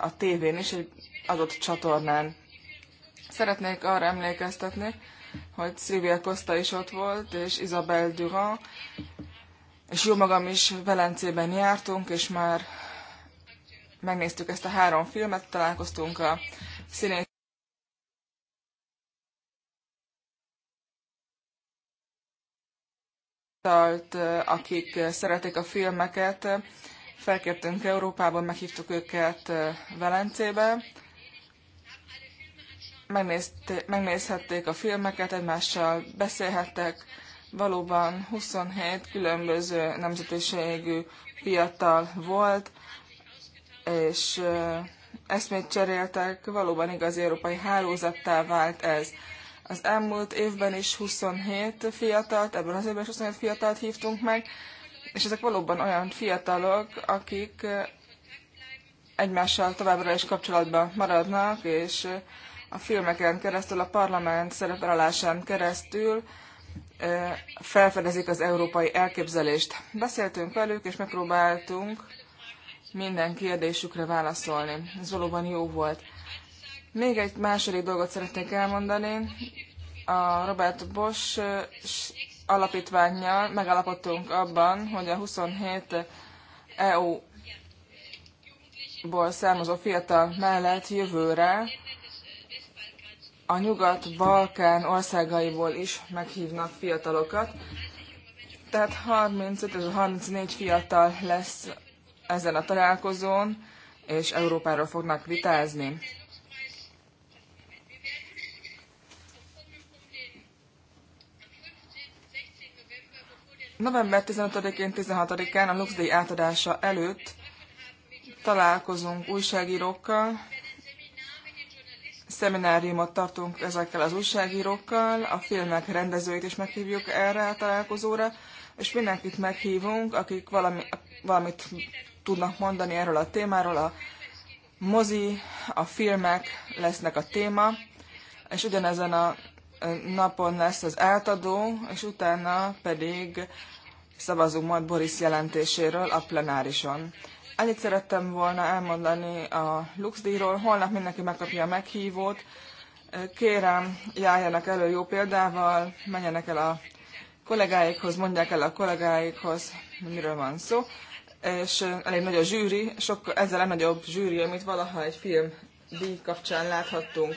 a tévén is, egy adott csatornán. Szeretnék arra emlékeztetni, hogy Szilvia Costa is ott volt, és Isabel Durand, és jó magam is Velencében jártunk, és már megnéztük ezt a három filmet, találkoztunk a színész akik szeretik a filmeket, Felkértünk Európában, meghívtuk őket Velencébe, megnézhették a filmeket, egymással beszélhettek, valóban 27 különböző nemzetiségű fiatal volt, és eszmét cseréltek, valóban igazi európai hálózattá vált ez. Az elmúlt évben is 27 fiatalt, ebben az évben is 27 fiatalt hívtunk meg, és ezek valóban olyan fiatalok, akik egymással továbbra is kapcsolatban maradnak, és a filmeken keresztül, a parlament szerepelásán keresztül felfedezik az európai elképzelést. Beszéltünk velük, és megpróbáltunk minden kérdésükre válaszolni. Ez valóban jó volt. Még egy második dolgot szeretnék elmondani. A Robert Bosch alapítványjal megállapodtunk abban, hogy a 27 EU-ból származó fiatal mellett jövőre a nyugat-balkán országaiból is meghívnak fiatalokat. Tehát 35-34 fiatal lesz ezen a találkozón, és Európáról fognak vitázni. November 15-én, 16-án a Luxdíj átadása előtt találkozunk újságírókkal, szemináriumot tartunk ezekkel az újságírókkal, a filmek rendezőit is meghívjuk erre a találkozóra, és mindenkit meghívunk, akik valami, valamit tudnak mondani erről a témáról. A mozi, a filmek lesznek a téma, és ugyanezen a napon lesz az átadó, és utána pedig szavazunk majd Boris jelentéséről a plenárison. Ennyit szerettem volna elmondani a Luxdíjról. Holnap mindenki megkapja a meghívót. Kérem, járjanak elő jó példával, menjenek el a kollégáikhoz, mondják el a kollégáikhoz, miről van szó. És elég nagy a zsűri, sok, ezzel a nagyobb zsűri, amit valaha egy film díj kapcsán láthattunk.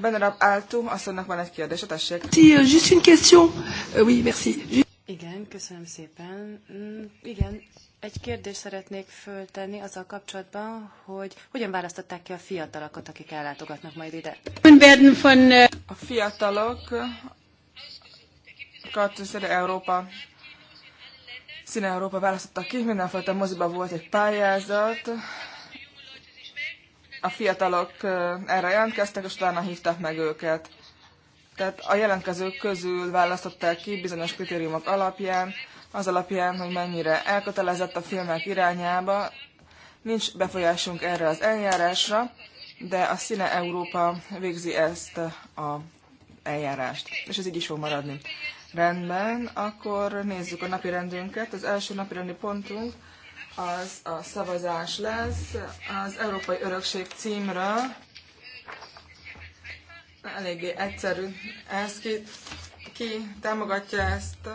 Benarab Áltú, asszonynak van egy kérdése, tessék. Si, euh, juste une question. Euh, oui, merci. Igen, köszönöm szépen. Mm, igen, egy kérdést szeretnék föltenni azzal kapcsolatban, hogy hogyan választották ki a fiatalokat, akik ellátogatnak majd ide? Euh, a fiatalok, szere Európa Színe Európa választotta ki, mindenfajta moziba volt egy pályázat, a fiatalok erre jelentkeztek, és utána hívták meg őket. Tehát a jelentkezők közül választották ki bizonyos kritériumok alapján, az alapján, hogy mennyire elkötelezett a filmek irányába. Nincs befolyásunk erre az eljárásra, de a Színe Európa végzi ezt a eljárást, és ez így is fog maradni. Rendben, akkor nézzük a napi rendünket. Az első napi rendi pontunk az a szavazás lesz az Európai Örökség címről. Eléggé egyszerű ez, ki, ki támogatja ezt.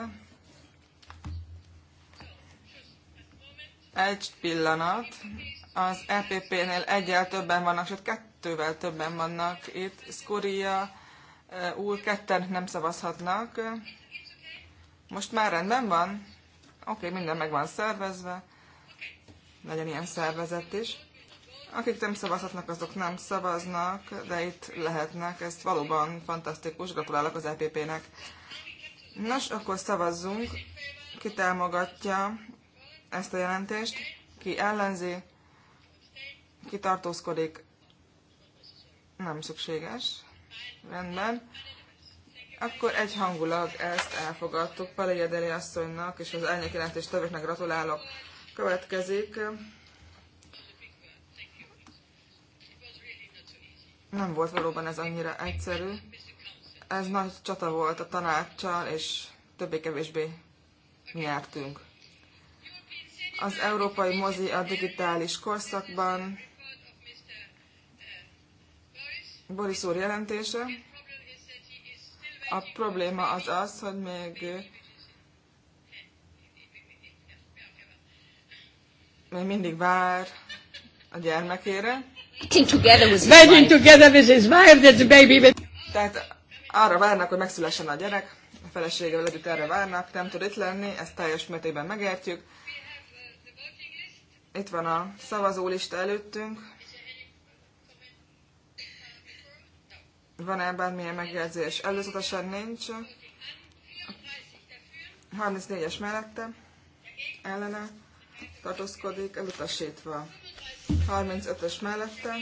Egy pillanat, az EPP-nél egyel többen vannak, sőt kettővel többen vannak itt. Skoria e, úr, ketten nem szavazhatnak. Most már rendben van? Oké, okay, minden meg van szervezve legyen ilyen szervezet is. Akik nem szavazhatnak, azok nem szavaznak, de itt lehetnek. Ez valóban fantasztikus. Gratulálok az EPP-nek. Nos, akkor szavazzunk. Ki támogatja ezt a jelentést? Ki ellenzi? Ki tartózkodik? Nem szükséges. Rendben. Akkor egyhangulag ezt elfogadtuk. Palegedeli asszonynak és az elnyék jelentést többeknek gratulálok. Következik. Nem volt valóban ez annyira egyszerű. Ez nagy csata volt a tanácssal, és többé-kevésbé nyertünk. Az európai mozi a digitális korszakban Boris úr jelentése. A probléma az az, hogy még még mindig vár a gyermekére. Megyünk together with his wife, that's a baby. Tehát arra várnak, hogy megszülessen a gyerek, a feleségével együtt erre várnak, nem tud itt lenni, ezt teljes mértékben megértjük. Itt van a szavazólista előttünk. Van-e bármilyen megjegyzés? Előzetesen nincs. 34-es mellette, ellene tartózkodik, elutasítva. 35-ös mellette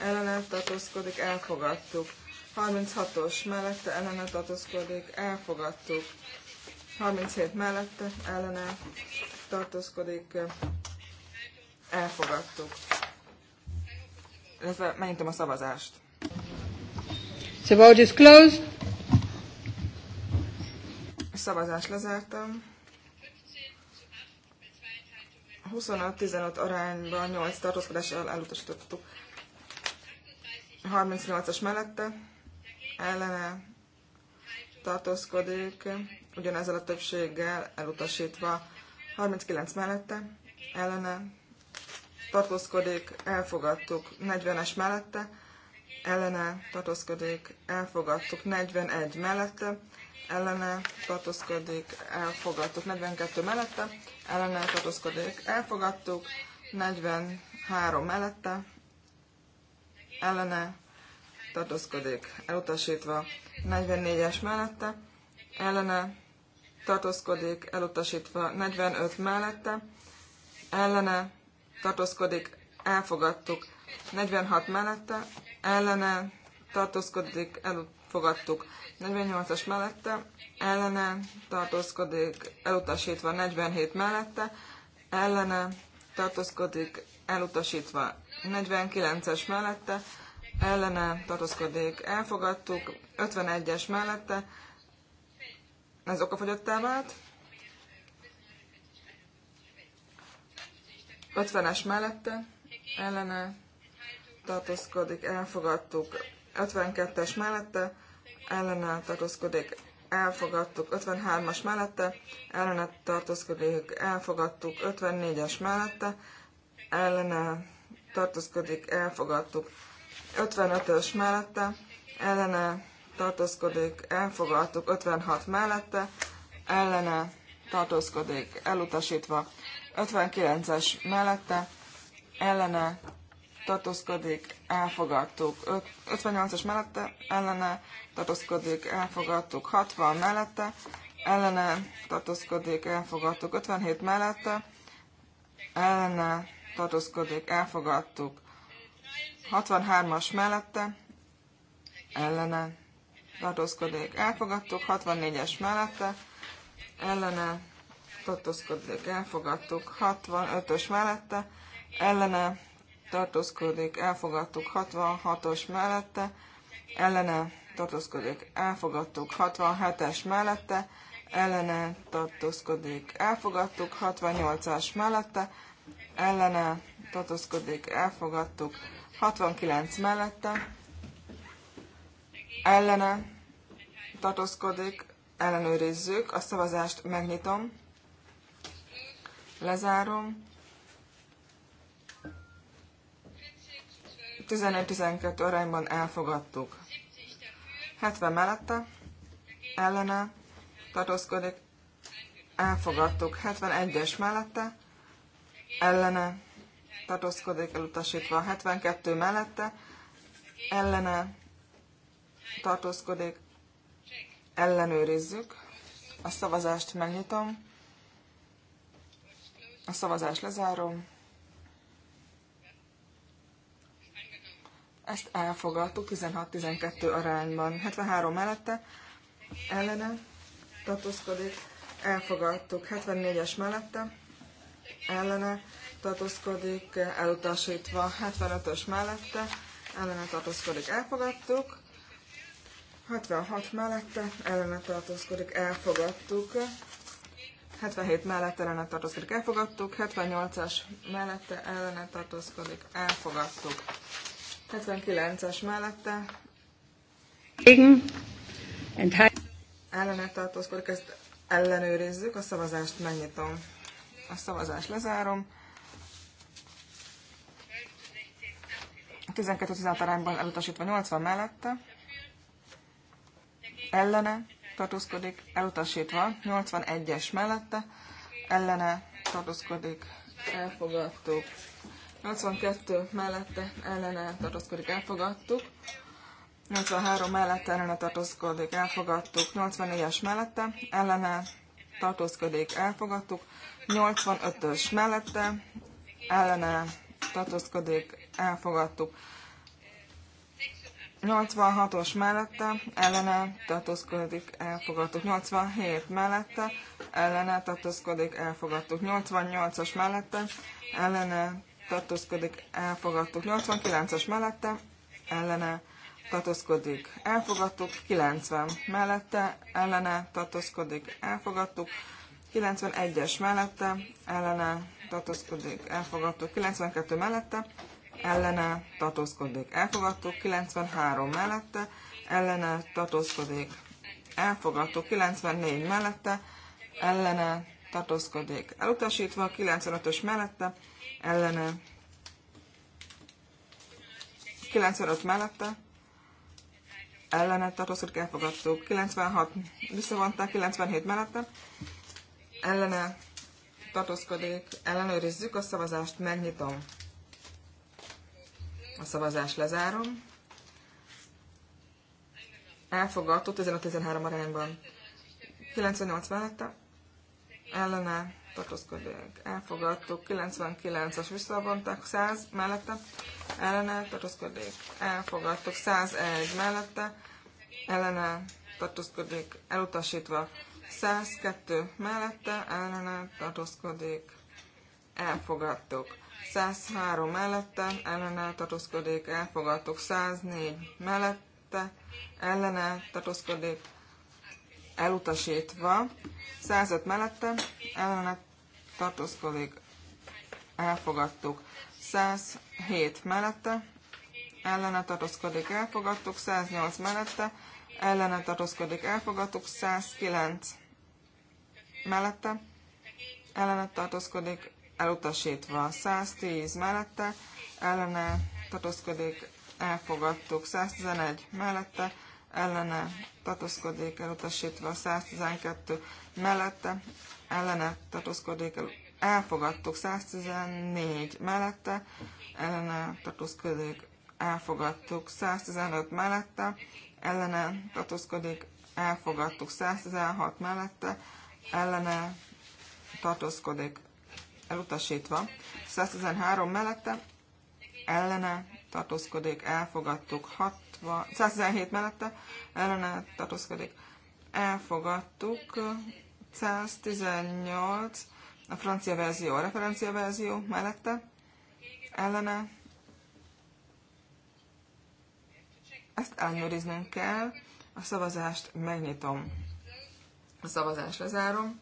ellenet tartózkodik, elfogadtuk. 36-os mellette ellenet tartózkodik, elfogadtuk. 37 mellette ellene tartózkodik, elfogadtuk. Ezzel megintem a szavazást. The vote is closed. A szavazást lezártam. 25-15 arányban 8 tartózkodással elutasítottuk. 38-as mellette ellene tartózkodik, ugyanezzel a többséggel elutasítva. 39 mellette ellene tartózkodik, elfogadtuk. 40-es mellette ellene tartózkodik, elfogadtuk. 41 mellette ellene tartózkodik, elfogadtuk. 42 mellette, ellene tartózkodik, elfogadtuk. 43 mellette, ellene tartózkodik, elutasítva. 44-es mellette, ellene tartózkodik, elutasítva. 45 mellette, ellene tartózkodik, elfogadtuk. 46 mellette, ellene tartózkodik, elutasítva fogadtuk. 48-as mellette ellene tartózkodik, elutasítva 47 mellette, ellene tartózkodik, elutasítva 49-es mellette, ellene tartózkodik, elfogadtuk, 51-es mellette, ez okafogyottá vált, 50-es mellette, ellene tartózkodik, elfogadtuk, 52-es mellette ellene tartózkodik, elfogadtuk 53-as mellette, ellene tartózkodik, elfogadtuk 54-es mellette, ellene tartózkodik, elfogadtuk 55-ös mellette, ellene tartózkodik, elfogadtuk 56 mellette, ellene tartózkodik, elutasítva 59-es mellette, ellene tartózkodik, elfogadtuk. 58-as mellette ellene tartózkodik, elfogadtuk. 60 mellette ellene tartózkodik, elfogadtuk. 57 mellette ellene tartózkodik, elfogadtuk. 63-as mellette ellene tartózkodik, elfogadtuk. 64-es mellette ellene tartózkodik, elfogadtuk. 65-ös mellette ellene tartózkodik, elfogadtuk 66-os mellette, ellene tartózkodik, elfogadtuk 67-es mellette, ellene tartózkodik, elfogadtuk 68-as mellette, ellene tartózkodik, elfogadtuk 69 mellette, ellene tartózkodik, ellenőrizzük, a szavazást megnyitom, lezárom, 11 12 arányban elfogadtuk. 70 mellette, ellene, tartózkodik, elfogadtuk. 71-es mellette, ellene, tartózkodik, elutasítva. 72 mellette, ellene, tartózkodik, ellenőrizzük. A szavazást megnyitom. A szavazást lezárom. Ezt elfogadtuk 16-12 arányban. 73 mellette ellene tartózkodik. Elfogadtuk 74-es mellette ellene tartózkodik, elutasítva 75-ös mellette ellene tartózkodik. Elfogadtuk. 76 mellette ellene tartózkodik, elfogadtuk. 77 mellette ellene tartózkodik, elfogadtuk. 78-as mellette ellene tartózkodik, elfogadtuk. 79-es mellette. Igen. Ellenet tartózkodik, ezt ellenőrizzük, a szavazást megnyitom. A szavazást lezárom. 12-16 arányban elutasítva 80 mellette. Ellene tartózkodik, elutasítva 81-es mellette. Ellene tartózkodik, elfogadtuk 82 mellette ellene tartózkodik, elfogadtuk. 83 mellette ellene tartózkodik, elfogadtuk. 84-es mellette ellene tartózkodik, elfogadtuk. 85-ös mellette ellene tartózkodik, elfogadtuk. 86-os mellette ellene tartózkodik, elfogadtuk. 87 mellette ellene tartózkodik, elfogadtuk. 88-as mellette ellene tartózkodik, elfogadtuk. 89-es mellette, ellene tartózkodik, elfogadtuk. 90 mellette, ellene tartózkodik, elfogadtuk. 91-es mellette, ellene tartózkodik, elfogadtuk. 92 mellette, ellene tartózkodik, elfogadtuk. 93 mellette, ellene tartózkodik, elfogadtuk. 94 mellette, ellene tartózkodik, elutasítva. 95-ös mellette, ellene. 95 mellette ellenet tartózkodik, elfogadtuk. 96 visszavonták, 97 mellette ellene tartózkodik, ellenőrizzük a szavazást, megnyitom. A szavazást lezárom. Elfogadtuk 15-13 arányban. 98 mellette ellene tartózkodják, elfogadtuk, 99 as visszavonták, 100 mellette, ellene tartózkodik, elfogadtuk, 101 mellette, ellene tartózkodik, elutasítva, 102 mellette, ellene tartózkodik, elfogadtuk. 103 mellette, ellene tartózkodik, elfogadtuk. 104 mellette, ellene tartózkodik, elutasítva. 105 mellette, ellene tartózkodik, elfogadtuk. 107 mellette, ellene tartózkodik, elfogadtuk. 108 mellette, ellene tartózkodik, elfogadtuk. 109 mellette, ellene tartózkodik, elutasítva. 110 mellette, ellene tartózkodik, elfogadtuk. 111 mellette, ellene tartózkodik, elutasítva. 112 mellette, ellene tartózkodik, elfogadtuk 114 mellette, ellene tartózkodik, elfogadtuk 115 mellette, ellene tartózkodik, elfogadtuk 116 mellette, ellene tartózkodik, elutasítva, 113 mellette, ellene tartózkodik, elfogadtuk 60, 117 mellette, ellene tartózkodik, elfogadtuk, 118, a francia verzió, a referencia verzió mellette, ellene. Ezt elnyőriznünk kell, a szavazást megnyitom. A szavazást lezárom.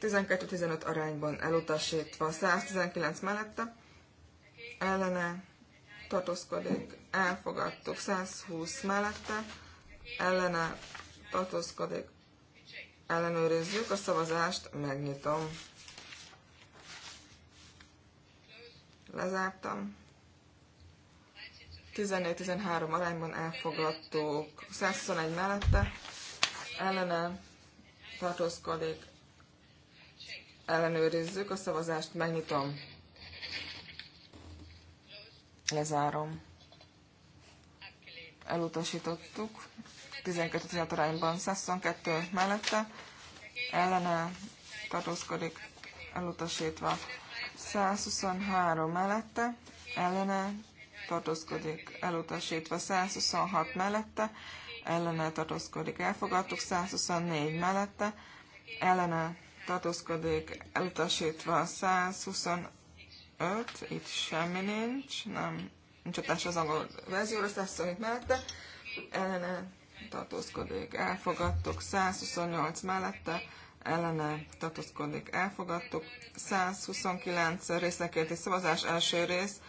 12-15 arányban elutasítva, 119 mellette, ellene tartózkodik, elfogadtuk, 120 mellette, ellene tartózkodik. Ellenőrizzük a szavazást, megnyitom. Lezártam. 14-13 arányban elfogadtuk. 121 mellette ellene tartózkodik. Ellenőrizzük a szavazást, megnyitom. Lezárom elutasítottuk. 12-16 arányban 122 mellette ellene tartózkodik elutasítva. 123 mellette ellene tartózkodik elutasítva. 126 mellette ellene tartózkodik elfogadtuk. 124 mellette ellene tartózkodik elutasítva. 125 itt semmi nincs, nem csatás az angol verzióra, amit mellette, ellene tartózkodik, elfogadtok, 128 mellette, ellene tartózkodik, elfogadtok, 129 részekérti szavazás első rész,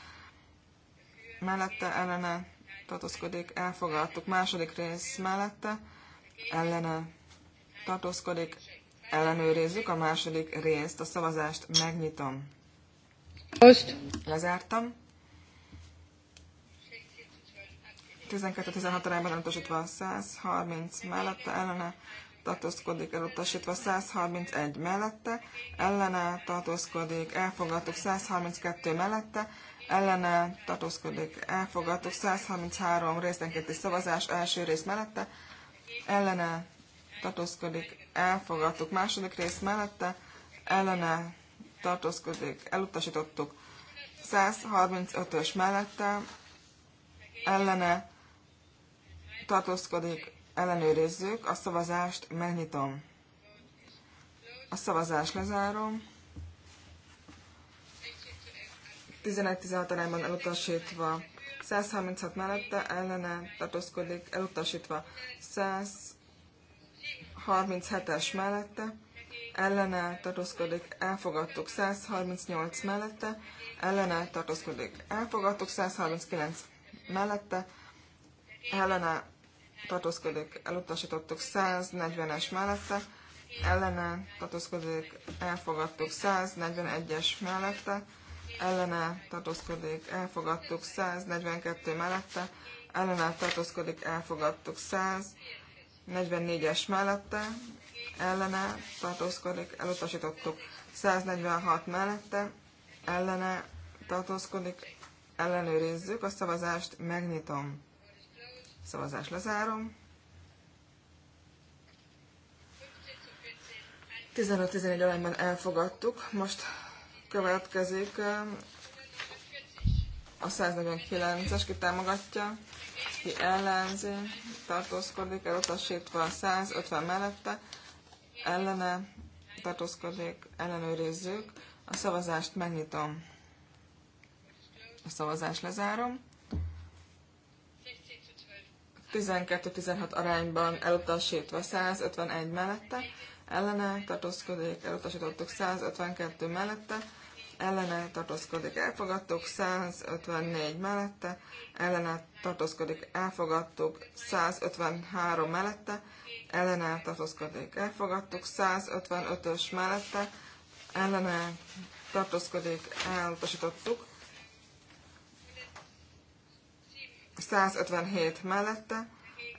mellette ellene tartózkodik, elfogadtuk, második rész mellette, ellene tartózkodik, ellenőrizzük a második részt, a szavazást megnyitom. Most. Lezártam. 12-16 arányban elutasítva 130 mellette, ellene tartózkodik elutasítva 131 mellette, ellene tartózkodik, elfogadtuk 132 mellette, ellene tartózkodik, elfogadtuk 133 részenkéti szavazás első rész mellette, ellene tartózkodik, elfogadtuk második rész mellette, ellene tartózkodik, elutasítottuk 135-ös mellette, ellene tartózkodik, ellenőrizzük, a szavazást megnyitom. A szavazást lezárom. 11-16 arányban elutasítva, 136 mellette ellene tartózkodik, elutasítva, 137-es mellette ellene tartózkodik, elfogadtuk, 138 mellette ellene tartózkodik, elfogadtuk, 139 mellette ellene tartózkodik, elutasítottuk 140-es mellette, ellene tartózkodik, elfogadtuk 141-es mellette, ellene tartózkodik, elfogadtuk 142 mellette, ellene tartózkodik, elfogadtuk 144-es mellette, ellene tartózkodik, elutasítottuk 146 mellette, ellene tartózkodik, ellenőrizzük, a szavazást megnyitom. Szavazás lezárom. 15-11 alányban elfogadtuk. Most következik eh, a 149-es, ki támogatja, ki ellenzi, tartózkodik, elutasítva a 150 mellette, ellene tartózkodik, ellenőrizzük. A szavazást megnyitom. A szavazást lezárom. 12-16 arányban elutasítva 151 mellette, ellene tartózkodik, elutasítottuk 152 mellette, ellene tartózkodik, elfogadtuk 154 mellette, ellene tartózkodik, elfogadtuk 153 mellette, ellene tartózkodik, elfogadtuk 155-ös mellette, ellene tartózkodik, elutasítottuk 157 mellette,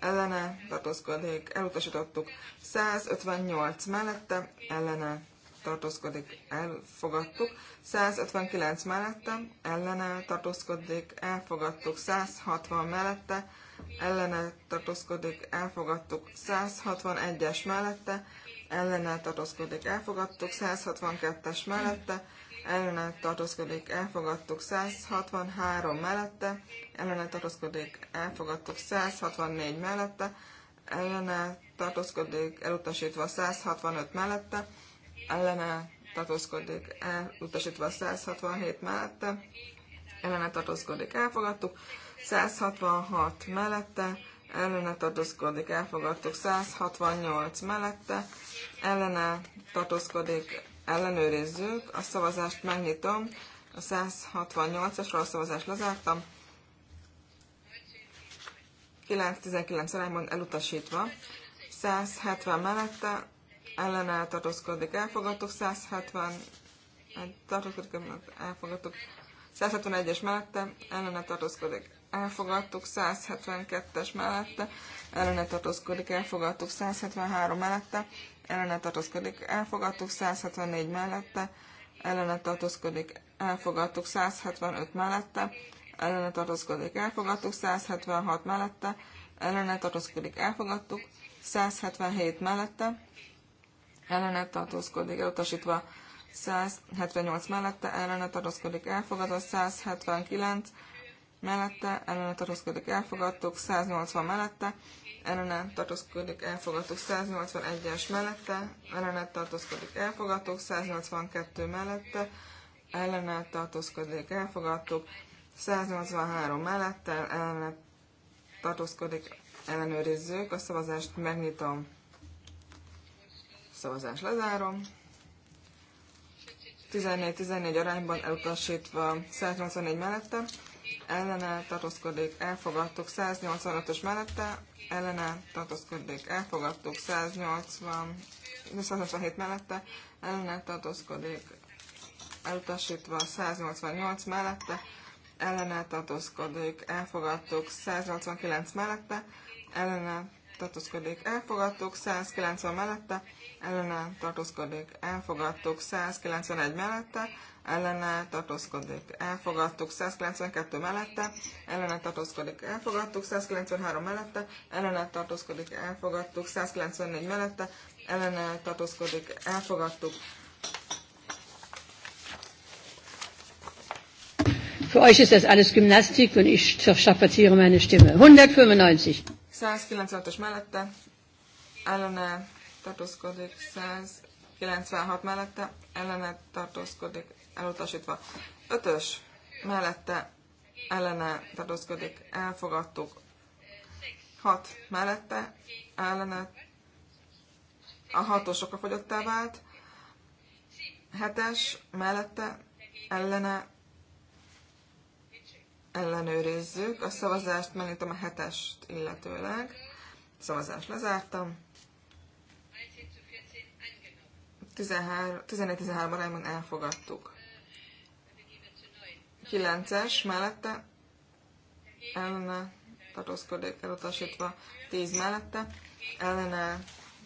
ellene tartózkodik, elutasítottuk. 158 mellette, ellene tartózkodik, elfogadtuk. 159 mellette, ellene tartózkodik, elfogadtuk. 160 mellette, ellene tartózkodik, elfogadtuk. 161-es mellette, ellene tartózkodik, elfogadtuk. 162-es mellette, ellene tartózkodik, elfogadtuk 163 mellette, ellene tartózkodik, elfogadtuk 164 mellette, ellene tartózkodik, elutasítva 165 mellette, ellene tartózkodik, elutasítva 167 mellette, ellene tartózkodik, elfogadtuk, 166 mellette, ellene tartózkodik, elfogadtuk, 168 mellette, ellene tartózkodik, ellenőrizzük. A szavazást megnyitom. A 168-asról a szavazást lezártam. 9-19 szerelmon elutasítva. 170 mellette ellen eltartózkodik. elfogadtuk. 170 tartózkodik, elfogadtuk. 171-es mellette ellen eltartózkodik. elfogadtuk. 172-es mellette ellen eltartózkodik. elfogadtuk. 173 mellette ellene tartózkodik, elfogadtuk 174 mellette, ellene tartózkodik, elfogadtuk 175 mellette, ellene tartózkodik, elfogadtuk 176 mellette, ellene tartózkodik, elfogadtuk 177 mellette, ellene tartózkodik, elutasítva 178 mellette, ellene tartózkodik, elfogadott 179 mellette, ellene tartózkodik, elfogadtuk, 180 mellette, ellene tartózkodik, elfogadtuk, 181-es mellette, ellene tartózkodik, elfogadtuk, 182 mellette, ellene tartózkodik, elfogadtuk, 183 mellette, ellene tartózkodik, ellenőrizzük, a szavazást megnyitom, szavazást lezárom, 14-14 arányban elutasítva 184 mellette, ellene tartózkodik, elfogadtuk 185-ös mellette, ellene tartózkodik, elfogadtuk 180, 187 mellette, ellene tartózkodik, elutasítva 188 mellette, ellene tartózkodik, elfogadtuk 189 mellette, ellene tartózkodik, elfogadtuk 190 mellette, ellene tartózkodik, elfogadtuk 191 mellette, ellene tartózkodik, elfogadtuk 192 mellette, ellene tartózkodik, elfogadtuk 193 mellette, ellene tartózkodik, elfogadtuk 194 mellette, ellene tartózkodik, elfogadtuk. Für euch ist das alles Gymnastik und ich strapaziere meine Stimme. 195. 195 mellette, ellene tartózkodik, 196 mellette, ellene tartózkodik, elutasítva. Ötös mellette ellene tartózkodik, elfogadtuk. Hat mellette ellene a a fogyottá vált. Hetes mellette ellene ellenőrizzük. A szavazást megnyitom a hetest illetőleg. Szavazást lezártam. 14-13 arányban elfogadtuk. 9-es mellette ellene tartózkodik elutasítva, 10 mellette ellene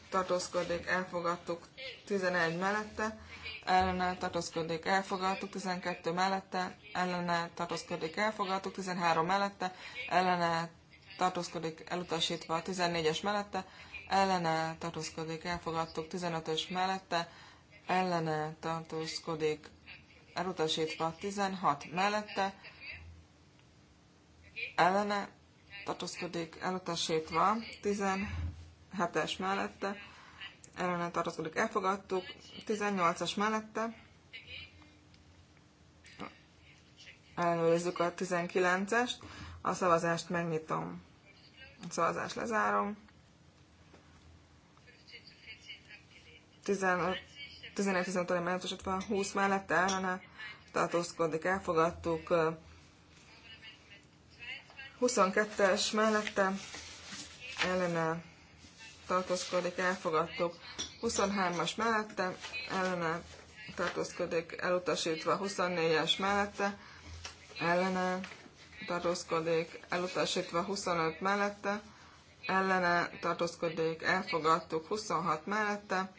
tartózkodik elfogadtuk, 11 mellette ellene tartózkodik elfogadtuk, 12 mellette ellene tartózkodik elfogadtuk, 13 mellette ellene tartózkodik elutasítva, 14-es mellette ellene tartózkodik elfogadtuk, 15-ös mellette ellene tartózkodik elutasítva 16 mellette, ellene tartózkodik elutasítva 17-es mellette, ellene tartózkodik elfogadtuk 18-as mellette, ellenőrizzük a 19-est, a szavazást megnyitom, a szavazást lezárom, 15 11-15 van 20 mellette ellene tartózkodik, elfogadtuk. 22-es mellette ellene tartózkodik, elfogadtuk. 23-as mellette ellene tartózkodik, elutasítva. 24-es mellette ellene tartózkodik, elutasítva. 25 mellette ellene tartózkodik, elfogadtuk. 26 mellette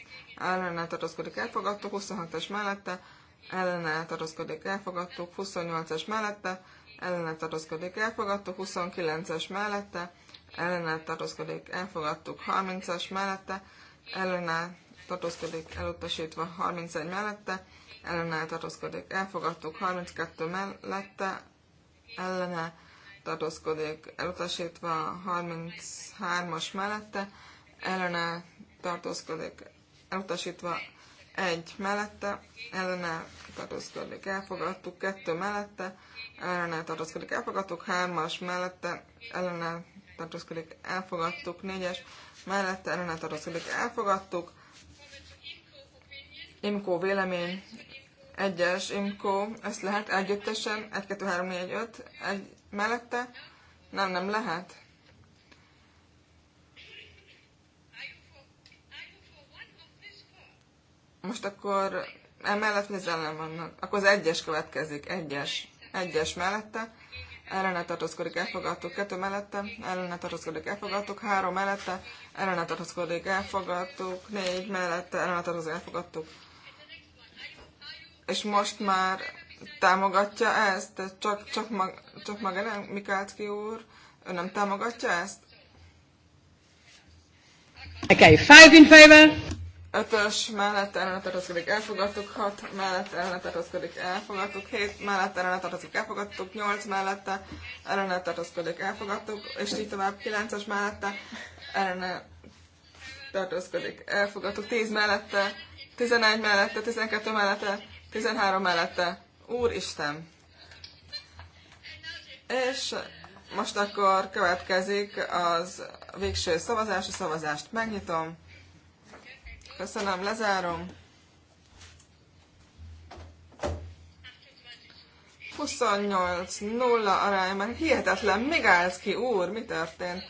ellen tartózkodik, elfogadtó, 26-es mellette, ellen tartózkodik, elfogadtó, 28-es mellette, ellen tartózkodik, elfogadtó, 29-es mellette, ellen tartózkodik, elfogadtuk, 30-es mellette, ellen tartózkodik, elutasítva, 31 mellette, ellen tartózkodik, elfogadtuk, 32 mellette, ellen tartózkodik, elutasítva, 33-as mellette, ellen tartózkodik, elutasítva egy mellette, ellene tartózkodik, elfogadtuk, kettő mellette, ellene tartózkodik, elfogadtuk, hármas mellette, ellene tartózkodik, elfogadtuk, négyes mellette, ellene tartózkodik, elfogadtuk, Imkó vélemény, egyes Imkó, ezt lehet együttesen, egy-kettő-három-négy-öt egy mellette, nem, nem lehet. Most akkor emellett mi ellen vannak? Akkor az egyes következik, egyes. Egyes mellette, ellene tartózkodik, elfogadtuk, kettő mellette, ellene tartózkodik, elfogadtuk, három mellette, ellene tartózkodik, elfogadtuk, négy mellette, ellene tartózkodik, elfogadtuk. És most már támogatja ezt? Csak, csak, mag, csak maga nem, Mikáltki úr? Ő nem támogatja ezt? Okay, five in favor. 5-ös mellett ellene tartozkodik, elfogadtuk, 6 mellett ellene tartozkodik, elfogadtuk, 7 mellett ellene tartozkodik, elfogadtuk, 8 mellette ellene tartozkodik, elfogadtuk, és így tovább 9-es mellette ellene tartozkodik, elfogadtuk, 10 mellette, 11 mellette, 12 mellette, 13 mellette, Úristen! És most akkor következik az végső szavazás, a szavazást megnyitom. Köszönöm, lezárom. 28-0 mert Hihetetlen, még állsz ki, úr, mi történt?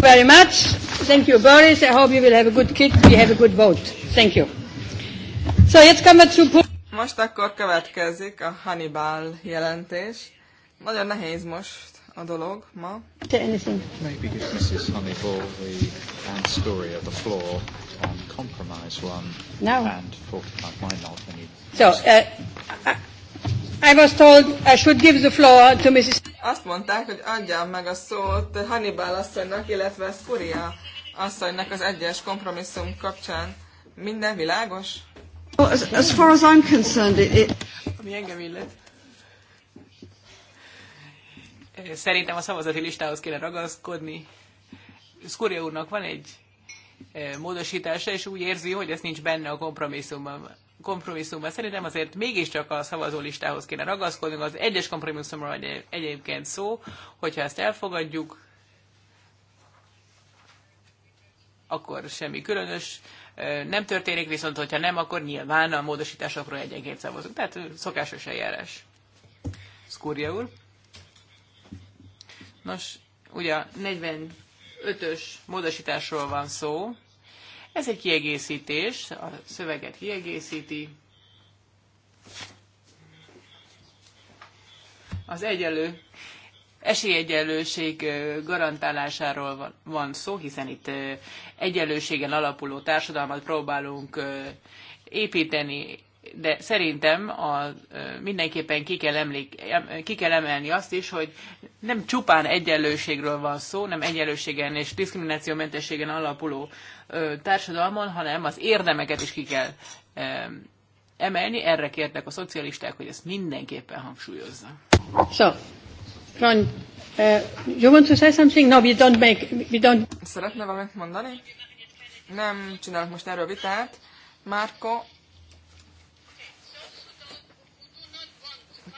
Very much. Thank you, Boris. I hope you will have a good kick. We have a good vote. Thank you. So, jetzt kommen wir zu... Most akkor következik a Hannibal jelentés. Nagyon nehéz most a dolog ma. Maybe this is Hannibal the story of the floor compromise one no. and 45. Why not? Any... So, uh, I, was told I should give the floor to Mrs. Azt mondták, hogy adjam meg a szót Hannibal asszonynak, illetve Skuria asszonynak az egyes kompromisszum kapcsán. Minden világos? Well, As, as far as I'm concerned, it, it... Ami engem illet. Szerintem a szavazati listához kéne ragaszkodni. Skuria úrnak van egy módosítása, és úgy érzi, hogy ez nincs benne a kompromisszumban. kompromisszumban. Szerintem azért mégiscsak a szavazólistához kéne ragaszkodnunk. Az egyes kompromisszumról egy- egyébként szó, hogyha ezt elfogadjuk, akkor semmi különös nem történik, viszont hogyha nem, akkor nyilván a módosításokról egyenként szavazunk. Tehát szokásos eljárás. Szkúrja úr. Nos, ugye a 40 ötös módosításról van szó. Ez egy kiegészítés, a szöveget kiegészíti. Az egyelő esélyegyenlőség garantálásáról van, van szó, hiszen itt egyenlőségen alapuló társadalmat próbálunk építeni, de szerintem a, mindenképpen ki kell, emlék, ki kell emelni azt is, hogy nem csupán egyenlőségről van szó, nem egyenlőségen és diszkriminációmentességen alapuló társadalmon, hanem az érdemeket is ki kell emelni. Erre kértek a szocialisták, hogy ezt mindenképpen hangsúlyozza. So, Ron, uh, you want to say something? No, we don't make, we don't... Szeretne valamit mondani? Nem csinálok most erről vitát. Márko,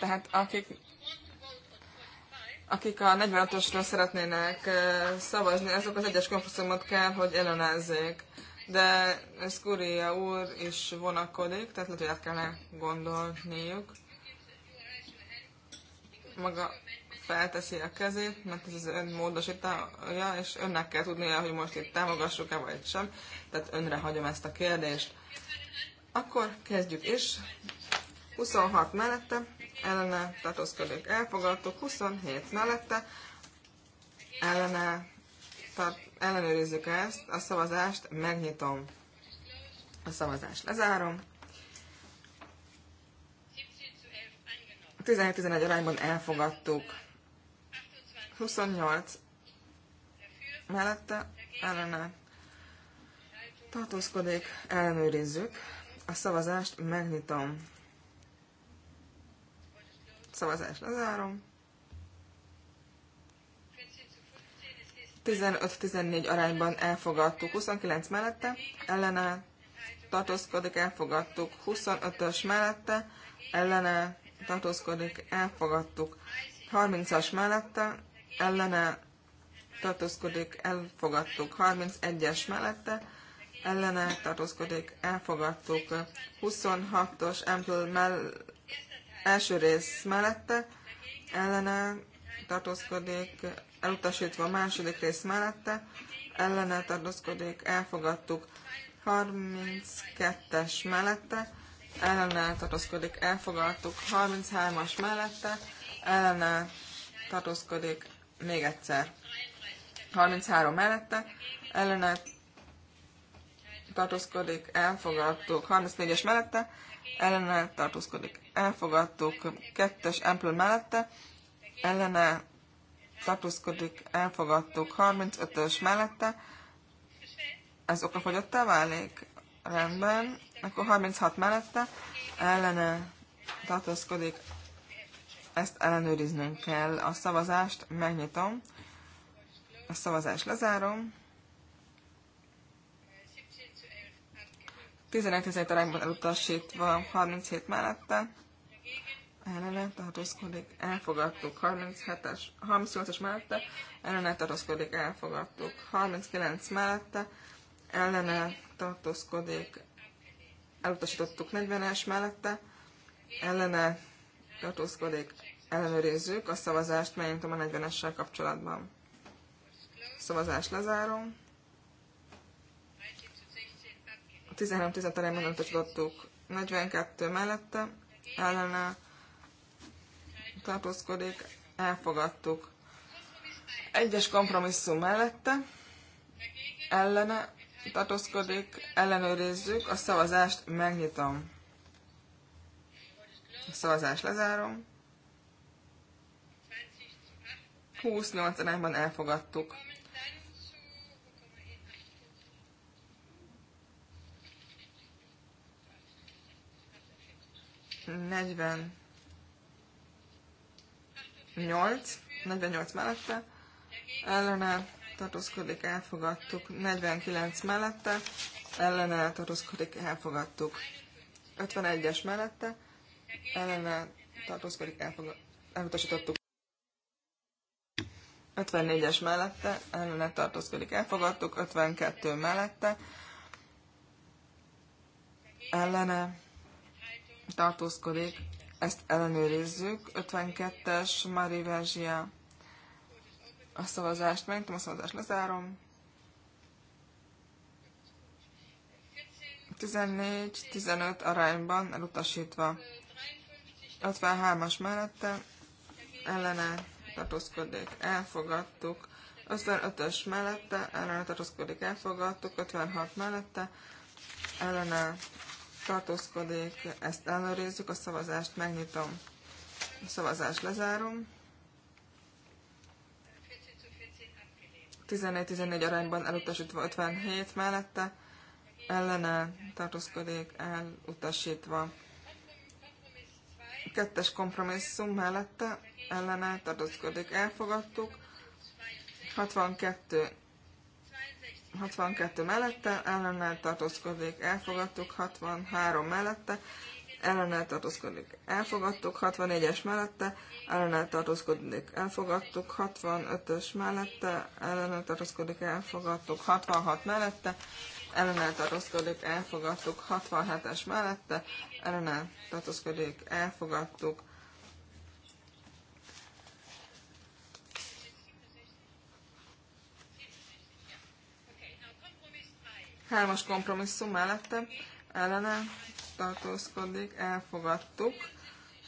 Tehát akik, akik a 45-ösről szeretnének szavazni, azok az egyes kompromisszumot kell, hogy ellenezzék. De ez Kuria úr is vonakodik, tehát lehet, hogy át kellene gondolniuk. Maga felteszi a kezét, mert ez az ön módosítája, és önnek kell tudnia, hogy most itt támogassuk-e vagy sem. Tehát önre hagyom ezt a kérdést. Akkor kezdjük is. 26 mellette, ellene tartózkodik, elfogadtuk, 27 mellette, ellene, tart, ellenőrizzük ezt, a szavazást megnyitom, a szavazást lezárom. 17-11 arányban elfogadtuk. 28 mellette, ellene tartózkodik, ellenőrizzük. A szavazást megnyitom szavazás lezárom. 15-14 arányban elfogadtuk, 29 mellette, ellene tartózkodik, elfogadtuk, 25-ös mellette, ellene tartózkodik, elfogadtuk, 30-as mellette, ellene tartózkodik, elfogadtuk, 31-es mellette, ellene tartózkodik, elfogadtuk, 26-os ample mell- Első rész mellette ellene tartózkodik, elutasítva a második rész mellette ellene tartózkodik, elfogadtuk. 32-es mellette ellene tartózkodik, elfogadtuk. 33-as mellette ellene tartózkodik, még egyszer. 33 mellette ellene tartózkodik, elfogadtuk. 34-es mellette ellene tartózkodik. Elfogadtuk kettes ample mellette, ellene tartózkodik, elfogadtuk 35-ös mellette, ez okafogyottá válik? Rendben. Akkor 36 mellette ellene tartózkodik, ezt ellenőriznünk kell. A szavazást megnyitom, a szavazást lezárom. 11 ezer arányban elutasítva 37 mellette. Ellene tartózkodik, elfogadtuk. 37-es, 38-as mellette. Ellene tartózkodik, elfogadtuk. 39 mellette. Ellene tartózkodik, elutasítottuk 40-es mellette. Ellene tartózkodik, ellenőrizzük a szavazást, melyet a 40-essel kapcsolatban. Szavazást lezárom. 13-10 teremben nem tudtuk. 42 mellette ellene tartózkodik, elfogadtuk. Egyes kompromisszum mellette ellene tartózkodik, ellenőrizzük, a szavazást megnyitom. A szavazást lezárom. 28 arányban elfogadtuk. 48, 48 mellette, ellene tartózkodik, elfogadtuk, 49 mellette, ellene tartózkodik, elfogadtuk, 51-es mellette, ellene tartózkodik, elfogadtuk, elutasítottuk. 54-es mellette, ellene tartózkodik, elfogadtuk, 52 mellette, ellene tartózkodik, ezt ellenőrizzük. 52-es Mari Verzsia a szavazást, megnyitom a szavazást, lezárom. 14-15 arányban elutasítva. 53-as mellette ellene tartózkodik, elfogadtuk. 55-ös mellette ellene tartózkodik, elfogadtuk. 56 mellette ellene tartózkodik, ezt ellenőrizzük, a szavazást megnyitom, a szavazást lezárom. 14-14 arányban elutasítva 57 mellette, ellene tartózkodik elutasítva. Kettes kompromisszum mellette, ellene tartózkodik elfogadtuk. 62 62 mellette, ellenel tartózkodik, elfogadtuk, 63 mellette, ellenel tartózkodik, elfogadtuk, 64-es mellette, ellenel tartózkodik, elfogadtuk, 65-ös mellette, ellenel tartózkodik, elfogadtuk, 66 mellette, ellenel tartózkodik, elfogadtuk, 67-es mellette, ellenel tartózkodik, elfogadtuk, Hármas kompromisszum mellette ellene tartózkodik, elfogadtuk.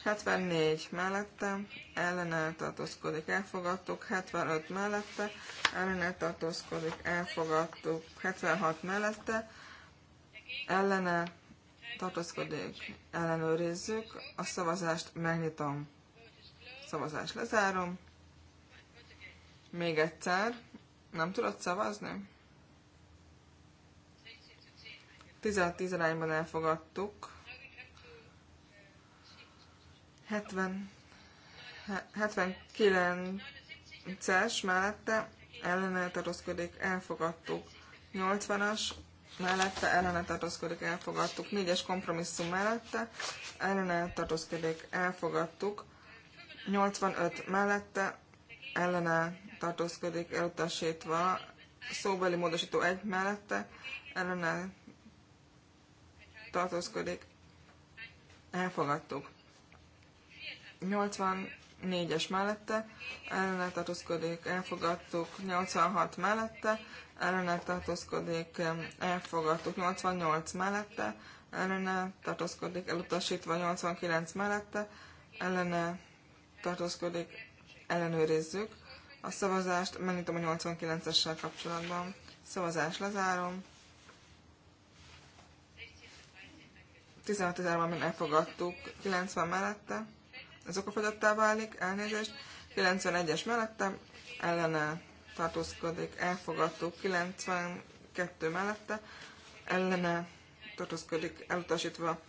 74 mellette ellene tartózkodik, elfogadtuk. 75 mellette ellene tartózkodik, elfogadtuk. 76 mellette ellene tartózkodik, ellenőrizzük. A szavazást megnyitom. Szavazást lezárom. Még egyszer. Nem tudod szavazni? 10-10 arányban elfogadtuk. 70, 79-es mellette ellene tartózkodik, elfogadtuk. 80-as mellette ellene tartózkodik, elfogadtuk. 4-es kompromisszum mellette ellene tartózkodik, elfogadtuk. 85 mellette ellene tartózkodik, elutasítva. Szóbeli módosító 1 mellette ellene tartózkodik, elfogadtuk. 84-es mellette, ellene tartózkodik, elfogadtuk. 86 mellette, ellene tartózkodik, elfogadtuk. 88 mellette, ellene tartózkodik, elutasítva 89 mellette, ellene tartózkodik, ellenőrizzük. A szavazást megnyitom a 89-essel kapcsolatban. Szavazást lezárom. 15 ezer van, mind elfogadtuk, 90 mellette, ez okafogyottá válik, elnézést, 91-es mellette, ellene tartózkodik, elfogadtuk, 92 mellette, ellene tartózkodik, elutasítva,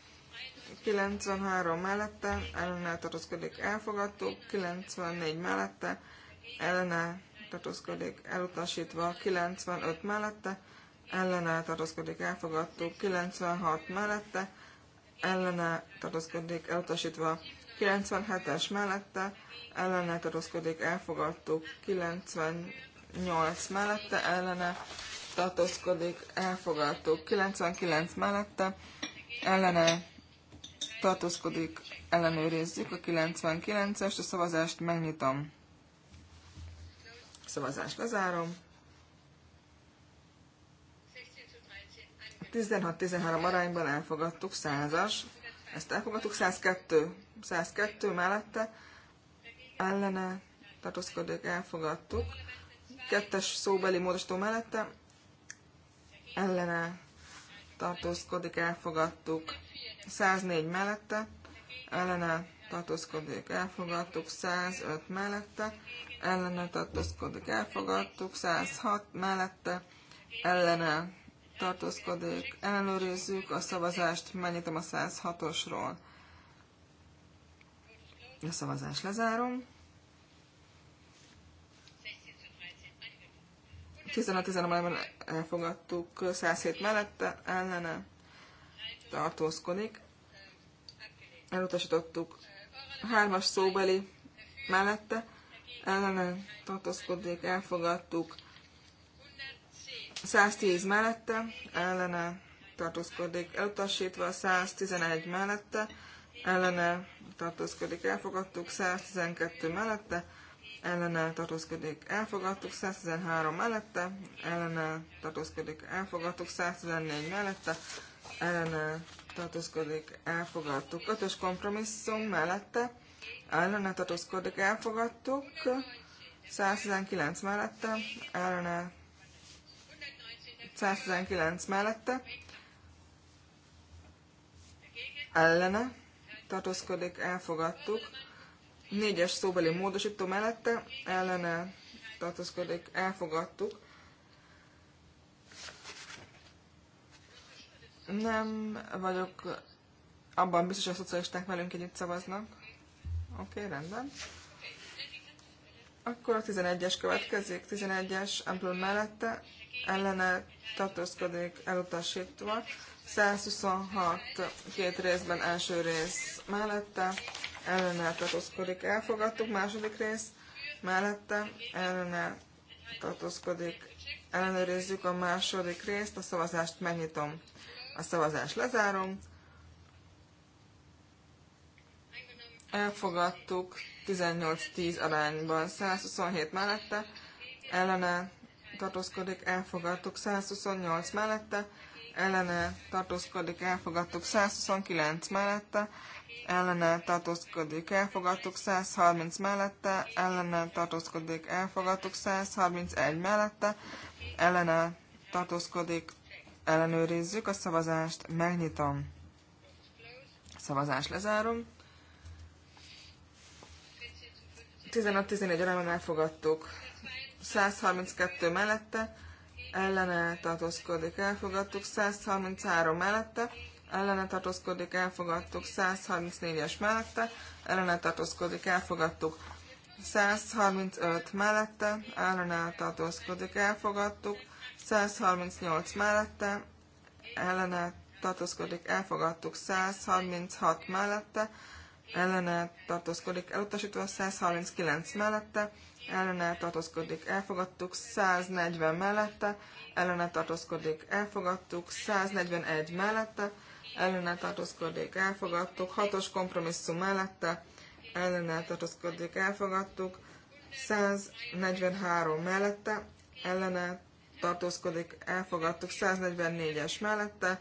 93 mellette, ellene tartózkodik, elfogadtuk, 94 mellette, ellene tartózkodik, elutasítva, 95 mellette, ellene tartózkodik, elfogadtuk, 96 mellette, ellene tartózkodik elutasítva, 97-es mellette ellene tartózkodik elfogadtuk, 98 mellette ellene tartózkodik elfogadtuk, 99 mellette ellene tartózkodik ellenőrizzük a 99-est, a szavazást megnyitom. Szavazást lezárom. 16-13 arányban elfogadtuk 100-as, ezt elfogadtuk 102, 102 mellette ellene tartózkodók elfogadtuk. Kettes szóbeli módosító mellette ellene tartózkodik, elfogadtuk. 104 mellette ellene tartózkodik, elfogadtuk. 105 mellette ellene tartózkodik, elfogadtuk. 106 mellette ellene tartózkodik, ellenőrizzük a szavazást, megnyitom a 106-osról. A szavazást lezárom. 15-13-ban elfogadtuk, 107 mellette, ellene tartózkodik. Elutasítottuk hármas szóbeli mellette, ellene tartózkodik, elfogadtuk 110 mellette, ellene tartózkodik elutasítva, 111 mellette, ellene tartózkodik elfogadtuk, 112 mellette, ellene tartózkodik elfogadtuk, 113 mellette, ellene tartózkodik elfogadtuk, 114 mellette, ellene tartózkodik elfogadtuk, 5 kompromisszum mellette, ellene tartózkodik elfogadtuk, 119 mellette, ellene 119 mellette, ellene, tartózkodik, elfogadtuk. 4-es szóbeli módosító mellette, ellene, tartózkodik, elfogadtuk. Nem vagyok abban biztos, hogy a szocialisták velünk együtt szavaznak. Oké, okay, rendben. Akkor a 11-es következik, 11-es ebből mellette, ellene tartózkodik elutasítva. 126 két részben első rész mellette, ellene tartózkodik elfogadtuk, második rész mellette, ellene tartózkodik ellenőrizzük a második részt, a szavazást megnyitom, a szavazást lezárom. Elfogadtuk 18-10 arányban, 127 mellette, ellene tartózkodik, elfogadtuk 128 mellette, ellene tartózkodik, elfogadtuk 129 mellette, ellene tartózkodik, elfogadtuk 130 mellette, ellene tartózkodik, elfogadtuk 131 mellette, ellene tartózkodik, ellenőrizzük a szavazást, megnyitom. Szavazást lezárom. 15 11 arányban elfogadtuk. 132 mellette, ellene tartózkodik, elfogadtuk, 133 mellette, ellene tartózkodik, elfogadtuk, 134-es mellette, ellene tartózkodik, elfogadtuk, 135 mellette, ellene tartózkodik, elfogadtuk, 138 mellette, ellene tartózkodik, elfogadtuk, 136 mellette, ellene tartózkodik, elutasítva, 139 mellette, ellene tartózkodik, elfogadtuk, 140 mellette, ellene tartózkodik, elfogadtuk, 141 mellette, ellene tartózkodik, elfogadtuk, 6-os kompromisszum mellette, ellene tartózkodik, elfogadtuk, 143 mellette, ellene tartózkodik, elfogadtuk, 144-es mellette,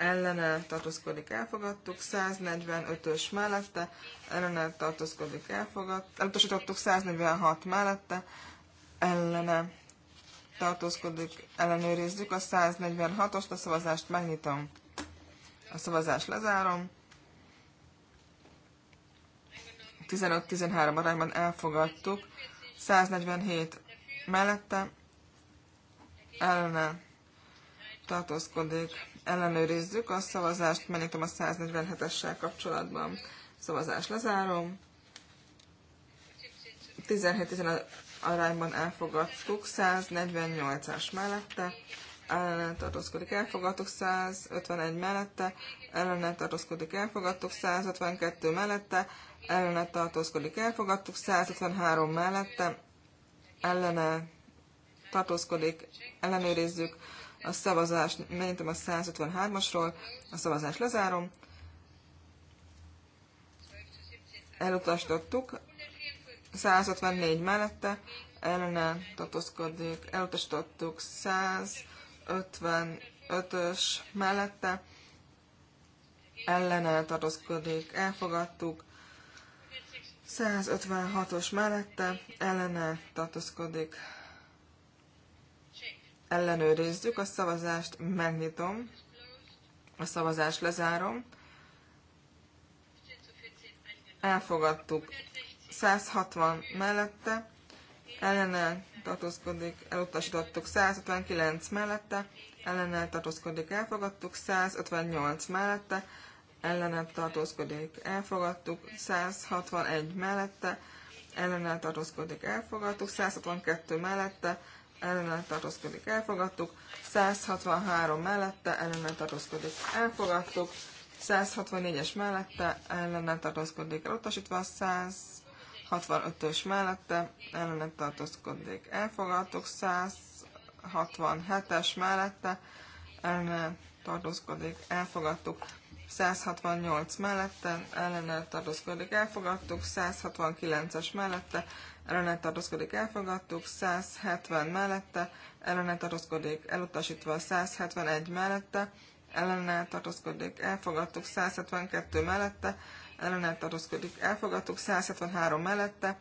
ellene tartózkodik, elfogadtuk, 145-ös mellette, ellene tartózkodik, elfogadtuk, elutasítottuk 146 mellette, ellene tartózkodik, ellenőrizzük a 146-ost, a szavazást megnyitom, a szavazást lezárom, 15-13 arányban elfogadtuk, 147 mellette, ellene tartózkodik, ellenőrizzük a szavazást, megnyitom a 147-essel kapcsolatban. Szavazás lezárom. 17-11 arányban elfogadtuk, 148-as mellette, ellenet tartózkodik, elfogadtuk, 151 mellette, ellenet tartózkodik, elfogadtuk, 152 mellette, ellenet tartózkodik, elfogadtuk, 153 mellette, ellene tartózkodik, ellenőrizzük, a szavazás, megnyitom a 153-asról, a szavazást lezárom. Elutasítottuk, 154 mellette, ellene tartózkodik, elutasítottuk 155-ös mellette, ellene tartózkodik, elfogadtuk, 156-os mellette, ellene tartózkodik, ellenőrizzük, a szavazást megnyitom, a szavazást lezárom. Elfogadtuk. 160 mellette, ellenel tartózkodik, elutasítottuk 159 mellette, ellenel tartózkodik, elfogadtuk 158 mellette, ellenel tartózkodik, elfogadtuk 161 mellette, ellenel tartózkodik, elfogadtuk 162 mellette, ellene tartózkodik, elfogadtuk. 163 mellette ellene tartózkodik, elfogadtuk. 164-es mellette ellene tartózkodik, elutasítva. 165-ös mellette ellene tartózkodik, elfogadtuk. 167-es mellette ellene tartózkodik, elfogadtuk. 168 mellette, ellene tartózkodik, elfogadtuk, 169-es mellette, ellene tartózkodik, elfogadtuk, 170 mellette, ellene tartózkodik, elutasítva 171 mellette, ellene tartózkodik, elfogadtuk, 172 mellette, ellene tartózkodik, elfogadtuk, 173 mellette,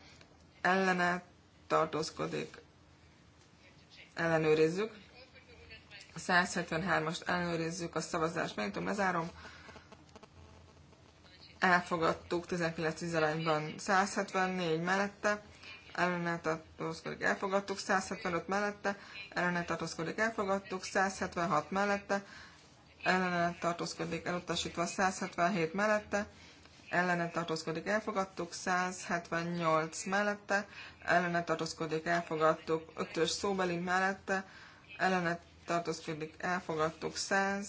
ellene tartózkodik, ellenőrizzük. 173-ast ellenőrizzük, a szavazást megnyitom, lezárom. Elfogadtuk 19 arányban 174 mellette, ellene tartózkodik, elfogadtuk, 175 mellette, ellene tartózkodik, elfogadtuk, 176 mellette, ellene tartózkodik, elutasítva, 177 mellette, ellene tartózkodik, elfogadtuk, 178 mellette, ellene tartózkodik, elfogadtuk, 5-ös szóbeli mellette, ellene tartózkodik, elfogadtuk, 100,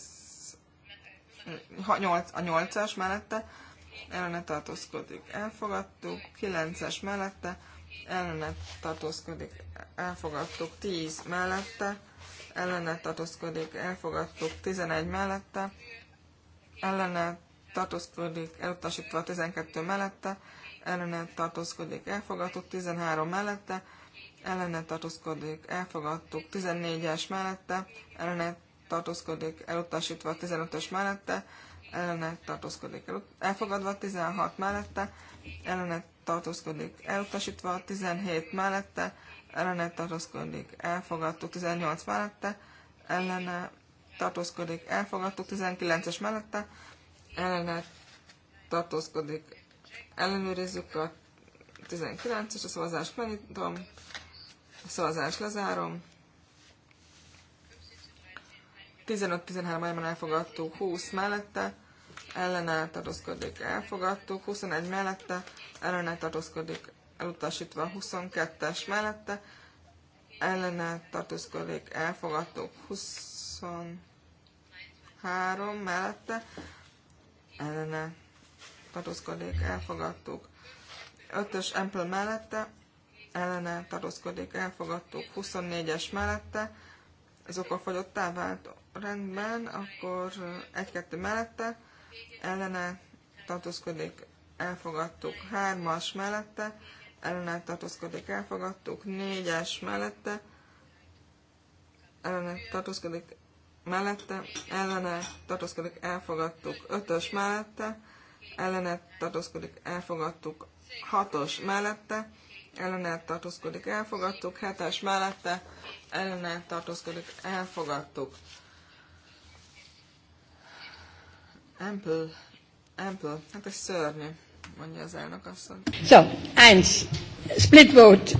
8, a 8-as mellette, ellene tartózkodik, elfogadtuk, 9-es mellette, ellene tartózkodik, elfogadtuk 10 mellette, ellene tartózkodik, elfogadtuk 11 mellette, ellene tartózkodik, elutasítva 12 mellette, ellene tartózkodik, elfogadtuk 13 mellette, ellene tartózkodik, elfogadtuk 14-es mellette, ellene tartózkodik, elutasítva 15-ös mellette, ellene tartózkodik, elfogadva 16 mellette, ellene tartózkodik, elutasítva 17 mellette, ellene tartózkodik, elfogadtuk 18 mellette, ellene tartózkodik, elfogadtuk 19-es mellette, ellene tartózkodik, ellenőrizzük a 19-es, a szavazást megnyitom, a szavazást lezárom, 15-13 majd elfogadtuk, 20 mellette, ellene tartózkodik, elfogadtuk, 21 mellette ellene tartózkodik, elutasítva, 22-es mellette ellene tartózkodik, elfogadtuk, 23 mellette ellene tartózkodik, elfogadtuk, 5-ös Ample mellette ellene tartózkodik, elfogadtuk, 24-es mellette, ez okafogyottá vált rendben, akkor 1-2 mellette, ellene tartózkodik, elfogadtuk. Hármas mellette, ellene tartózkodik, elfogadtuk. Négyes mellette, ellene tartózkodik, mellette, ellene tartózkodik, elfogadtuk. Ötös mellette, ellene tartózkodik, elfogadtuk. Hatos mellette, ellene tartózkodik, elfogadtuk. Hetes mellette, ellene tartózkodik, elfogadtuk. Ample, ample, hát ez szörnyű, mondja az elnök asszony. So, eins, split vote,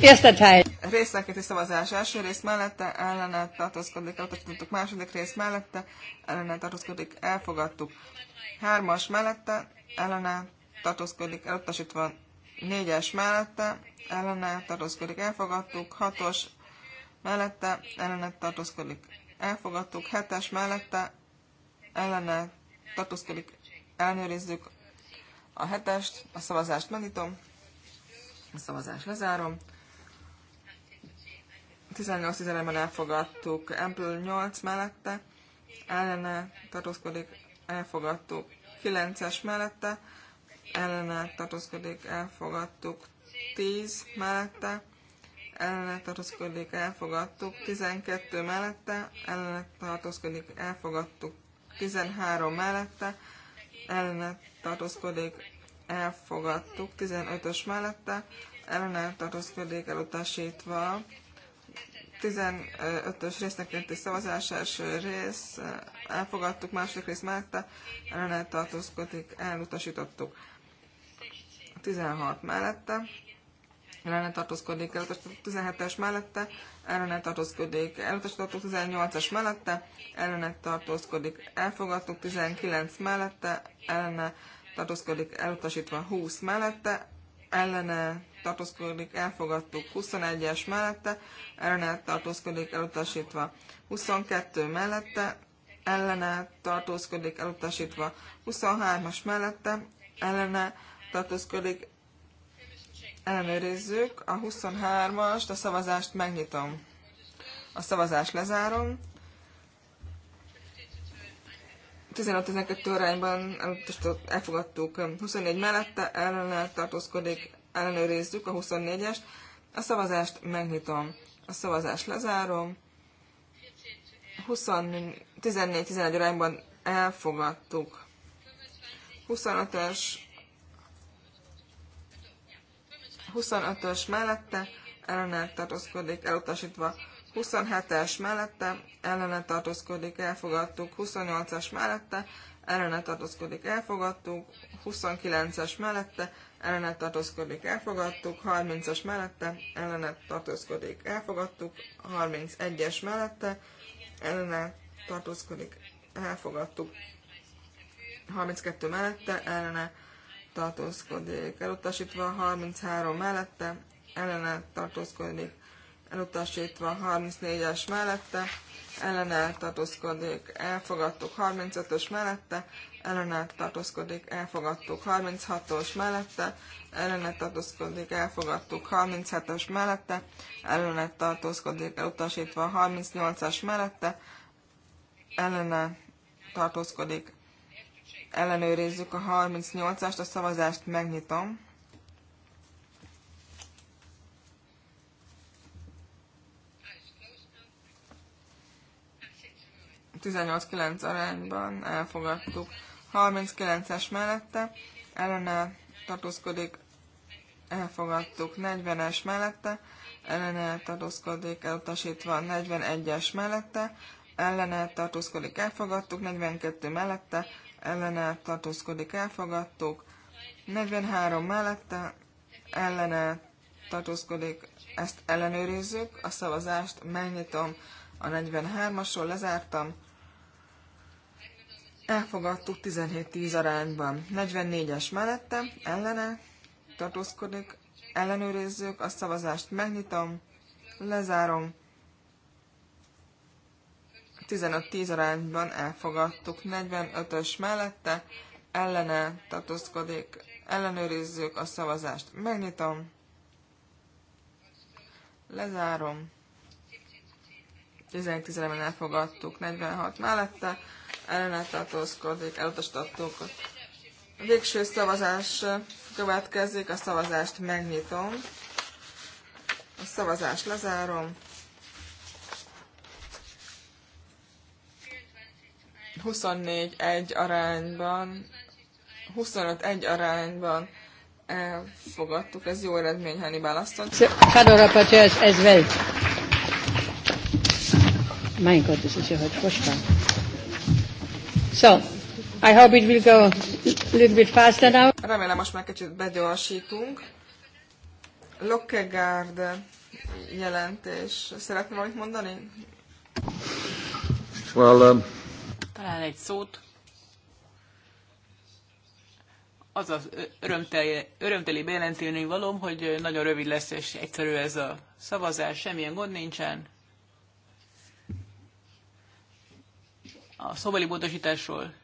erster Teil. Részlekéti szavazás első rész mellette, ellene tartózkodik, elutasítottuk második rész mellette, ellene tartózkodik, elfogadtuk. Hármas mellette, ellene tartózkodik, elutasítva négyes mellette, ellene tartózkodik, elfogadtuk, hatos mellette, ellene tartózkodik, elfogadtuk, hetes mellette, ellene tartózkodik, elnőrizzük a hetest, a szavazást megnyitom, a szavazást lezárom. 18-11-ben elfogadtuk, Ample 8 mellette, ellene tartózkodik, elfogadtuk, 9-es mellette, ellene tartózkodik, elfogadtuk, 10 mellette, ellene tartózkodik, elfogadtuk, 12 mellette, ellene tartózkodik, elfogadtuk, 13 mellette, ellene tartózkodik, elfogadtuk. 15-ös mellette, ellene tartózkodik, elutasítva. 15-ös jönti szavazás első rész, elfogadtuk, második rész mellette, ellene tartózkodik, elutasítottuk. 16 mellette, ellene tartózkodik, elutasítottuk 17-es mellette, ellene tartózkodik, elutasítottuk 18-as mellette, ellene tartózkodik, elfogadtuk 19 mellette, ellene tartózkodik, elutasítva 20 mellette, ellene tartózkodik, elfogadtuk 21-es mellette, ellene tartózkodik, elutasítva 22 mellette, ellene tartózkodik, elutasítva 23-as mellette, ellene tartózkodik, ellenőrizzük. A 23-ast, a szavazást megnyitom. A szavazást lezárom. 15-12 arányban elfogadtuk 24 mellette, ellen tartózkodik, ellenőrizzük a 24-est. A szavazást megnyitom. A szavazást lezárom. 14-11 arányban elfogadtuk. 25-es 25-ös mellette ellene tartózkodik elutasítva. 27-es mellette ellene tartózkodik elfogadtuk. 28-as mellette ellene tartózkodik elfogadtuk. 29-es mellette ellene tartózkodik elfogadtuk. 30-as mellette ellene tartózkodik elfogadtuk. 31-es mellette ellene tartózkodik elfogadtuk. 32 mellette ellene tartózkodik, elutasítva 33 mellette, ellene tartózkodik, elutasítva 34-es mellette, ellene tartózkodik, elfogadtuk 35-ös mellette, ellene tartózkodik, elfogadtuk 36-os mellette, ellene tartózkodik, elfogadtuk 37-es mellette, ellene tartózkodik, elutasítva 38-as mellette, ellene tartózkodik, ellenőrizzük a 38-ast, a szavazást megnyitom. 18 kilenc arányban elfogadtuk. 39-es mellette, ellene tartózkodik, elfogadtuk. 40-es mellette, ellene tartózkodik, elutasítva. 41-es mellette, ellene tartózkodik, elfogadtuk. 42 mellette, ellene tartózkodik, elfogadtuk. 43 mellette ellene tartózkodik, ezt ellenőrizzük. A szavazást megnyitom, a 43-asról lezártam. Elfogadtuk 17-10 arányban. 44-es mellette ellene tartózkodik, ellenőrizzük, a szavazást megnyitom, lezárom. 15-10 arányban elfogadtuk. 45-ös mellette ellene tartózkodik, ellenőrizzük a szavazást. Megnyitom, lezárom. 11 ben elfogadtuk, 46 mellette ellene tartózkodik, elutasítottuk. A végső szavazás következik, a szavazást megnyitom, a szavazást lezárom. 24 egy arányban, 25 egy arányban elfogadtuk. Ez jó eredmény, Hannibal Aston. Shadow Rapporteur as well. Mein Gott, das ist ja heute furchtbar. So, I hope it will go a little bit faster now. Remélem, most már kicsit begyorsítunk. Lockegard jelentés. Szeretném valamit mondani? Well, um, talán egy szót az az örömteli, örömteli bejelentélni valóm, hogy nagyon rövid lesz és egyszerű ez a szavazás, semmilyen gond nincsen. A szobeli módosításról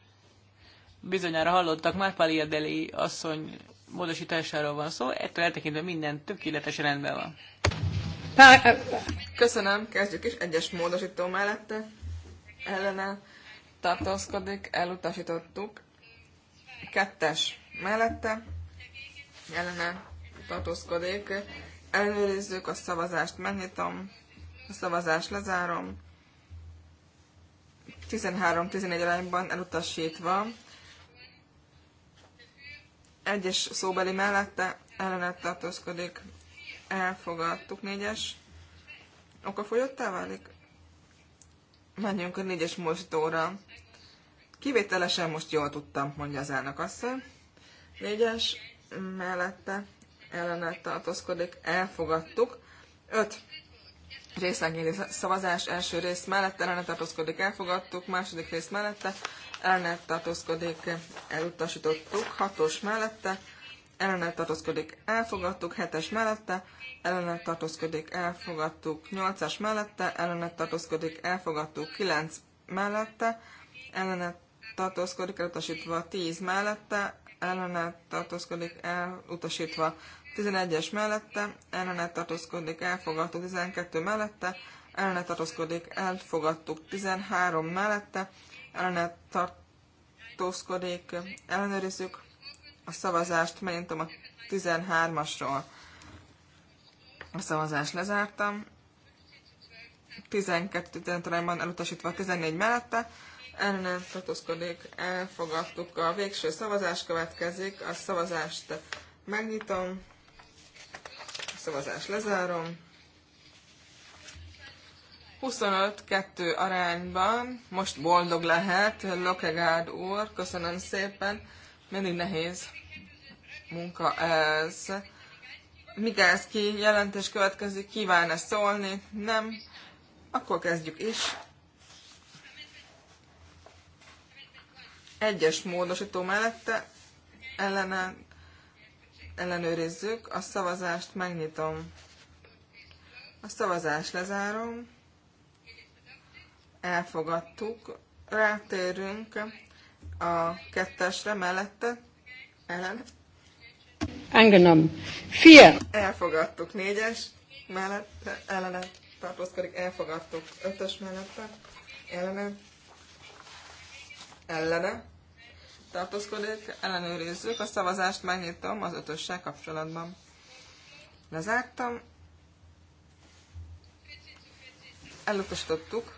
bizonyára hallottak, már Pália Deli asszony módosításáról van szó, ettől eltekintve minden tökéletesen rendben van. Köszönöm, kezdjük is egyes módosító mellette. Ellene tartózkodik, elutasítottuk. Kettes mellette, jelenen tartózkodik, Előrizzük a szavazást, megnyitom, a szavazást lezárom. 13-14 arányban elutasítva. Egyes szóbeli mellette ellenet tartózkodik, elfogadtuk négyes. folyottá válik? Menjünk a négyes mosdóra. Kivételesen most jól tudtam, mondja az elnök asszony. Négyes mellette ellenet tartózkodik, elfogadtuk. Öt részlegéri szavazás első rész mellett ellenet tartózkodik, elfogadtuk. Második rész mellette ellenet tartózkodik, elutasítottuk. Hatos mellette ellene tartózkodik, elfogadtuk, 7-es mellette, ellene tartózkodik, elfogadtuk, 8-as mellette, ellene tartózkodik, elfogadtuk, 9 mellette, ellene tartózkodik, elutasítva, 10 mellette, ellene tartózkodik, elutasítva, 11-es mellette, ellene tartózkodik, elfogadtuk, 12 mellette, ellene tartózkodik, elfogadtuk, 13 mellette, ellene tartózkodik, ellenőrizzük, a szavazást, megnyitom a 13-asról. A szavazást lezártam. 12 van elutasítva, 14 mellette. nem tartózkodik, elfogadtuk. A végső szavazás következik. A szavazást megnyitom. A szavazást lezárom. 25-2 arányban, most boldog lehet, Lokegárd úr, köszönöm szépen. Mindig nehéz munka ez. Migelszki jelentés következik, kíván-e szólni? Nem? Akkor kezdjük is. Egyes módosító mellette ellene, ellenőrizzük, a szavazást megnyitom. A szavazást lezárom. Elfogadtuk. Rátérünk a kettesre mellette. Ellen. Angenom. Fia. Elfogadtuk. Négyes mellette. Ellene tartózkodik. Elfogadtuk. Ötös mellette. Ellene. Ellene. Tartózkodik. Ellenőrizzük. A szavazást megnyitom az ötössel kapcsolatban. Lezártam. Elutasítottuk.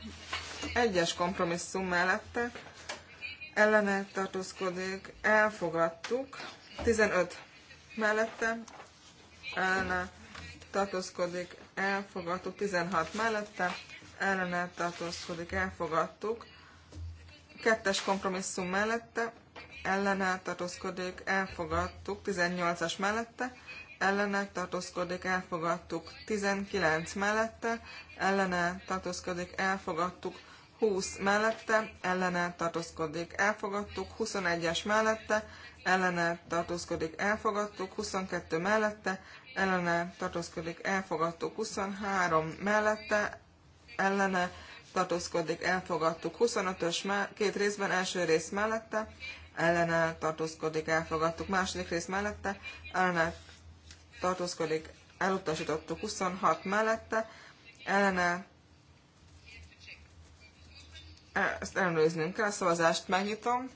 Egyes kompromisszum mellette ellene tartózkodik, elfogadtuk. 15 mellette, ellene tartózkodik, elfogadtuk. 16 mellette, ellene tartózkodik, elfogadtuk. Kettes kompromisszum mellette, ellene tartózkodik, elfogadtuk. 18-as mellette, ellene tartózkodik, elfogadtuk. 19 mellette, ellene tartózkodik, elfogadtuk. 20 mellette, ellene tartózkodik, elfogadtuk, 21-es mellette, ellene tartózkodik, elfogadtuk, 22 mellette, ellene tartózkodik, elfogadtuk, 23 mellette, ellene tartózkodik, elfogadtuk, 25-ös két részben, első rész mellette, ellene tartózkodik, elfogadtuk, második rész mellette, ellene tartózkodik, elutasítottuk, 26 mellette, ellene ezt ellenőriznünk kell, a szavazást megnyitom,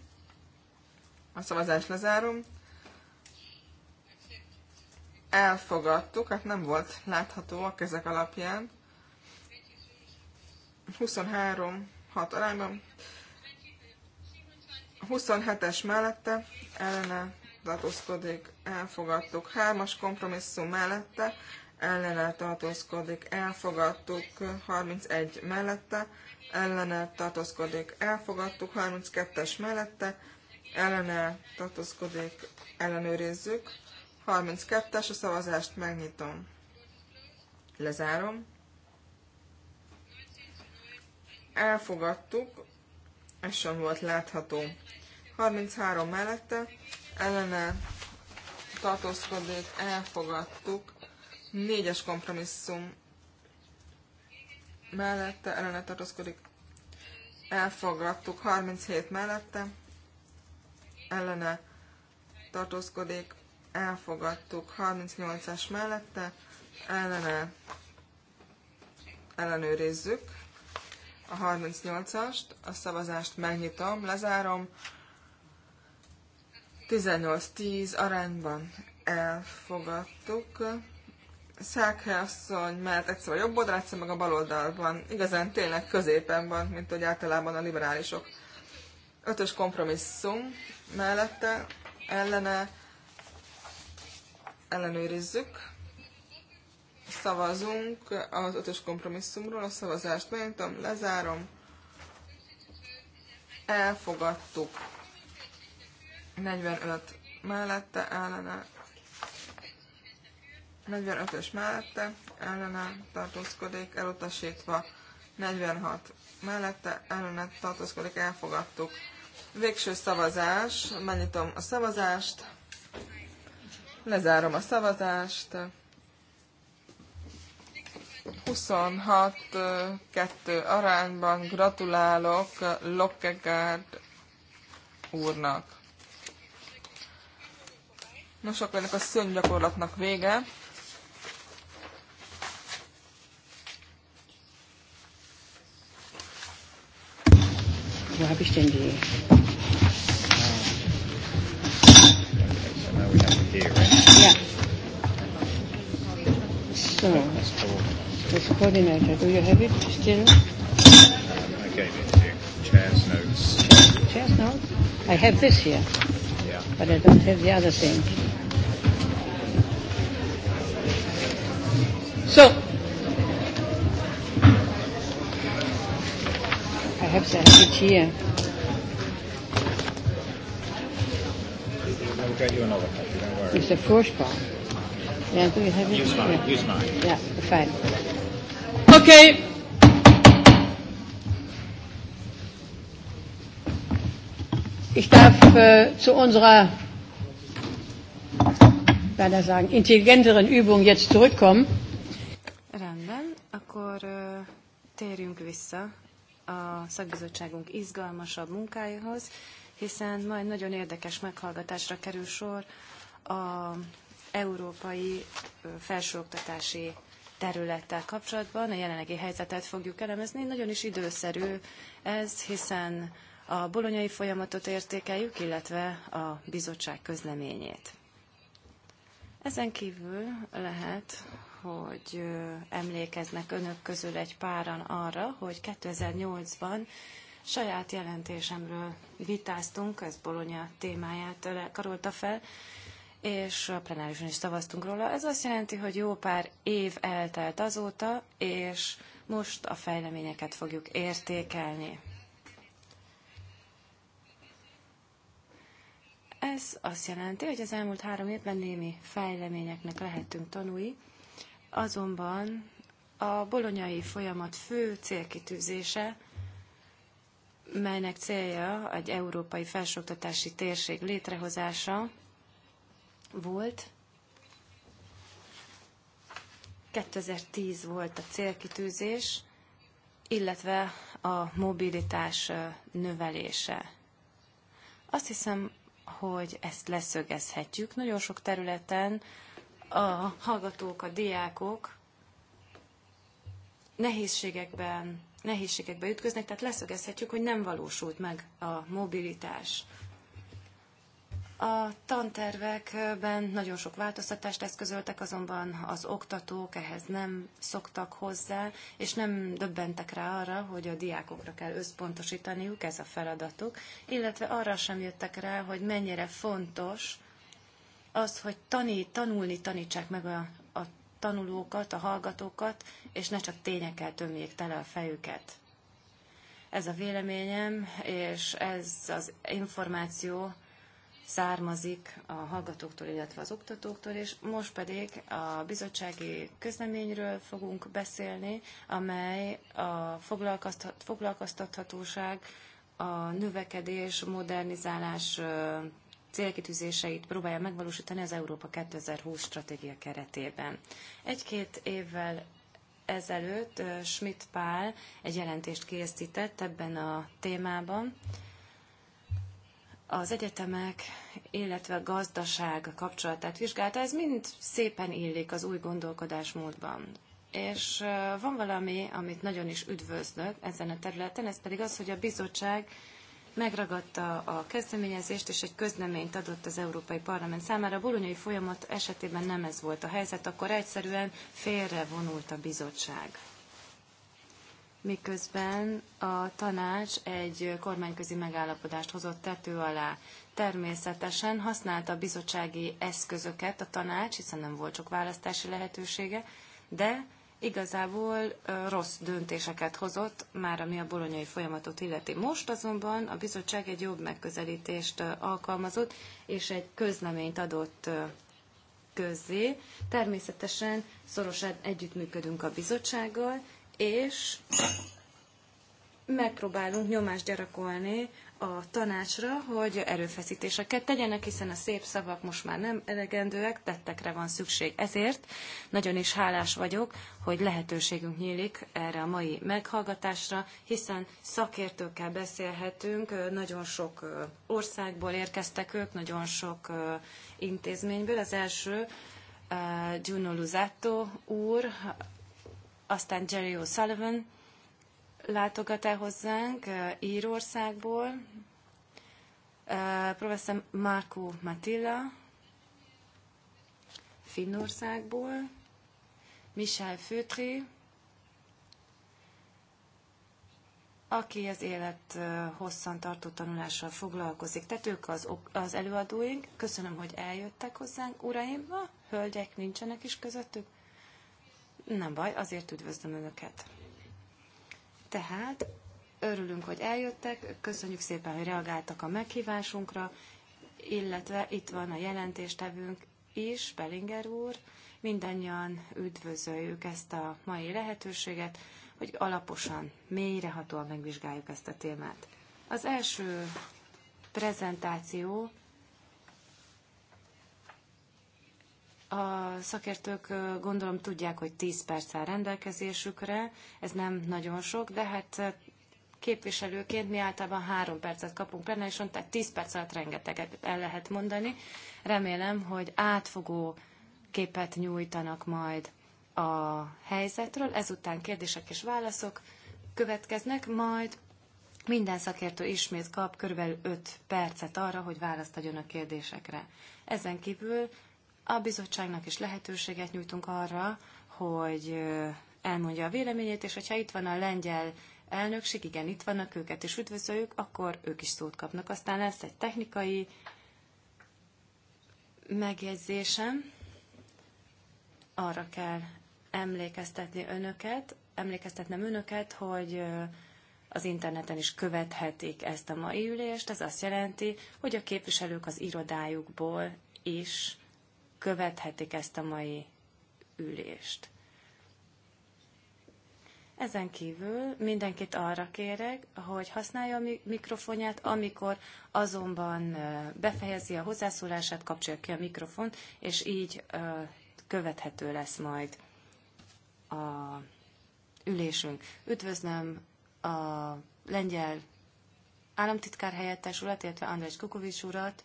a szavazást lezárom. Elfogadtuk, hát nem volt látható a kezek alapján. 23 6 arányban. 27-es mellette ellene tartózkodik, elfogadtuk. 3-as kompromisszum mellette ellene tartózkodik, elfogadtuk. 31 mellette ellene tartózkodik, elfogadtuk, 32-es mellette, ellene tartózkodik, ellenőrizzük, 32-es, a szavazást megnyitom, lezárom, elfogadtuk, ez sem volt látható, 33 mellette, ellene tartózkodik, elfogadtuk, 4-es kompromisszum mellette, ellene tartózkodik. Elfogadtuk 37 mellette, ellene tartózkodik. Elfogadtuk 38-as mellette, ellene ellenőrizzük a 38-ast, a szavazást megnyitom, lezárom. 18-10 arányban elfogadtuk. Szákhelyasszony mert egyszer a jobb oldal, egyszer meg a bal oldal van. Igazán tényleg középen van, mint hogy általában a liberálisok. Ötös kompromisszum mellette ellene ellenőrizzük. Szavazunk az ötös kompromisszumról, a szavazást megnyitom, lezárom. Elfogadtuk. 45 mellette ellene 45-ös mellette ellene tartózkodik, elutasítva 46 mellette ellene tartózkodik, elfogadtuk. Végső szavazás, megnyitom a szavazást, lezárom a szavazást. 26-2 arányban gratulálok Lokkegárd úrnak. Nos, akkor ennek a szöngyakorlatnak vége. Wo habe ich denn die? Ja. So, this coordinator, do you have it still? I gave it to you. Chair's notes. Chair's notes? I have this here. Yeah. But I don't have the other thing. So, perhaps I have it here. I will get you another copy, don't worry. It's a Forsprung. Yeah, do you have it? Use mine, yeah. use mine. Yeah, fine. Okay. Ich darf äh, zu unserer, beinahe sagen, intelligenteren Übung jetzt zurückkommen. Rendben, akkor äh, térjünk vissza a szakbizottságunk izgalmasabb munkájához, hiszen majd nagyon érdekes meghallgatásra kerül sor a európai felsőoktatási területtel kapcsolatban. A jelenlegi helyzetet fogjuk elemezni. Nagyon is időszerű ez, hiszen a bolonyai folyamatot értékeljük, illetve a bizottság közleményét. Ezen kívül lehet, hogy emlékeznek önök közül egy páran arra, hogy 2008-ban saját jelentésemről vitáztunk, ez Bolonya témáját karolta fel, és a plenárison is szavaztunk róla. Ez azt jelenti, hogy jó pár év eltelt azóta, és most a fejleményeket fogjuk értékelni. Ez azt jelenti, hogy az elmúlt három évben némi fejleményeknek lehetünk tanúi, Azonban a bolonyai folyamat fő célkitűzése, melynek célja egy európai felsőoktatási térség létrehozása volt. 2010 volt a célkitűzés, illetve a mobilitás növelése. Azt hiszem, hogy ezt leszögezhetjük. Nagyon sok területen a hallgatók, a diákok nehézségekben, nehézségekben ütköznek, tehát leszögezhetjük, hogy nem valósult meg a mobilitás. A tantervekben nagyon sok változtatást eszközöltek, azonban az oktatók ehhez nem szoktak hozzá, és nem döbbentek rá arra, hogy a diákokra kell összpontosítaniuk, ez a feladatuk, illetve arra sem jöttek rá, hogy mennyire fontos az, hogy tanít, tanulni tanítsák meg a, a tanulókat, a hallgatókat, és ne csak tényekkel tömjék tele a fejüket. Ez a véleményem, és ez az információ származik a hallgatóktól, illetve az oktatóktól, és most pedig a bizottsági közleményről fogunk beszélni, amely a foglalkoztathatóság, a növekedés, modernizálás célkitűzéseit próbálja megvalósítani az Európa 2020 stratégia keretében. Egy-két évvel ezelőtt Schmidt Pál egy jelentést készített ebben a témában. Az egyetemek, illetve a gazdaság kapcsolatát vizsgálta. Ez mind szépen illik az új gondolkodásmódban. És van valami, amit nagyon is üdvözlök ezen a területen, ez pedig az, hogy a bizottság megragadta a kezdeményezést, és egy közleményt adott az Európai Parlament számára. A bolonyai folyamat esetében nem ez volt a helyzet, akkor egyszerűen félre vonult a bizottság. Miközben a tanács egy kormányközi megállapodást hozott tető alá. Természetesen használta a bizottsági eszközöket a tanács, hiszen nem volt sok választási lehetősége, de igazából rossz döntéseket hozott, már ami a bolonyai folyamatot illeti. Most azonban a bizottság egy jobb megközelítést alkalmazott, és egy közleményt adott közzé. Természetesen szorosan együttműködünk a bizottsággal, és megpróbálunk nyomást gyarakolni a tanácsra, hogy erőfeszítéseket tegyenek, hiszen a szép szavak most már nem elegendőek, tettekre van szükség. Ezért nagyon is hálás vagyok, hogy lehetőségünk nyílik erre a mai meghallgatásra, hiszen szakértőkkel beszélhetünk, nagyon sok országból érkeztek ők, nagyon sok intézményből. Az első Giuno Luzzatto úr, aztán Jerry O'Sullivan, látogat e hozzánk eh, Írországból. Eh, Professzor Markó Matilla, Finnországból, Michel Főtri, aki az élet eh, hosszan tartó tanulással foglalkozik. Tehát ők az, az előadóink. Köszönöm, hogy eljöttek hozzánk, uraim. Ah, hölgyek nincsenek is közöttük. Nem baj, azért üdvözlöm Önöket. Tehát örülünk, hogy eljöttek, köszönjük szépen, hogy reagáltak a meghívásunkra, illetve itt van a jelentéstevünk is, Belinger úr. Mindannyian üdvözöljük ezt a mai lehetőséget, hogy alaposan, mélyrehatóan megvizsgáljuk ezt a témát. Az első prezentáció A szakértők gondolom tudják, hogy 10 perc áll rendelkezésükre, ez nem nagyon sok, de hát képviselőként mi általában három percet kapunk és tehát 10 perc alatt rengeteget el lehet mondani. Remélem, hogy átfogó képet nyújtanak majd a helyzetről, ezután kérdések és válaszok következnek, majd minden szakértő ismét kap körülbelül 5 percet arra, hogy választ adjon a kérdésekre. Ezen kívül a bizottságnak is lehetőséget nyújtunk arra, hogy elmondja a véleményét, és hogyha itt van a lengyel elnökség, igen, itt vannak őket, és üdvözöljük, akkor ők is szót kapnak. Aztán lesz egy technikai megjegyzésem. Arra kell emlékeztetni önöket, emlékeztetnem önöket, hogy az interneten is követhetik ezt a mai ülést. Ez azt jelenti, hogy a képviselők az irodájukból is követhetik ezt a mai ülést. Ezen kívül mindenkit arra kérek, hogy használja a mikrofonját, amikor azonban befejezi a hozzászólását, kapcsolja ki a mikrofont, és így követhető lesz majd a ülésünk. Üdvözlöm a lengyel államtitkár helyettes urat, illetve András Kukovics urat,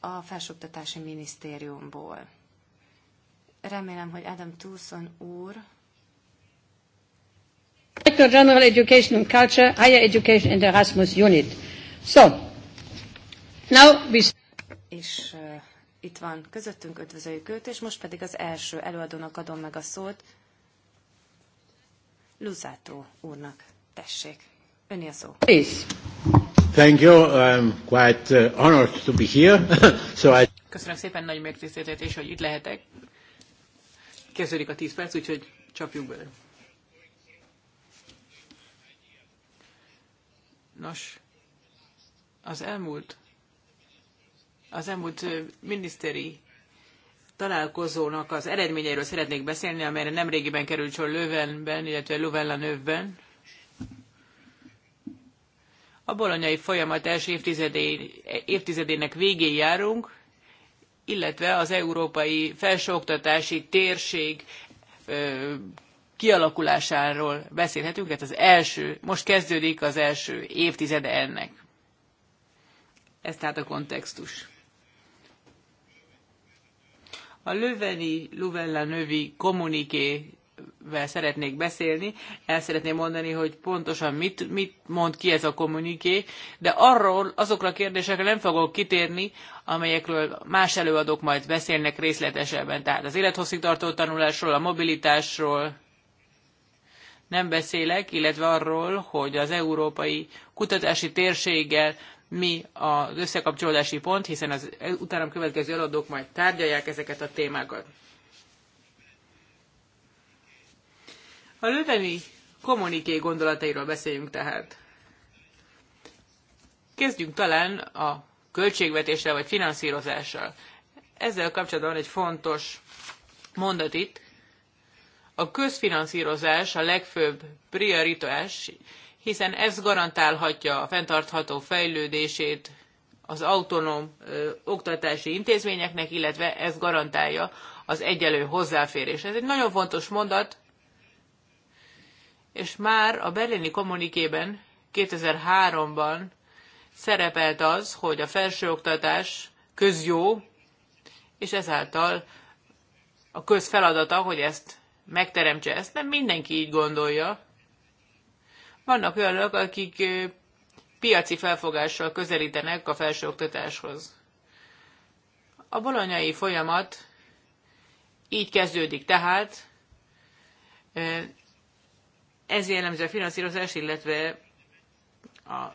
a Felsőoktatási Minisztériumból. Remélem, hogy Adam Tucson úr Director General Education and Culture, Higher Education and Erasmus Unit. So, now we... És uh, itt van közöttünk, üdvözöljük őt, és most pedig az első előadónak adom meg a szót, Luzátó úrnak. Tessék, öni a szó. Please. Thank you. I'm quite uh, honored to be here. so I... Köszönöm szépen, nagy megtiszteltetés, hogy itt lehetek. Kezdődik a 10 perc, úgyhogy csapjuk bele. Nos, az elmúlt, az elmúlt miniszteri találkozónak az eredményeiről szeretnék beszélni, amelyre nemrégiben került sor Lövenben, illetve Luvellanövben. A bolonyai folyamat első évtizedének végén járunk, illetve az európai felsőoktatási térség kialakulásáról beszélhetünk, tehát az első, most kezdődik az első évtizede ennek. Ez tehát a kontextus. A löveni Luvella növi kommuniké szeretnék beszélni, el szeretném mondani, hogy pontosan mit, mit mond ki ez a kommuniké, de arról azokra a kérdésekre nem fogok kitérni, amelyekről más előadók majd beszélnek részletesebben. Tehát az élethosszígtartó tanulásról, a mobilitásról nem beszélek, illetve arról, hogy az európai kutatási térséggel mi az összekapcsolódási pont, hiszen az utánam következő előadók majd tárgyalják ezeket a témákat. A löveni kommuniké gondolatairól beszéljünk tehát. Kezdjünk talán a költségvetéssel vagy finanszírozással. Ezzel kapcsolatban egy fontos mondat itt. A közfinanszírozás a legfőbb prioritás, hiszen ez garantálhatja a fenntartható fejlődését az autonóm ö, oktatási intézményeknek, illetve ez garantálja az egyelő hozzáférés. Ez egy nagyon fontos mondat, és már a berlini kommunikében 2003-ban szerepelt az, hogy a felsőoktatás közjó, és ezáltal a köz feladata, hogy ezt megteremtse. Ezt nem mindenki így gondolja. Vannak olyanok, akik piaci felfogással közelítenek a felsőoktatáshoz. A bolonyai folyamat így kezdődik tehát, ez jellemző a finanszírozás, illetve a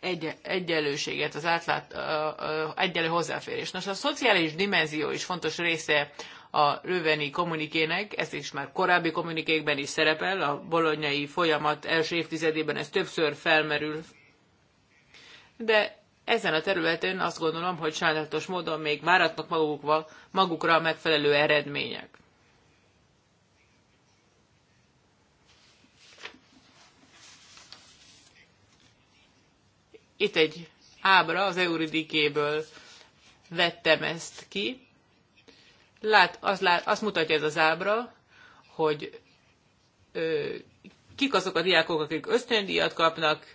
egy, egyenlőséget, az átlát, a, a, egyenlő hozzáférés. Nos, a szociális dimenzió is fontos része a röveni kommunikének, ez is már korábbi kommunikékben is szerepel, a bolonyai folyamat első évtizedében ez többször felmerül, de ezen a területen azt gondolom, hogy sajnálatos módon még váratnak magukra, magukra a megfelelő eredmények. Itt egy ábra az Euridikéből vettem ezt ki. Lát, az, lát, azt mutatja ez az ábra, hogy ö, kik azok a diákok, akik ösztöndíjat kapnak,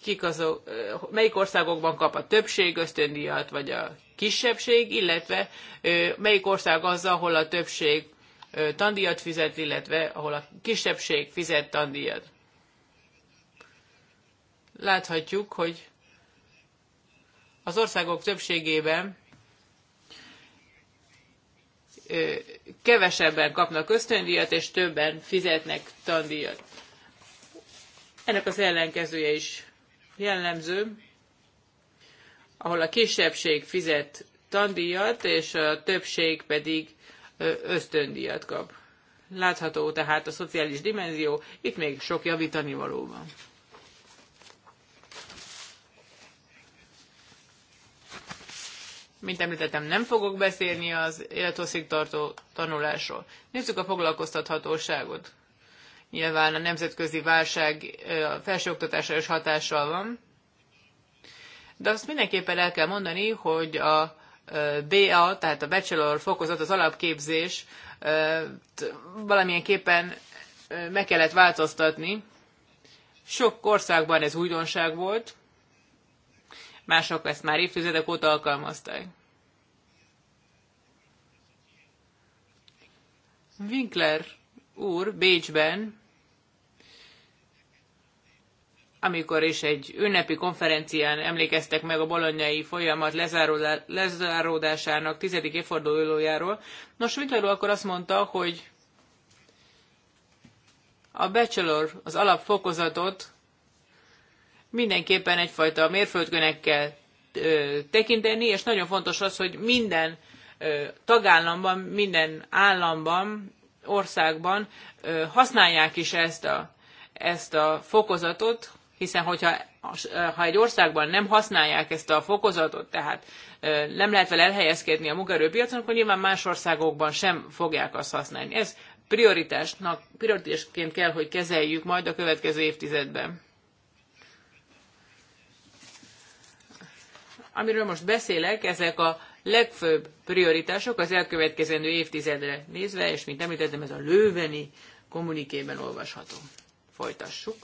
kik azok, ö, melyik országokban kap a többség ösztöndíjat, vagy a kisebbség, illetve ö, melyik ország az, ahol a többség ö, tandíjat fizet, illetve ahol a kisebbség fizet tandíjat. Láthatjuk, hogy az országok többségében kevesebben kapnak ösztöndíjat, és többen fizetnek tandíjat. Ennek az ellenkezője is jellemző, ahol a kisebbség fizet tandíjat, és a többség pedig ösztöndíjat kap. Látható tehát a szociális dimenzió, itt még sok javítani valóban. Mint említettem, nem fogok beszélni az élethosszígtartó tanulásról. Nézzük a foglalkoztathatóságot. Nyilván a nemzetközi válság felsőoktatásra is hatással van, de azt mindenképpen el kell mondani, hogy a BA, tehát a bachelor fokozat, az alapképzés valamilyen képen meg kellett változtatni. Sok országban ez újdonság volt, mások ezt már évtizedek óta alkalmazták. Winkler úr Bécsben, amikor is egy ünnepi konferencián emlékeztek meg a bolonyai folyamat lezáródásának tizedik évfordulójáról. Nos, Winkler úr akkor azt mondta, hogy a bachelor, az alapfokozatot mindenképpen egyfajta mérföldkönekkel tekinteni, és nagyon fontos az, hogy minden tagállamban, minden államban, országban használják is ezt a, ezt a fokozatot, hiszen hogyha ha egy országban nem használják ezt a fokozatot, tehát nem lehet vele elhelyezkedni a munkaerőpiacon, akkor nyilván más országokban sem fogják azt használni. Ez prioritásnak, prioritásként kell, hogy kezeljük majd a következő évtizedben. Amiről most beszélek, ezek a legfőbb prioritások az elkövetkezendő évtizedre nézve, és mint említettem, ez a lőveni kommunikében olvasható. Folytassuk.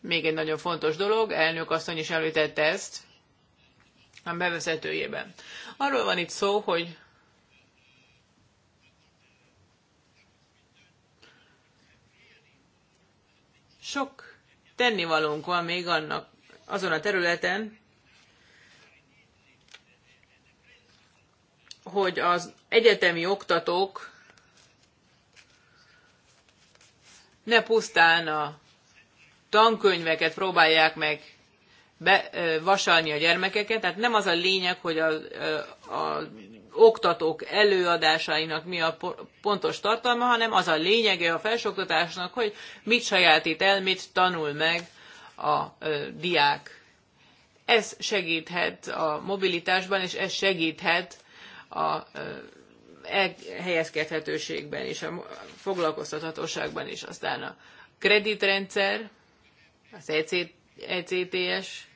Még egy nagyon fontos dolog, elnök asszony is említette ezt a bevezetőjében. Arról van itt szó, hogy sok tennivalónk van még annak azon a területen, hogy az egyetemi oktatók ne pusztán a tankönyveket próbálják meg bevasalni a gyermekeket, tehát nem az a lényeg, hogy az a oktatók előadásainak mi a pontos tartalma, hanem az a lényege a felsőoktatásnak, hogy mit sajátít el, mit tanul meg a diák. Ez segíthet a mobilitásban, és ez segíthet a elhelyezkedhetőségben és a foglalkoztathatóságban is. Aztán a kreditrendszer, az ECTS, e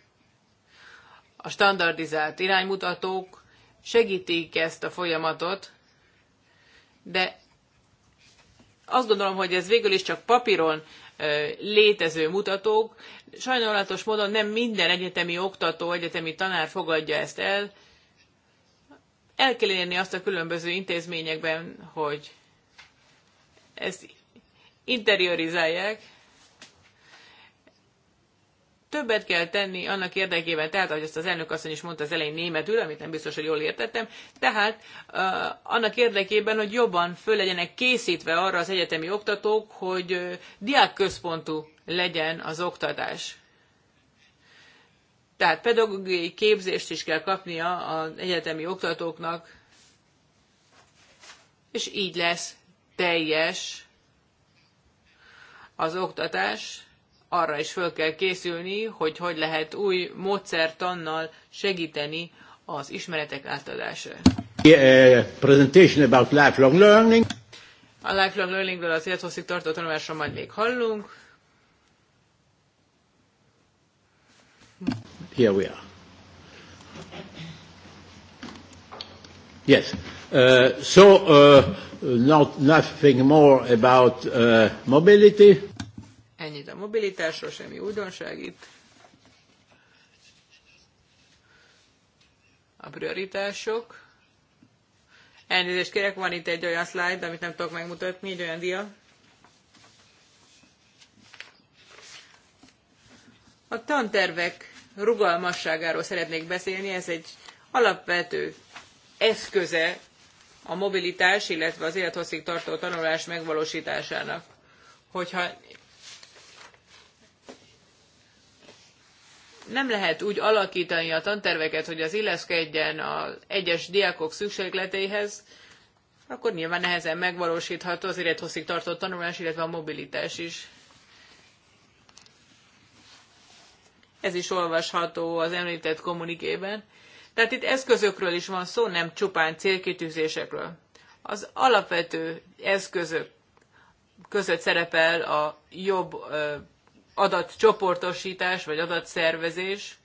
a standardizált iránymutatók segítik ezt a folyamatot, de azt gondolom, hogy ez végül is csak papíron létező mutatók, Sajnálatos módon nem minden egyetemi oktató, egyetemi tanár fogadja ezt el. El kell érni azt a különböző intézményekben, hogy ezt interiorizálják, többet kell tenni annak érdekében, tehát ahogy ezt az elnök asszony is mondta az elején németül, amit nem biztos, hogy jól értettem, tehát uh, annak érdekében, hogy jobban föl legyenek készítve arra az egyetemi oktatók, hogy uh, diákközpontú legyen az oktatás. Tehát pedagógiai képzést is kell kapnia az egyetemi oktatóknak, és így lesz teljes az oktatás, arra is föl kell készülni, hogy hogy lehet új módszertannal segíteni az ismeretek átadását. Yeah, uh, presentation about lifelong learning. A lifelong learningről az élethosszig tartó tanulásra majd még hallunk. Here we are. Yes. Uh, so uh, not nothing more about uh, mobility. Ennyit a mobilitásról, semmi újdonság itt. A prioritások. Elnézést kérek, van itt egy olyan slide, amit nem tudok megmutatni, egy olyan dia. A tantervek rugalmasságáról szeretnék beszélni, ez egy alapvető eszköze a mobilitás, illetve az élethosszig tartó tanulás megvalósításának. Hogyha nem lehet úgy alakítani a tanterveket, hogy az illeszkedjen az egyes diákok szükségleteihez, akkor nyilván nehezen megvalósítható az élethosszig tartott tanulás, illetve a mobilitás is. Ez is olvasható az említett kommunikében. Tehát itt eszközökről is van szó, nem csupán célkitűzésekről. Az alapvető eszközök között szerepel a jobb adatcsoportosítás vagy adatszervezés.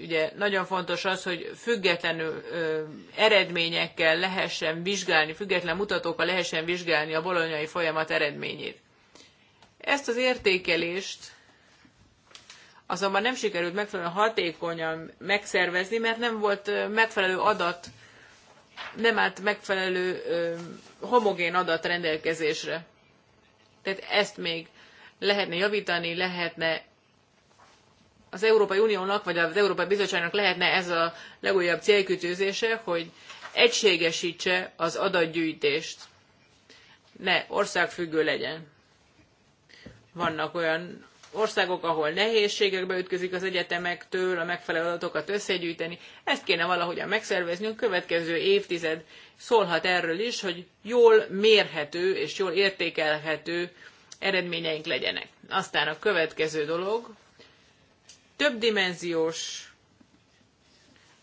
Ugye nagyon fontos az, hogy függetlenül ö, eredményekkel lehessen vizsgálni, független mutatókkal lehessen vizsgálni a bolonyai folyamat eredményét. Ezt az értékelést azonban nem sikerült megfelelően hatékonyan megszervezni, mert nem volt megfelelő adat, nem állt megfelelő homogén adat rendelkezésre. Tehát ezt még lehetne javítani, lehetne az Európai Uniónak, vagy az Európai Bizottságnak lehetne ez a legújabb célkütőzése, hogy egységesítse az adatgyűjtést. Ne országfüggő legyen. Vannak olyan országok, ahol nehézségekbe ütközik az egyetemektől a megfelelő adatokat összegyűjteni. Ezt kéne valahogyan megszervezni. A következő évtized szólhat erről is, hogy jól mérhető és jól értékelhető eredményeink legyenek. Aztán a következő dolog, többdimenziós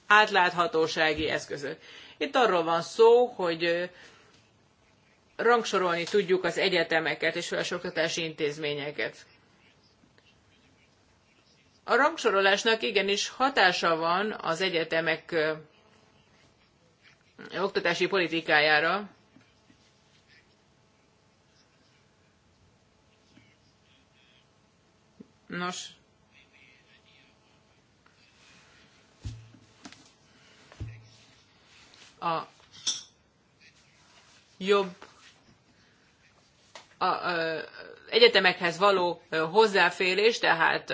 átláthatósági eszközök. Itt arról van szó, hogy rangsorolni tudjuk az egyetemeket és felsőoktatási intézményeket. A rangsorolásnak igenis hatása van az egyetemek oktatási politikájára. Nos, a jobb a, a, egyetemekhez való hozzáférés, tehát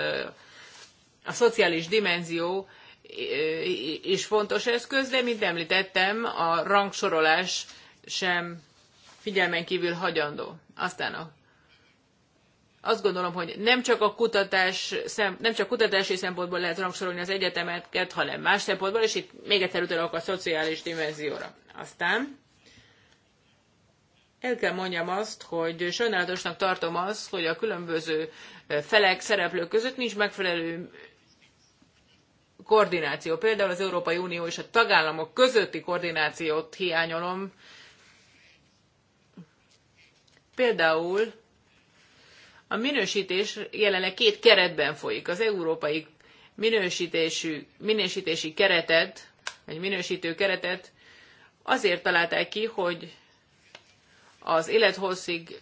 a szociális dimenzió is fontos eszköz, de mint említettem, a rangsorolás sem figyelmen kívül hagyandó. Aztán a azt gondolom, hogy nem csak a kutatás, nem csak kutatási szempontból lehet rangsorolni az egyetemeket, hanem más szempontból, és itt még egyszer utalok a szociális dimenzióra. Aztán el kell mondjam azt, hogy sajnálatosnak tartom azt, hogy a különböző felek, szereplők között nincs megfelelő koordináció. Például az Európai Unió és a tagállamok közötti koordinációt hiányolom. Például a minősítés jelenleg két keretben folyik. Az európai minősítésű, minősítési keretet, egy minősítő keretet azért találták ki, hogy az élethosszig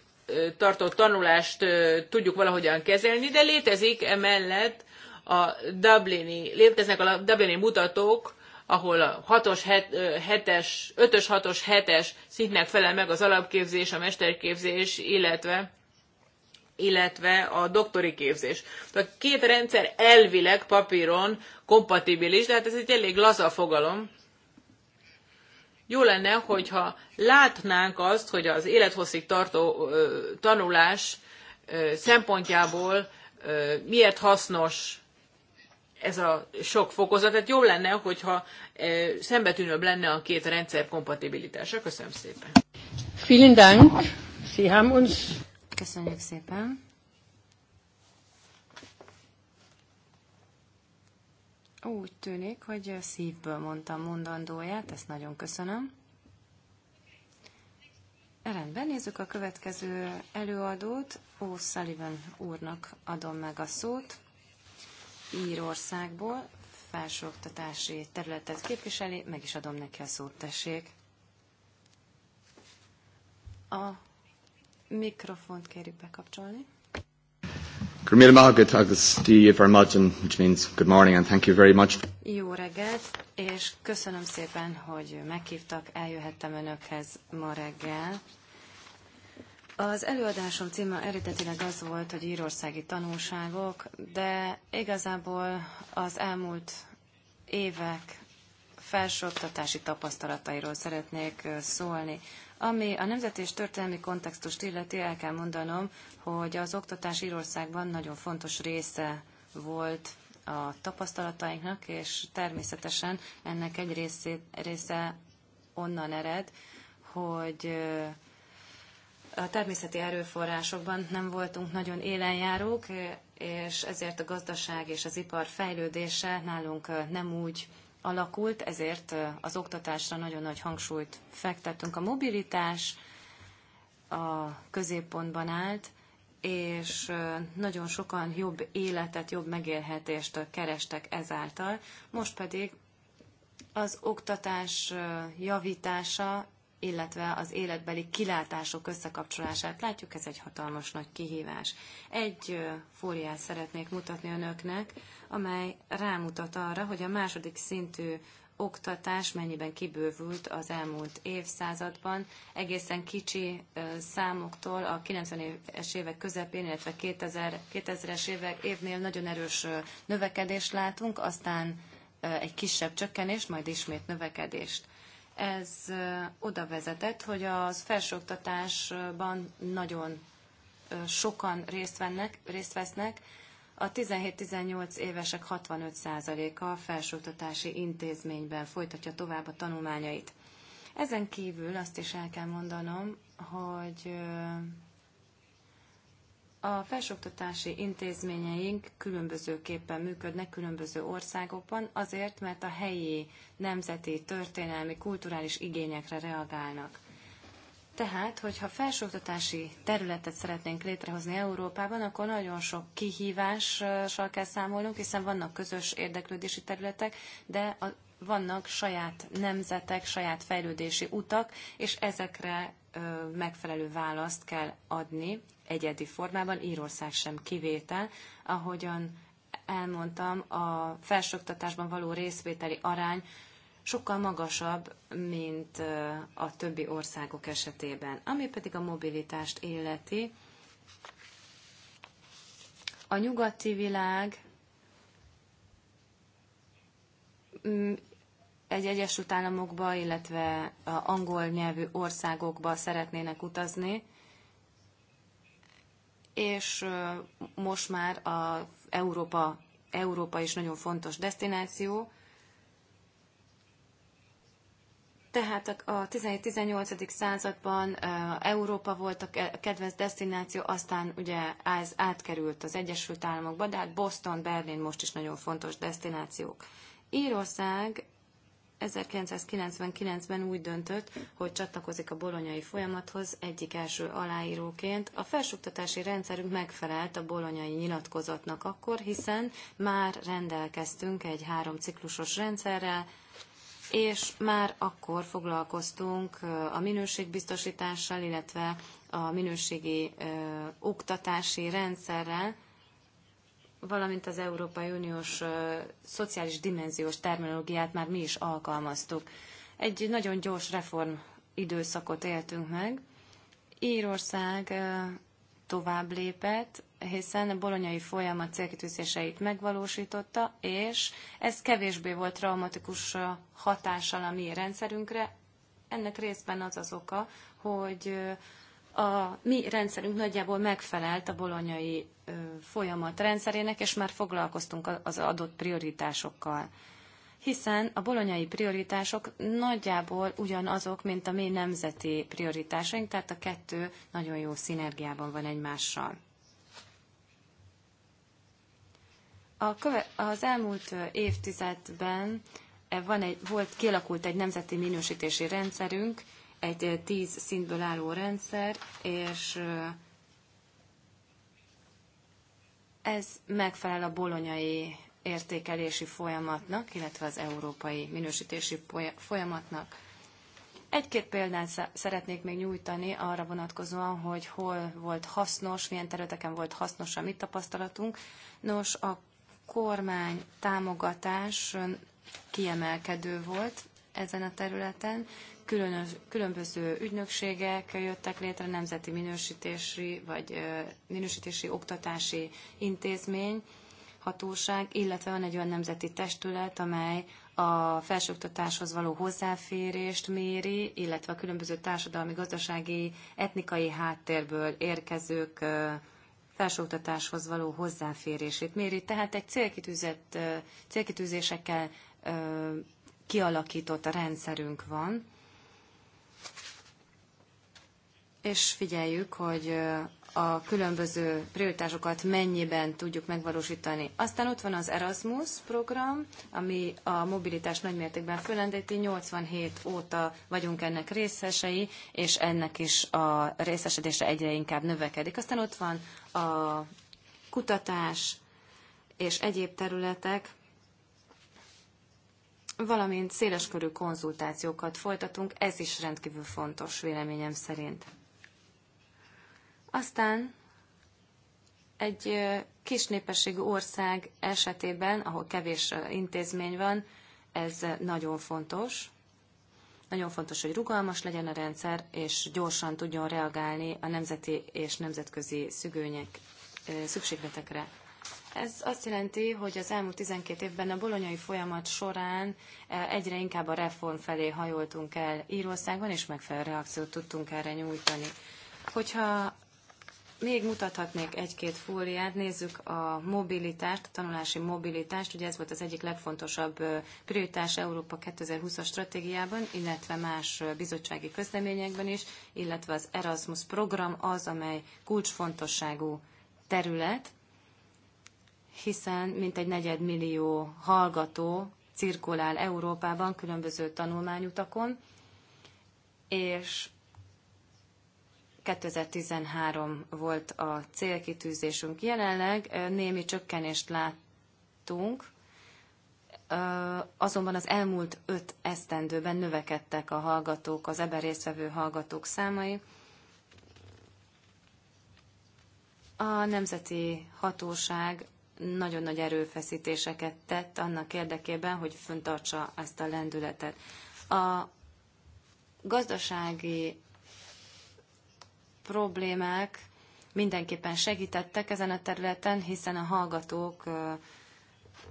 tartó tanulást tudjuk valahogyan kezelni, de létezik emellett a Dublini, léteznek a Dublini mutatók, ahol a 6-os, 7-es, 5-ös, 6-os, 7-es szintnek felel meg az alapképzés, a mesterképzés, illetve illetve a doktori képzés. A két rendszer elvileg papíron kompatibilis, de hát ez egy elég laza fogalom. Jó lenne, hogyha látnánk azt, hogy az élethosszig tartó tanulás szempontjából miért hasznos ez a sok fokozat. Tehát jó lenne, hogyha szembetűnőbb lenne a két rendszer kompatibilitása. Köszönöm szépen. Vielen Dank. Sie haben uns Köszönjük szépen. Úgy tűnik, hogy szívből mondtam mondandóját, ezt nagyon köszönöm. Rendben, nézzük a következő előadót. Ó Sullivan úrnak adom meg a szót. Írországból felsőoktatási területet képviseli, meg is adom neki a szót, tessék. A Mikrofont kérjük bekapcsolni. Jó reggelt, és köszönöm szépen, hogy meghívtak, eljöhettem önökhez ma reggel. Az előadásom címe eredetileg az volt, hogy írországi tanulságok, de igazából az elmúlt évek felsőoktatási tapasztalatairól szeretnék szólni. Ami a nemzeti és történelmi kontextust illeti, el kell mondanom, hogy az oktatás Írországban nagyon fontos része volt a tapasztalatainknak, és természetesen ennek egy részét, része onnan ered, hogy a természeti erőforrásokban nem voltunk nagyon élenjárók, és ezért a gazdaság és az ipar fejlődése nálunk nem úgy alakult, ezért az oktatásra nagyon nagy hangsúlyt fektettünk. A mobilitás a középpontban állt, és nagyon sokan jobb életet, jobb megélhetést kerestek ezáltal. Most pedig az oktatás javítása illetve az életbeli kilátások összekapcsolását látjuk, ez egy hatalmas nagy kihívás. Egy fóriát szeretnék mutatni önöknek, amely rámutat arra, hogy a második szintű oktatás mennyiben kibővült az elmúlt évszázadban, egészen kicsi számoktól a 90-es évek közepén, illetve 2000, 2000-es évek évnél nagyon erős növekedést látunk, aztán egy kisebb csökkenést, majd ismét növekedést. Ez oda vezetett, hogy az felsőoktatásban nagyon sokan részt, vennek, részt vesznek, a 17-18 évesek 65%-a felsőoktatási intézményben folytatja tovább a tanulmányait. Ezen kívül azt is el kell mondanom, hogy a felsőoktatási intézményeink különbözőképpen működnek különböző országokban, azért, mert a helyi nemzeti, történelmi, kulturális igényekre reagálnak. Tehát, hogyha felsőoktatási területet szeretnénk létrehozni Európában, akkor nagyon sok kihívással kell számolnunk, hiszen vannak közös érdeklődési területek, de a vannak saját nemzetek, saját fejlődési utak, és ezekre megfelelő választ kell adni egyedi formában, Írország sem kivétel, ahogyan elmondtam, a felsőoktatásban való részvételi arány sokkal magasabb, mint a többi országok esetében. Ami pedig a mobilitást illeti, a nyugati világ egy Egyesült Államokba, illetve angol nyelvű országokba szeretnének utazni, és most már a Európa, Európa is nagyon fontos destináció, tehát a 17-18. században Európa volt a kedvenc destináció, aztán ugye ez átkerült az Egyesült Államokba, de hát Boston, Berlin most is nagyon fontos destinációk. Írország 1999-ben úgy döntött, hogy csatlakozik a bolonyai folyamathoz egyik első aláíróként. A felsőoktatási rendszerünk megfelelt a bolonyai nyilatkozatnak akkor, hiszen már rendelkeztünk egy három ciklusos rendszerrel, és már akkor foglalkoztunk a minőségbiztosítással, illetve a minőségi ö, oktatási rendszerrel, valamint az Európai Uniós szociális dimenziós terminológiát már mi is alkalmaztuk. Egy nagyon gyors reform időszakot éltünk meg. Írország tovább lépett, hiszen a bolonyai folyamat célkitűzéseit megvalósította, és ez kevésbé volt traumatikus hatással a mi rendszerünkre. Ennek részben az az oka, hogy a mi rendszerünk nagyjából megfelelt a bolonyai folyamat rendszerének, és már foglalkoztunk az adott prioritásokkal. Hiszen a bolonyai prioritások nagyjából ugyanazok, mint a mi nemzeti prioritásaink, tehát a kettő nagyon jó szinergiában van egymással. A köve- az elmúlt évtizedben e, van egy, volt, kialakult egy nemzeti minősítési rendszerünk, egy eh, tíz szintből álló rendszer, és eh, ez megfelel a bolonyai értékelési folyamatnak, illetve az európai minősítési folyamatnak. Egy-két példát szeretnék még nyújtani arra vonatkozóan, hogy hol volt hasznos, milyen területeken volt hasznos a mi tapasztalatunk. Nos, a kormány támogatás kiemelkedő volt ezen a területen, különös, különböző ügynökségek jöttek létre, nemzeti minősítési vagy minősítési oktatási intézmény, hatóság, illetve van egy olyan nemzeti testület, amely a felsőoktatáshoz való hozzáférést méri, illetve a különböző társadalmi, gazdasági, etnikai háttérből érkezők felsőoktatáshoz való hozzáférését méri. Tehát egy célkitűzett, célkitűzésekkel kialakított rendszerünk van, és figyeljük, hogy a különböző prioritásokat mennyiben tudjuk megvalósítani. Aztán ott van az Erasmus program, ami a mobilitás nagymértékben fölendíti. 87 óta vagyunk ennek részesei, és ennek is a részesedése egyre inkább növekedik. Aztán ott van a kutatás és egyéb területek, valamint széleskörű konzultációkat folytatunk, ez is rendkívül fontos véleményem szerint. Aztán egy kis népességű ország esetében, ahol kevés intézmény van, ez nagyon fontos. Nagyon fontos, hogy rugalmas legyen a rendszer, és gyorsan tudjon reagálni a nemzeti és nemzetközi szügőnyek, szükségletekre. Ez azt jelenti, hogy az elmúlt 12 évben a bolonyai folyamat során egyre inkább a reform felé hajoltunk el Írországban, és megfelelő reakciót tudtunk erre nyújtani. Hogyha még mutathatnék egy-két fóliát, nézzük a mobilitást, a tanulási mobilitást, ugye ez volt az egyik legfontosabb prioritás Európa 2020-as stratégiában, illetve más bizottsági közleményekben is, illetve az Erasmus program az, amely kulcsfontosságú terület, hiszen mintegy negyedmillió hallgató cirkulál Európában különböző tanulmányutakon, és 2013 volt a célkitűzésünk. Jelenleg némi csökkenést láttunk, azonban az elmúlt öt esztendőben növekedtek a hallgatók, az ebben résztvevő hallgatók számai. A Nemzeti Hatóság nagyon nagy erőfeszítéseket tett annak érdekében, hogy föntartsa ezt a lendületet. A gazdasági problémák mindenképpen segítettek ezen a területen, hiszen a hallgatók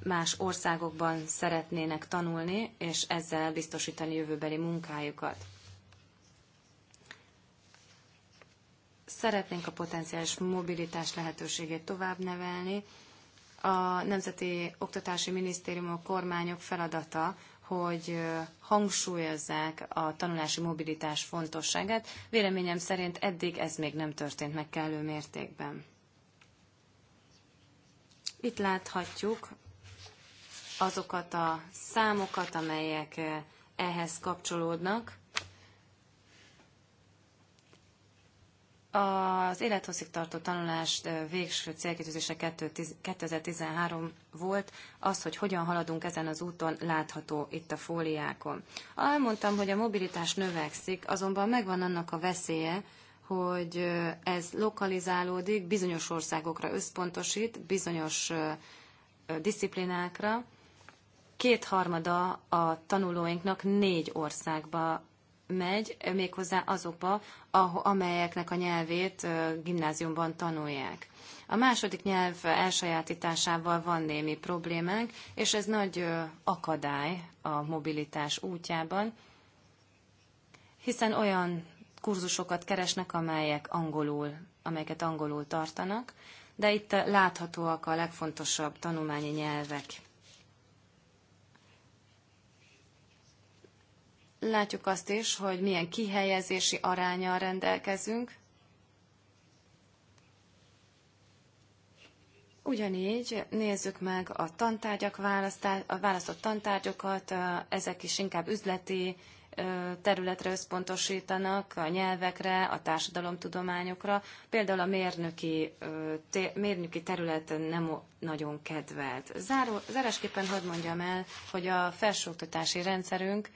más országokban szeretnének tanulni, és ezzel biztosítani jövőbeli munkájukat. Szeretnénk a potenciális mobilitás lehetőségét tovább nevelni. A Nemzeti Oktatási Minisztérium a kormányok feladata, hogy hangsúlyozzák a tanulási mobilitás fontosságát. Véleményem szerint eddig ez még nem történt meg kellő mértékben. Itt láthatjuk azokat a számokat, amelyek ehhez kapcsolódnak. Az élethosszig tartó tanulás végső célkitűzése 2013 volt, az, hogy hogyan haladunk ezen az úton, látható itt a fóliákon. Elmondtam, hogy a mobilitás növekszik, azonban megvan annak a veszélye, hogy ez lokalizálódik, bizonyos országokra összpontosít, bizonyos disziplinákra. Kétharmada a tanulóinknak négy országba megy, méghozzá azokba, amelyeknek a nyelvét gimnáziumban tanulják. A második nyelv elsajátításával van némi problémánk, és ez nagy akadály a mobilitás útjában, hiszen olyan kurzusokat keresnek, amelyek angolul, amelyeket angolul tartanak, de itt láthatóak a legfontosabb tanulmányi nyelvek Látjuk azt is, hogy milyen kihelyezési arányal rendelkezünk. Ugyanígy nézzük meg a tantárgyak a választott tantárgyokat, ezek is inkább üzleti területre összpontosítanak, a nyelvekre, a társadalomtudományokra. Például a mérnöki, mérnöki terület nem nagyon kedvelt. Záró, zárásképpen hadd mondjam el, hogy a felsőoktatási rendszerünk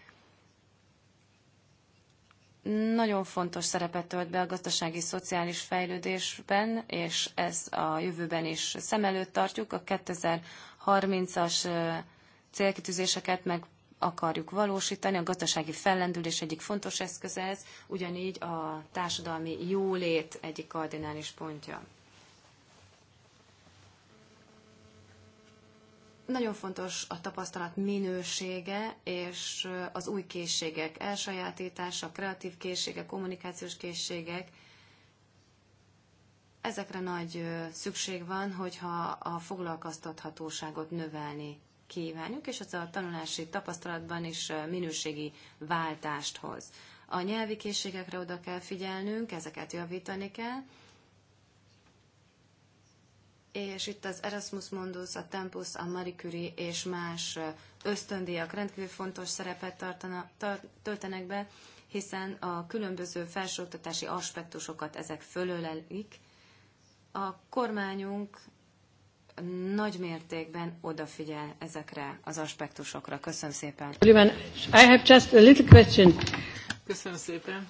nagyon fontos szerepet tölt be a gazdasági szociális fejlődésben, és ez a jövőben is szem előtt tartjuk. A 2030-as célkitűzéseket meg akarjuk valósítani. A gazdasági fellendülés egyik fontos eszköze ez, ugyanígy a társadalmi jólét egyik kardinális pontja. Nagyon fontos a tapasztalat minősége és az új készségek elsajátítása, kreatív készségek, kommunikációs készségek. Ezekre nagy szükség van, hogyha a foglalkoztathatóságot növelni kívánjuk, és az a tanulási tapasztalatban is minőségi váltást hoz. A nyelvi készségekre oda kell figyelnünk, ezeket javítani kell, és itt az Erasmus Mundus, a Tempus, a Marie Curie és más ösztöndíjak rendkívül fontos szerepet tartana, tart, töltenek be, hiszen a különböző felsőoktatási aspektusokat ezek fölölelik. A kormányunk nagy mértékben odafigyel ezekre az aspektusokra. Köszönöm szépen. I have just a little question. Köszönöm szépen.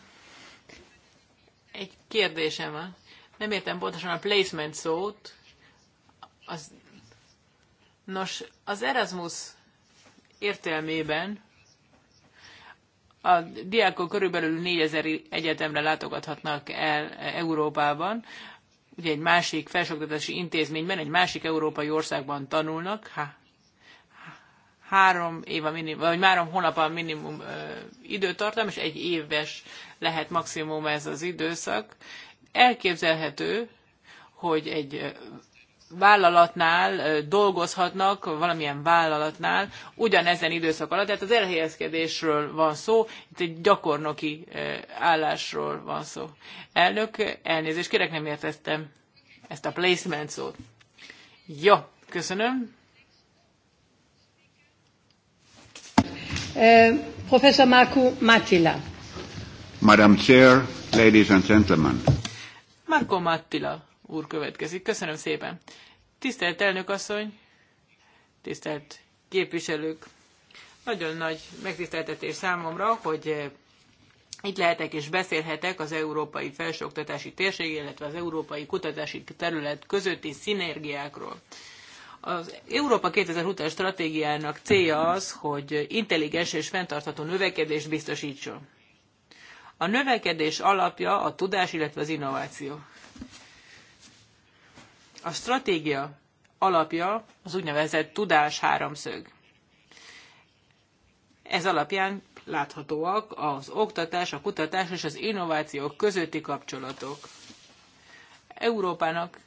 Egy kérdésem van. Nem értem pontosan a placement szót, az, nos, az Erasmus értelmében a diákok körülbelül 4000 egyetemre látogathatnak el Európában, ugye egy másik felsőoktatási intézményben, egy másik európai országban tanulnak, ha, három év a minimum, vagy három hónap a minimum ö, időtartam, és egy éves lehet maximum ez az időszak. Elképzelhető, hogy egy vállalatnál dolgozhatnak, valamilyen vállalatnál ugyanezen időszak alatt. Tehát az elhelyezkedésről van szó, itt egy gyakornoki állásról van szó. Elnök, elnézést kérek, nem értettem ezt a placement szót. Jó, köszönöm. Uh, Professor Marku Matila. Madam Chair, ladies and gentlemen. Marko Mattila úr következik. Köszönöm szépen. Tisztelt elnök asszony, tisztelt képviselők, nagyon nagy megtiszteltetés számomra, hogy eh, itt lehetek és beszélhetek az európai felsőoktatási térség, illetve az európai kutatási terület közötti szinergiákról. Az Európa 2020-as stratégiának célja az, hogy intelligens és fenntartható növekedést biztosítson. A növekedés alapja a tudás, illetve az innováció. A stratégia alapja az úgynevezett tudás háromszög. Ez alapján láthatóak az oktatás, a kutatás és az innováció közötti kapcsolatok. Európának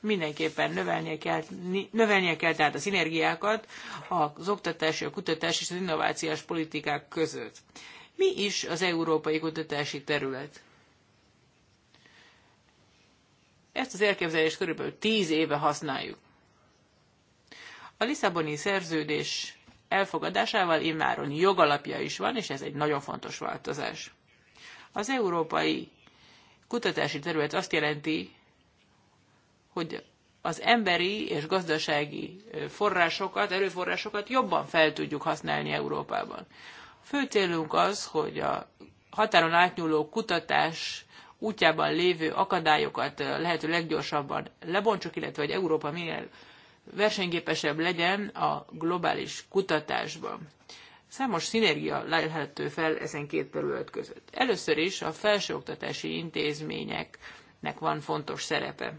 mindenképpen növelnie kell, növelnie kell tehát a szinergiákat az oktatás, a kutatás és az innovációs politikák között. Mi is az európai kutatási terület? Ezt az elképzelést körülbelül tíz éve használjuk. A Lisszaboni szerződés elfogadásával immáron jogalapja is van, és ez egy nagyon fontos változás. Az európai kutatási terület azt jelenti, hogy az emberi és gazdasági forrásokat, erőforrásokat jobban fel tudjuk használni Európában. A fő célunk az, hogy a határon átnyúló kutatás útjában lévő akadályokat lehető leggyorsabban lebontsuk, illetve hogy Európa minél versenyképesebb legyen a globális kutatásban. Számos szinergia lehető fel ezen két terület között. Először is a felsőoktatási intézményeknek van fontos szerepe.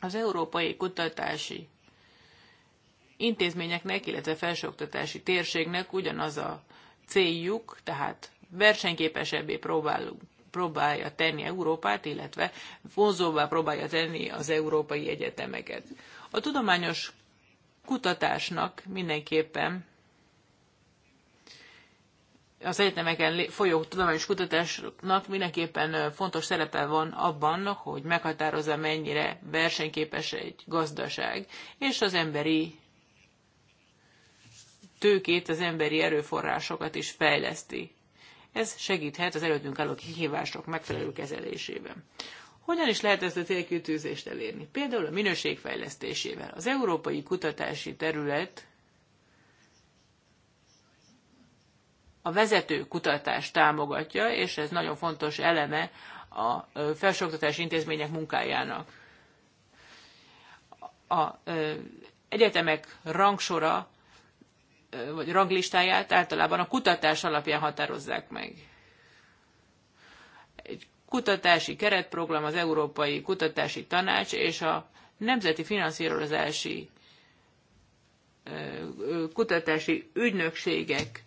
Az európai kutatási intézményeknek, illetve felsőoktatási térségnek ugyanaz a céljuk, tehát versenyképesebbé próbálunk próbálja tenni Európát, illetve vonzóvá próbálja tenni az európai egyetemeket. A tudományos kutatásnak mindenképpen az egyetemeken folyó tudományos kutatásnak mindenképpen fontos szerepe van abban, hogy meghatározza mennyire versenyképes egy gazdaság, és az emberi tőkét, az emberi erőforrásokat is fejleszti. Ez segíthet az előttünk álló kihívások megfelelő kezelésében. Hogyan is lehet ezt a célkütőzést elérni? Például a minőségfejlesztésével. Az európai kutatási terület a vezető kutatást támogatja, és ez nagyon fontos eleme a felsőoktatási intézmények munkájának. A egyetemek rangsora vagy ranglistáját általában a kutatás alapján határozzák meg. Egy kutatási keretprogram, az Európai Kutatási Tanács és a Nemzeti Finanszírozási Kutatási Ügynökségek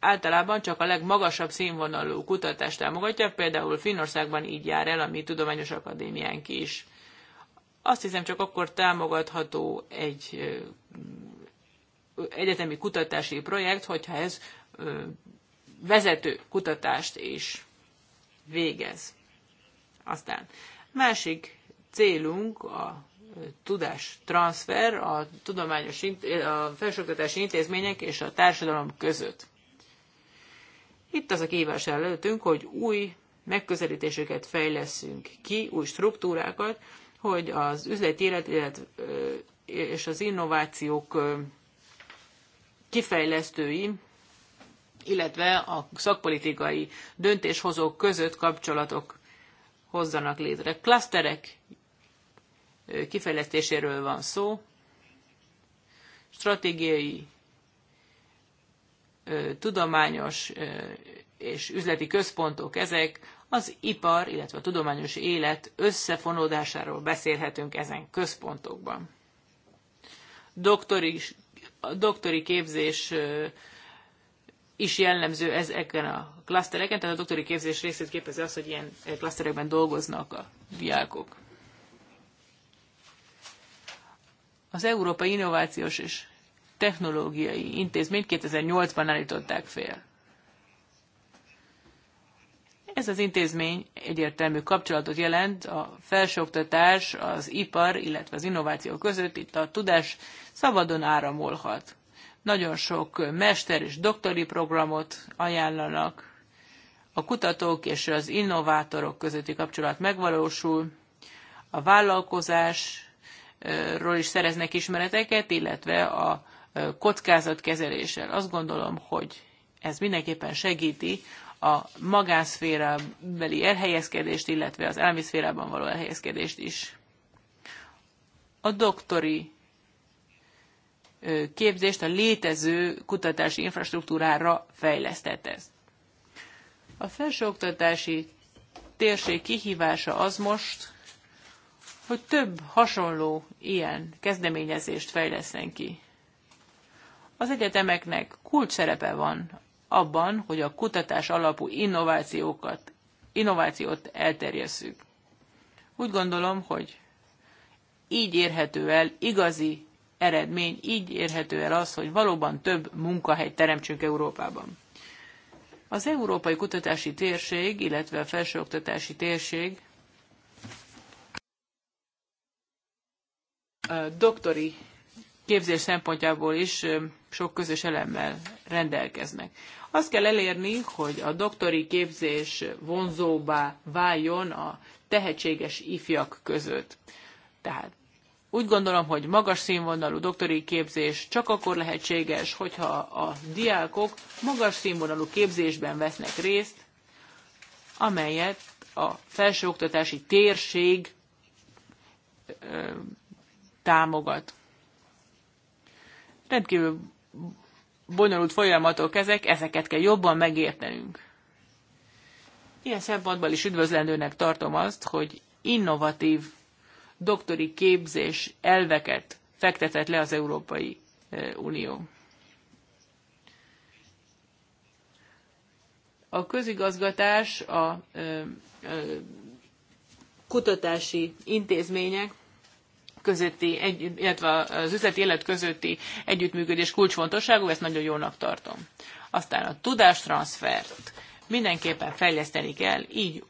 általában csak a legmagasabb színvonalú kutatást támogatja, például Finnországban így jár el a mi tudományos akadémiánk is. Azt hiszem, csak akkor támogatható egy egyetemi kutatási projekt, hogyha ez vezető kutatást is végez. Aztán másik célunk a tudás transfer a tudományos, a felsőoktatási intézmények és a társadalom között. Itt az a kívás előttünk, hogy új megközelítéseket fejleszünk ki, új struktúrákat, hogy az üzleti élet, élet és az innovációk kifejlesztői, illetve a szakpolitikai döntéshozók között kapcsolatok hozzanak létre. Klaszterek kifejlesztéséről van szó, stratégiai, tudományos és üzleti központok ezek, az ipar, illetve a tudományos élet összefonódásáról beszélhetünk ezen központokban. Doktori a doktori képzés is jellemző ezeken a klasztereken, tehát a doktori képzés részét képezi az, hogy ilyen klaszterekben dolgoznak a diákok. Az Európai Innovációs és Technológiai Intézményt 2008-ban állították fél. Ez az intézmény egyértelmű kapcsolatot jelent a felsőoktatás, az ipar, illetve az innováció között. Itt a tudás szabadon áramolhat. Nagyon sok mester és doktori programot ajánlanak, a kutatók és az innovátorok közötti kapcsolat megvalósul, a vállalkozásról is szereznek ismereteket, illetve a kockázatkezeléssel. Azt gondolom, hogy ez mindenképpen segíti a magánszférabeli elhelyezkedést, illetve az elmiszférában való elhelyezkedést is. A doktori képzést a létező kutatási infrastruktúrára fejlesztett ez. A felsőoktatási térség kihívása az most, hogy több hasonló ilyen kezdeményezést fejleszten ki. Az egyetemeknek kulcs szerepe van abban, hogy a kutatás alapú innovációkat, innovációt elterjesszük. Úgy gondolom, hogy így érhető el igazi eredmény, így érhető el az, hogy valóban több munkahely teremtsünk Európában. Az Európai Kutatási Térség, illetve a Felsőoktatási Térség doktori képzés szempontjából is sok közös elemmel rendelkeznek. Azt kell elérni, hogy a doktori képzés vonzóbbá váljon a tehetséges ifjak között. Tehát úgy gondolom, hogy magas színvonalú doktori képzés csak akkor lehetséges, hogyha a diákok magas színvonalú képzésben vesznek részt, amelyet a felsőoktatási térség ö, támogat. Rendkívül bonyolult folyamatok ezek, ezeket kell jobban megértenünk. Ilyen szempontból is üdvözlendőnek tartom azt, hogy innovatív doktori képzés elveket fektetett le az Európai eh, Unió. A közigazgatás, a eh, kutatási intézmények közötti, illetve az üzleti élet közötti együttműködés kulcsfontosságú, ezt nagyon jónak tartom. Aztán a tudástranszfert mindenképpen fejleszteni kell, így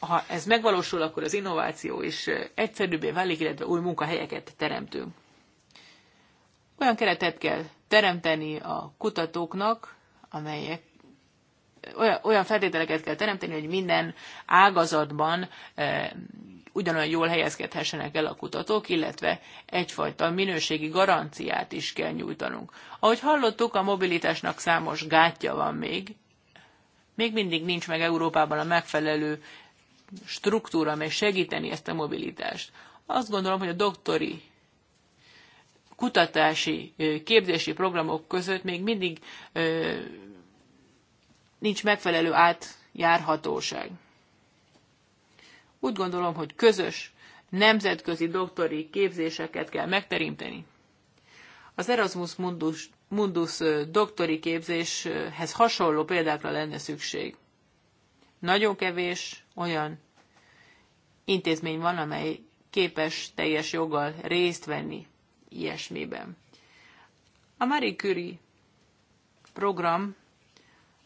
ha ez megvalósul, akkor az innováció is egyszerűbbé válik, illetve új munkahelyeket teremtünk. Olyan keretet kell teremteni a kutatóknak, amelyek olyan, olyan feltételeket kell teremteni, hogy minden ágazatban e, ugyanolyan jól helyezkedhessenek el a kutatók, illetve egyfajta minőségi garanciát is kell nyújtanunk. Ahogy hallottuk, a mobilitásnak számos gátja van még. Még mindig nincs meg Európában a megfelelő struktúra, amely segíteni ezt a mobilitást. Azt gondolom, hogy a doktori kutatási, képzési programok között még mindig nincs megfelelő átjárhatóság. Úgy gondolom, hogy közös nemzetközi doktori képzéseket kell megterinteni. Az Erasmus Mundus, Mundus doktori képzéshez hasonló példákra lenne szükség. Nagyon kevés olyan intézmény van, amely képes teljes joggal részt venni ilyesmiben. A Marie Curie program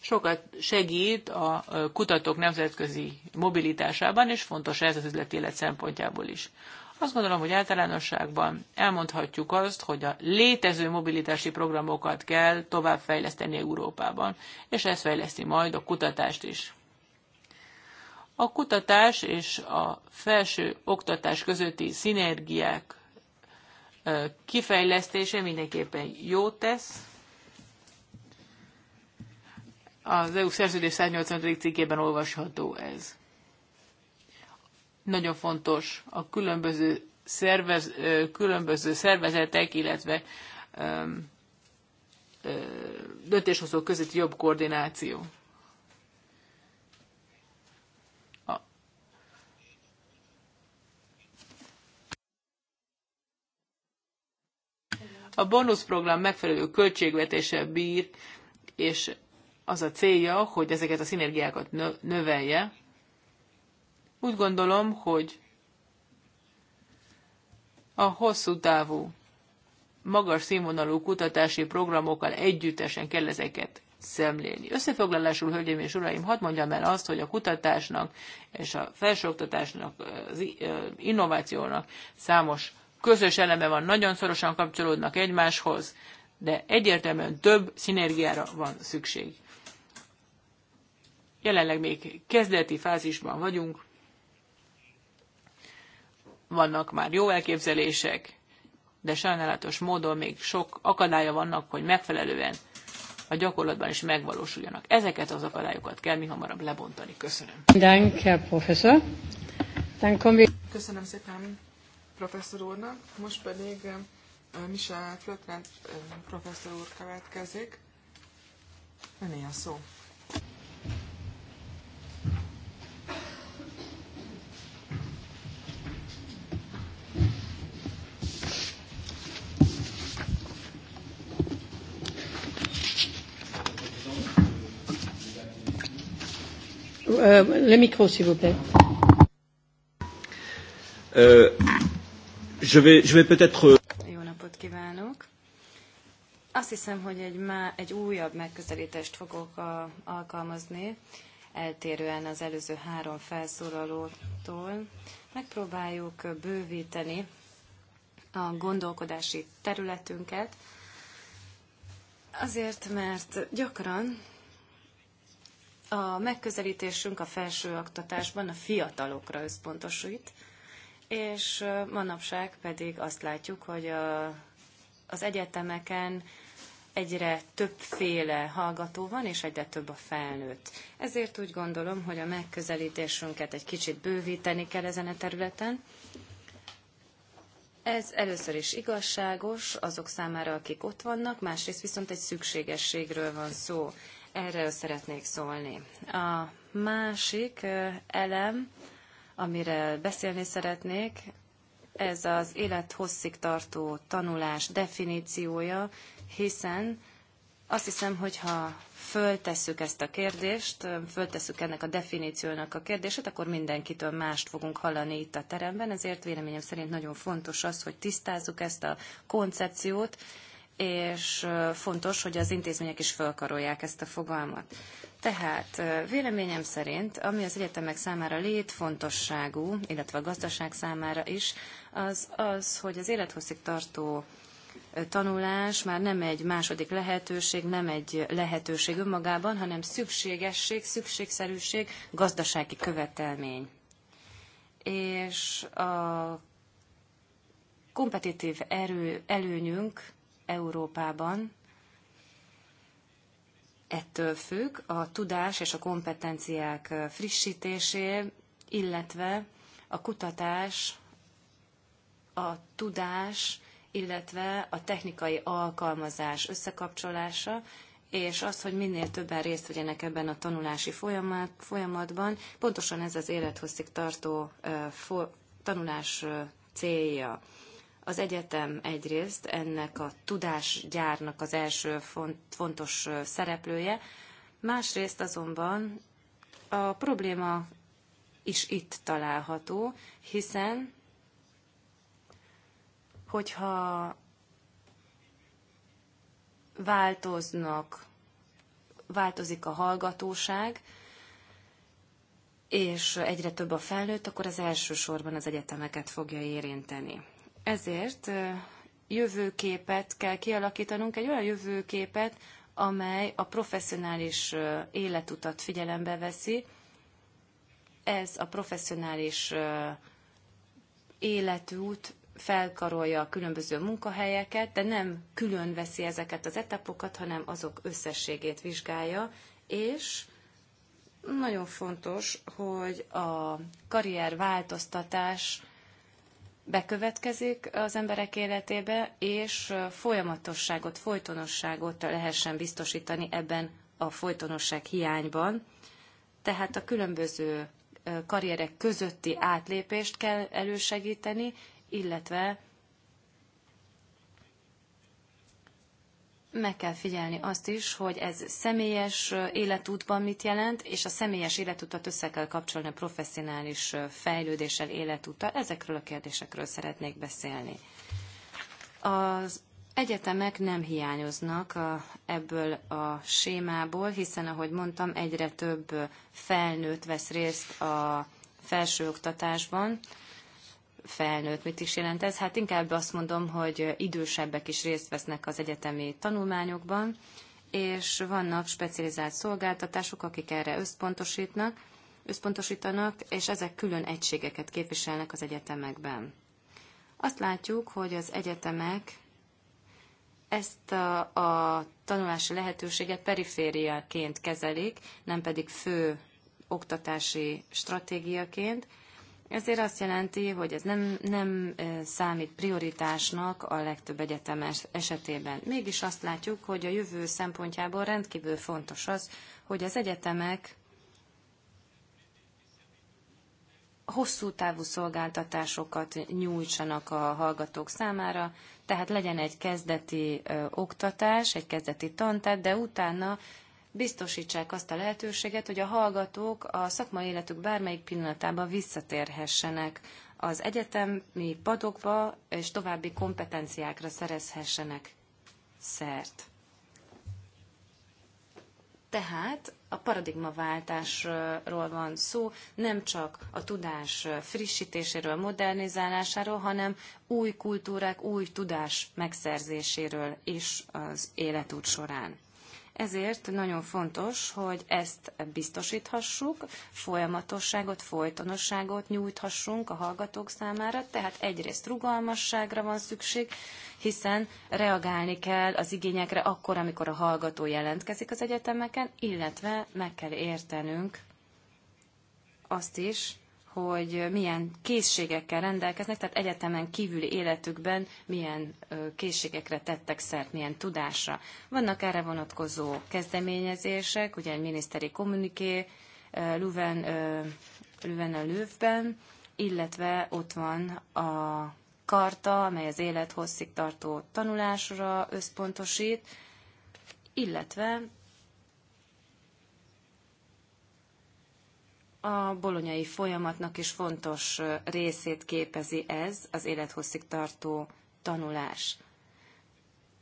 sokat segít a kutatók nemzetközi mobilitásában, és fontos ez az üzleti élet szempontjából is. Azt gondolom, hogy általánosságban elmondhatjuk azt, hogy a létező mobilitási programokat kell továbbfejleszteni Európában, és ez fejleszti majd a kutatást is. A kutatás és a felső oktatás közötti szinergiák kifejlesztése mindenképpen jó tesz. Az EU szerződés 185. cikkében olvasható ez. Nagyon fontos a különböző, szervez, különböző szervezetek, illetve döntéshozók közötti jobb koordináció. A bónuszprogram megfelelő költségvetése bír, és az a célja, hogy ezeket a szinergiákat növelje. Úgy gondolom, hogy a hosszú távú, magas színvonalú kutatási programokkal együttesen kell ezeket szemlélni. Összefoglalásul, hölgyeim és uraim, hadd mondjam el azt, hogy a kutatásnak és a felsőoktatásnak, az innovációnak számos közös eleme van, nagyon szorosan kapcsolódnak egymáshoz, de egyértelműen több szinergiára van szükség. Jelenleg még kezdeti fázisban vagyunk, vannak már jó elképzelések, de sajnálatos módon még sok akadálya vannak, hogy megfelelően a gyakorlatban is megvalósuljanak. Ezeket az akadályokat kell mi hamarabb lebontani. Köszönöm. Danke, Köszönöm szépen, professzor úrnak, most pedig eh, eh, Michel Flötrend eh, professzor úr következik. Öné a szó. Euh, le micro, s'il vous plaît. Euh, Je vais, je vais peut-être... Euh, Jó napot kívánok! Azt hiszem, hogy egy, má, egy újabb megközelítést fogok a, alkalmazni, eltérően az előző három felszólalótól. Megpróbáljuk bővíteni a gondolkodási területünket, azért, mert gyakran a megközelítésünk a felsőoktatásban a fiatalokra összpontosít, és manapság pedig azt látjuk, hogy a, az egyetemeken egyre többféle hallgató van, és egyre több a felnőtt. Ezért úgy gondolom, hogy a megközelítésünket egy kicsit bővíteni kell ezen a területen. Ez először is igazságos azok számára, akik ott vannak, másrészt viszont egy szükségességről van szó. Erről szeretnék szólni. A másik elem, amiről beszélni szeretnék. Ez az élet tartó tanulás definíciója, hiszen azt hiszem, hogyha föltesszük ezt a kérdést, föltesszük ennek a definíciónak a kérdését, akkor mindenkitől mást fogunk hallani itt a teremben, ezért véleményem szerint nagyon fontos az, hogy tisztázzuk ezt a koncepciót, és fontos, hogy az intézmények is fölkarolják ezt a fogalmat. Tehát véleményem szerint, ami az egyetemek számára létfontosságú, illetve a gazdaság számára is, az az, hogy az élethosszig tartó tanulás már nem egy második lehetőség, nem egy lehetőség önmagában, hanem szükségesség, szükségszerűség, gazdasági követelmény. És a kompetitív erő, előnyünk Európában ettől függ a tudás és a kompetenciák frissítésé, illetve a kutatás, a tudás, illetve a technikai alkalmazás összekapcsolása, és az, hogy minél többen részt vegyenek ebben a tanulási folyamat, folyamatban, pontosan ez az élethosszig tartó uh, for, tanulás uh, célja. Az egyetem egyrészt ennek a tudásgyárnak az első font, fontos szereplője, másrészt azonban a probléma is itt található, hiszen hogyha változnak, változik a hallgatóság, és egyre több a felnőtt, akkor az elsősorban az egyetemeket fogja érinteni. Ezért jövőképet kell kialakítanunk, egy olyan jövőképet, amely a professzionális életutat figyelembe veszi. Ez a professzionális életút felkarolja a különböző munkahelyeket, de nem külön veszi ezeket az etapokat, hanem azok összességét vizsgálja, és nagyon fontos, hogy a karrierváltoztatás változtatás bekövetkezik az emberek életébe, és folyamatosságot, folytonosságot lehessen biztosítani ebben a folytonosság hiányban. Tehát a különböző karrierek közötti átlépést kell elősegíteni, illetve meg kell figyelni azt is, hogy ez személyes életútban mit jelent, és a személyes életutat össze kell kapcsolni a professzionális fejlődéssel, életúttal. Ezekről a kérdésekről szeretnék beszélni. Az egyetemek nem hiányoznak a, ebből a sémából, hiszen, ahogy mondtam, egyre több felnőtt vesz részt a felsőoktatásban. oktatásban felnőtt. Mit is jelent ez? Hát inkább azt mondom, hogy idősebbek is részt vesznek az egyetemi tanulmányokban, és vannak specializált szolgáltatások, akik erre összpontosítnak, összpontosítanak, és ezek külön egységeket képviselnek az egyetemekben. Azt látjuk, hogy az egyetemek ezt a, a tanulási lehetőséget perifériaként kezelik, nem pedig fő oktatási stratégiaként, ezért azt jelenti, hogy ez nem, nem számít prioritásnak a legtöbb egyetem esetében. Mégis azt látjuk, hogy a jövő szempontjából rendkívül fontos az, hogy az egyetemek hosszú távú szolgáltatásokat nyújtsanak a hallgatók számára, tehát legyen egy kezdeti ö, oktatás, egy kezdeti tantár, de utána biztosítsák azt a lehetőséget, hogy a hallgatók a szakmai életük bármelyik pillanatában visszatérhessenek az egyetemi padokba, és további kompetenciákra szerezhessenek szert. Tehát a paradigmaváltásról van szó, nem csak a tudás frissítéséről, modernizálásáról, hanem új kultúrák, új tudás megszerzéséről is az életút során. Ezért nagyon fontos, hogy ezt biztosíthassuk, folyamatosságot, folytonosságot nyújthassunk a hallgatók számára, tehát egyrészt rugalmasságra van szükség, hiszen reagálni kell az igényekre akkor, amikor a hallgató jelentkezik az egyetemeken, illetve meg kell értenünk azt is, hogy milyen készségekkel rendelkeznek, tehát egyetemen kívüli életükben milyen készségekre tettek szert, milyen tudásra. Vannak erre vonatkozó kezdeményezések, ugye egy miniszteri kommuniké Lüven, Lüven a Lővben, illetve ott van a karta, amely az élet hosszig tartó tanulásra összpontosít, illetve a bolonyai folyamatnak is fontos részét képezi ez, az élethosszig tartó tanulás,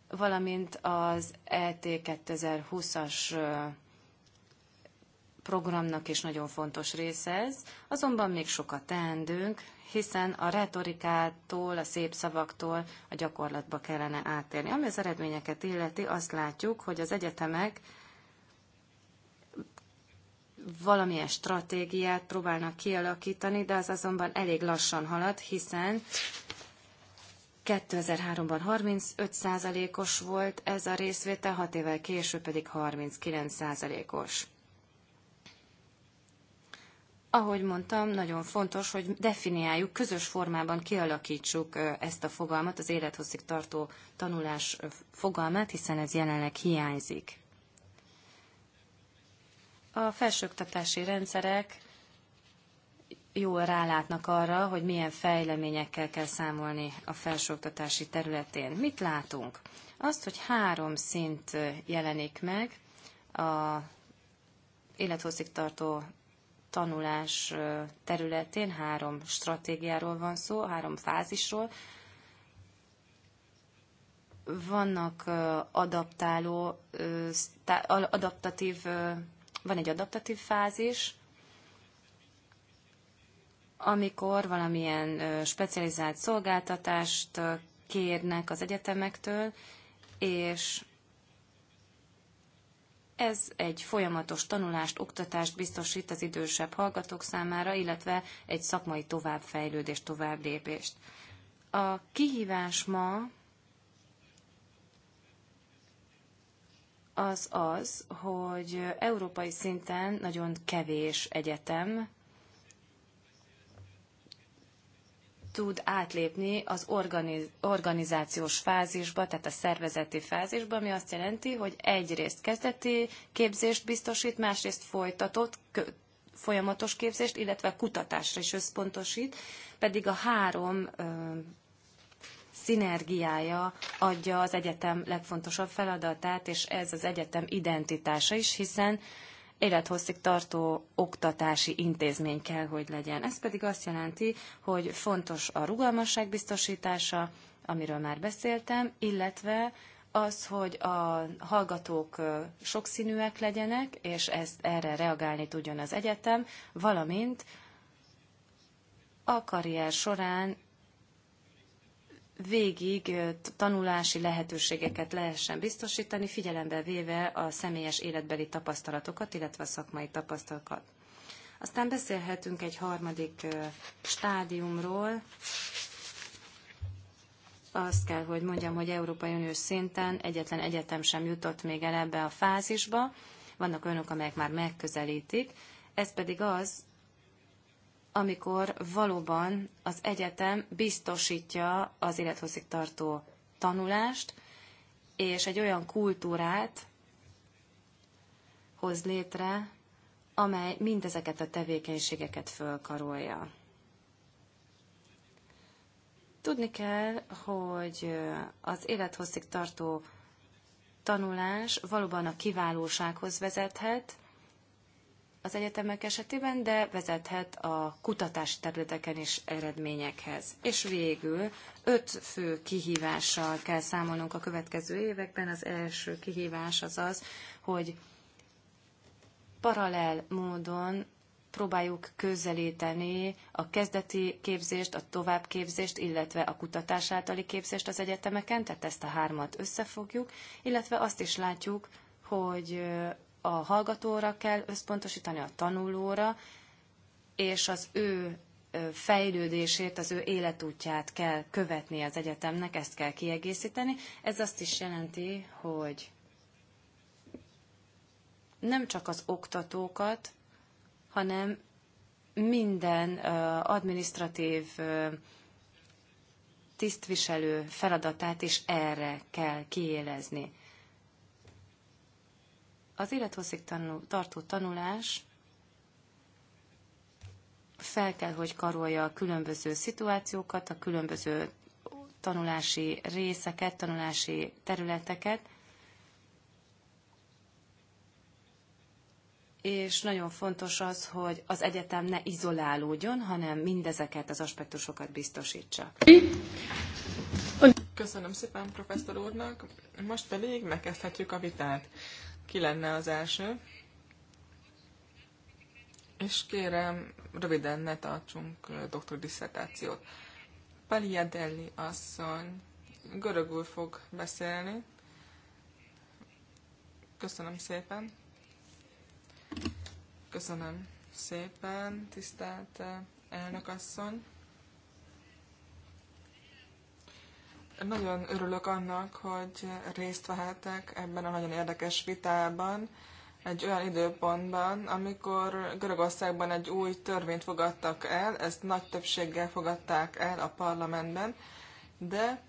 valamint az ET 2020-as programnak is nagyon fontos része ez, azonban még sokat teendünk, hiszen a retorikától, a szép szavaktól a gyakorlatba kellene átérni. Ami az eredményeket illeti, azt látjuk, hogy az egyetemek valamilyen stratégiát próbálnak kialakítani, de az azonban elég lassan halad, hiszen 2003-ban 35%-os volt ez a részvétel, 6 évvel később pedig 39%-os. Ahogy mondtam, nagyon fontos, hogy definiáljuk, közös formában kialakítsuk ezt a fogalmat, az élethosszig tartó tanulás fogalmát, hiszen ez jelenleg hiányzik. A felsőoktatási rendszerek jól rálátnak arra, hogy milyen fejleményekkel kell számolni a felsőoktatási területén. Mit látunk? Azt, hogy három szint jelenik meg a tartó tanulás területén, három stratégiáról van szó, három fázisról. Vannak adaptáló, adaptatív van egy adaptatív fázis, amikor valamilyen specializált szolgáltatást kérnek az egyetemektől, és ez egy folyamatos tanulást, oktatást biztosít az idősebb hallgatók számára, illetve egy szakmai továbbfejlődést, továbblépést. A kihívás ma az az, hogy európai szinten nagyon kevés egyetem tud átlépni az organizációs fázisba, tehát a szervezeti fázisba, ami azt jelenti, hogy egyrészt kezdeti képzést biztosít, másrészt folytatott folyamatos képzést, illetve kutatásra is összpontosít, pedig a három szinergiája adja az egyetem legfontosabb feladatát, és ez az egyetem identitása is, hiszen élethosszig tartó oktatási intézmény kell, hogy legyen. Ez pedig azt jelenti, hogy fontos a rugalmasság biztosítása, amiről már beszéltem, illetve az, hogy a hallgatók sokszínűek legyenek, és ezt erre reagálni tudjon az egyetem, valamint a karrier során végig tanulási lehetőségeket lehessen biztosítani, figyelembe véve a személyes életbeli tapasztalatokat, illetve a szakmai tapasztalatokat. Aztán beszélhetünk egy harmadik stádiumról. Azt kell, hogy mondjam, hogy Európai Uniós szinten egyetlen egyetem sem jutott még el ebbe a fázisba. Vannak olyanok, amelyek már megközelítik. Ez pedig az, amikor valóban az egyetem biztosítja az élethosszig tartó tanulást, és egy olyan kultúrát hoz létre, amely mindezeket a tevékenységeket fölkarolja. Tudni kell, hogy az élethosszig tartó tanulás valóban a kiválósághoz vezethet, az egyetemek esetében, de vezethet a kutatási területeken is eredményekhez. És végül öt fő kihívással kell számolnunk a következő években. Az első kihívás az az, hogy paralel módon próbáljuk közelíteni a kezdeti képzést, a továbbképzést, illetve a kutatás általi képzést az egyetemeken, tehát ezt a hármat összefogjuk, illetve azt is látjuk, hogy a hallgatóra kell összpontosítani, a tanulóra, és az ő fejlődését, az ő életútját kell követni az egyetemnek, ezt kell kiegészíteni. Ez azt is jelenti, hogy nem csak az oktatókat, hanem minden administratív tisztviselő feladatát is erre kell kiélezni. Az élethosszig tanul, tartó tanulás fel kell, hogy karolja a különböző szituációkat, a különböző tanulási részeket, tanulási területeket, és nagyon fontos az, hogy az egyetem ne izolálódjon, hanem mindezeket az aspektusokat biztosítsa. Köszönöm szépen professzor úrnak. Most pedig megkezdhetjük a vitát. Ki lenne az első? És kérem, röviden ne tartsunk doktor disszertációt. Paliadelli asszony görögül fog beszélni. Köszönöm szépen. Köszönöm szépen, tisztelt asszony. Nagyon örülök annak, hogy részt vehetek ebben a nagyon érdekes vitában, egy olyan időpontban, amikor Görögországban egy új törvényt fogadtak el, ezt nagy többséggel fogadták el a parlamentben, de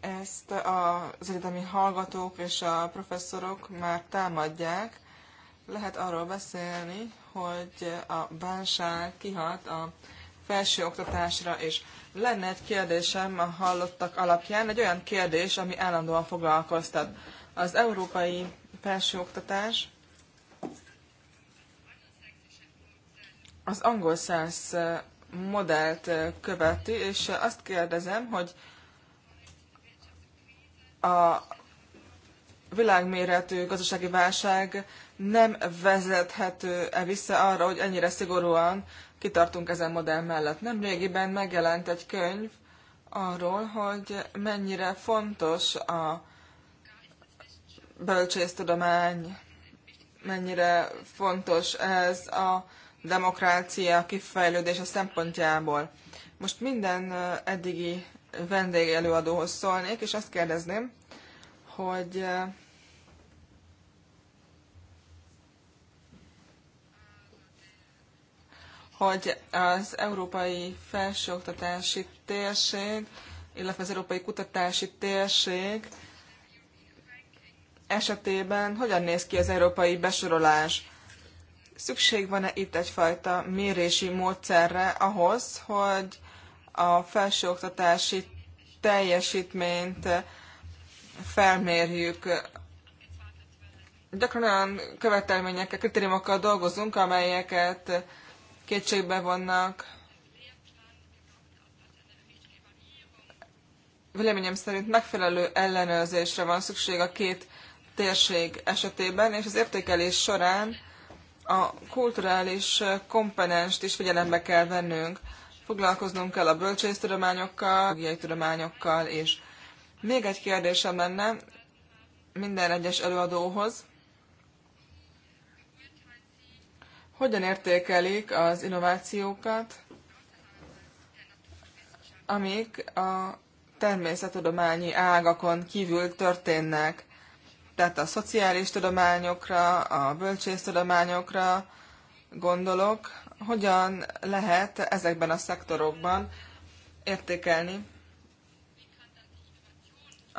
ezt az egyetemi hallgatók és a professzorok már támadják. Lehet arról beszélni, hogy a válság kihat a felsőoktatásra is. Lenne egy kérdésem a hallottak alapján, egy olyan kérdés, ami állandóan foglalkoztat. Az európai felsőoktatás az angol száz modellt követi, és azt kérdezem, hogy a világméretű gazdasági válság nem vezethető-e vissza arra, hogy ennyire szigorúan kitartunk ezen modell mellett. Nem régiben megjelent egy könyv arról, hogy mennyire fontos a bölcsésztudomány, mennyire fontos ez a demokrácia kifejlődése szempontjából. Most minden eddigi vendégelőadóhoz szólnék, és azt kérdezném, hogy hogy az európai felsőoktatási térség, illetve az európai kutatási térség esetében hogyan néz ki az európai besorolás? Szükség van-e itt egyfajta mérési módszerre ahhoz, hogy a felsőoktatási teljesítményt felmérjük. Gyakran olyan követelményekkel, kritériumokkal dolgozunk, amelyeket kétségbe vannak. Véleményem szerint megfelelő ellenőrzésre van szükség a két térség esetében, és az értékelés során a kulturális komponenst is figyelembe kell vennünk. Foglalkoznunk kell a bölcsésztudományokkal, a tudományokkal, és még egy kérdésem lenne minden egyes előadóhoz. Hogyan értékelik az innovációkat, amik a természettudományi ágakon kívül történnek? Tehát a szociális tudományokra, a bölcsésztudományokra gondolok. Hogyan lehet ezekben a szektorokban értékelni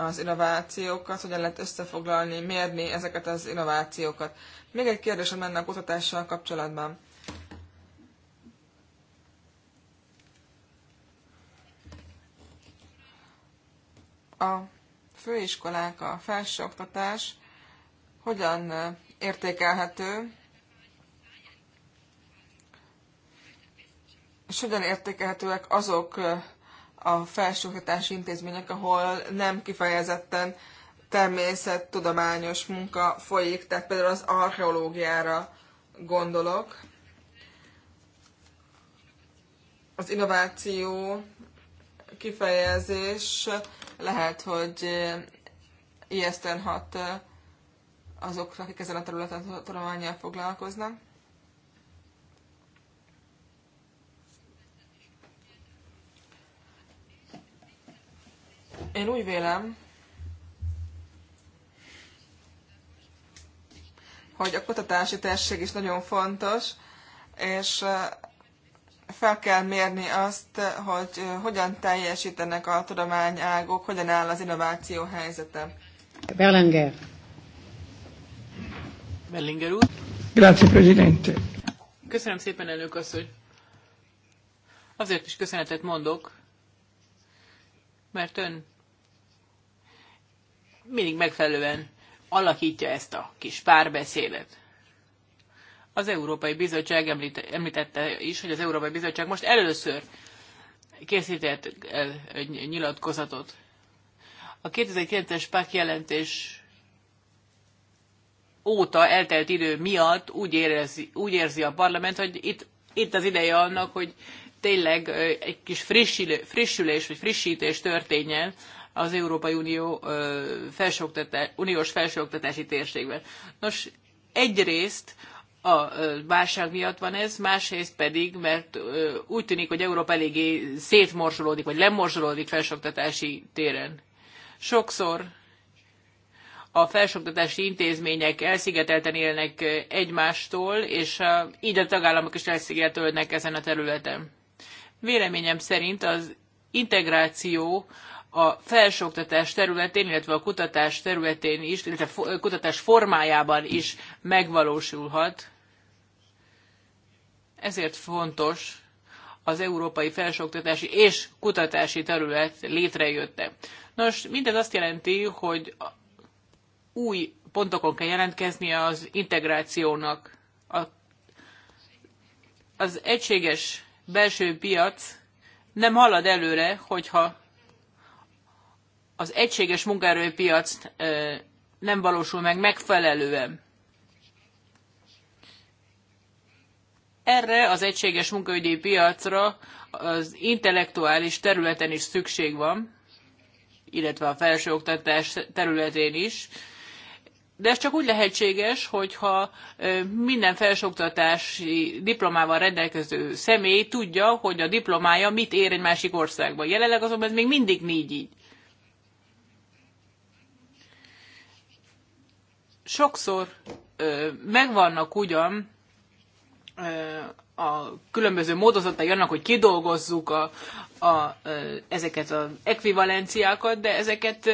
az innovációkat, hogyan lehet összefoglalni, mérni ezeket az innovációkat. Még egy kérdésem lenne a kutatással kapcsolatban. A főiskolák, a felsőoktatás hogyan értékelhető, és hogyan értékelhetőek azok a felsőoktatási intézmények, ahol nem kifejezetten természettudományos munka folyik, tehát például az archeológiára gondolok. Az innováció kifejezés lehet, hogy ijesztően hat eh, azokra, akik ezen a területen tudományjal foglalkoznak. Én úgy vélem, hogy a kutatási tesség is nagyon fontos, és fel kell mérni azt, hogy hogyan teljesítenek a tudományágok, hogyan áll az innováció helyzete. Berlinger. Berlinger úr. Grazie, Presidente. Köszönöm szépen, elnök asszony. Azért is köszönetet mondok, mert ön mindig megfelelően alakítja ezt a kis párbeszédet. Az Európai Bizottság említette is, hogy az Európai Bizottság most először készített el egy nyilatkozatot. A 2009-es PAK jelentés óta eltelt idő miatt úgy érzi, úgy érzi a parlament, hogy itt, itt az ideje annak, hogy tényleg egy kis frissülés vagy frissítés történjen az Európai Unió felsőoktatás, uniós felsőoktatási térségben. Nos, egyrészt a válság miatt van ez, másrészt pedig, mert úgy tűnik, hogy Európa eléggé szétmorzsolódik, vagy lemorzsolódik felsőoktatási téren. Sokszor a felsőoktatási intézmények elszigetelten élnek egymástól, és így a tagállamok is elszigetelődnek ezen a területen. Véleményem szerint az integráció a felsőoktatás területén, illetve a kutatás területén is, illetve a kutatás formájában is megvalósulhat. Ezért fontos az európai felsőoktatási és kutatási terület létrejötte. Nos, mindez azt jelenti, hogy új pontokon kell jelentkeznie az integrációnak. A, az egységes belső piac nem halad előre, hogyha az egységes munkaerőpiac nem valósul meg megfelelően. Erre az egységes munkaügyi piacra az intellektuális területen is szükség van, illetve a felsőoktatás területén is. De ez csak úgy lehetséges, hogyha minden felsőoktatási diplomával rendelkező személy tudja, hogy a diplomája mit ér egy másik országban. Jelenleg azonban ez még mindig négy így. sokszor ö, megvannak ugyan ö, a különböző módozatai annak, hogy kidolgozzuk a, a, ezeket az ekvivalenciákat, de ezeket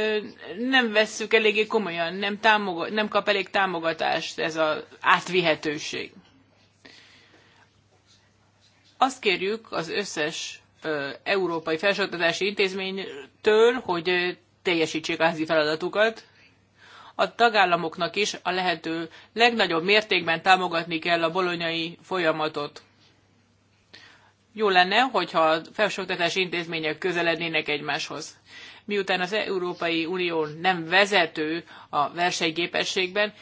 nem vesszük eléggé komolyan, nem, támogat, nem kap elég támogatást ez az átvihetőség. Azt kérjük az összes európai felsőoktatási intézménytől, hogy teljesítsék házi feladatukat, a tagállamoknak is a lehető legnagyobb mértékben támogatni kell a bolonyai folyamatot. Jó lenne, hogyha a felsőoktatási intézmények közelednének egymáshoz. Miután az Európai Unió nem vezető a versenyképességben,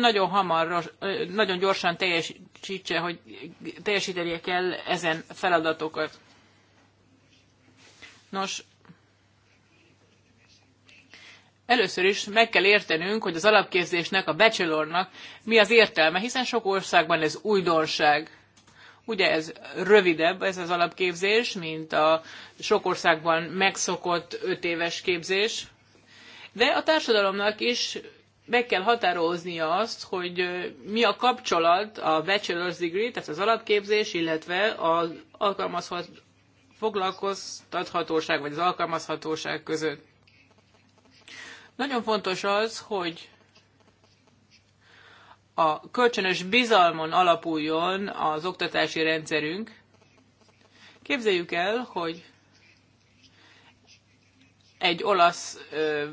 nagyon hamar, nagyon gyorsan teljesítse, hogy teljesítenie kell ezen feladatokat. Nos, először is meg kell értenünk, hogy az alapképzésnek, a bachelornak mi az értelme, hiszen sok országban ez újdonság. Ugye ez rövidebb, ez az alapképzés, mint a sok országban megszokott öt éves képzés. De a társadalomnak is meg kell határoznia azt, hogy mi a kapcsolat a bachelor's degree, tehát az alapképzés, illetve az alkalmazhat, foglalkoztathatóság vagy az alkalmazhatóság között. Nagyon fontos az, hogy a kölcsönös bizalmon alapuljon az oktatási rendszerünk. Képzeljük el, hogy egy olasz ö,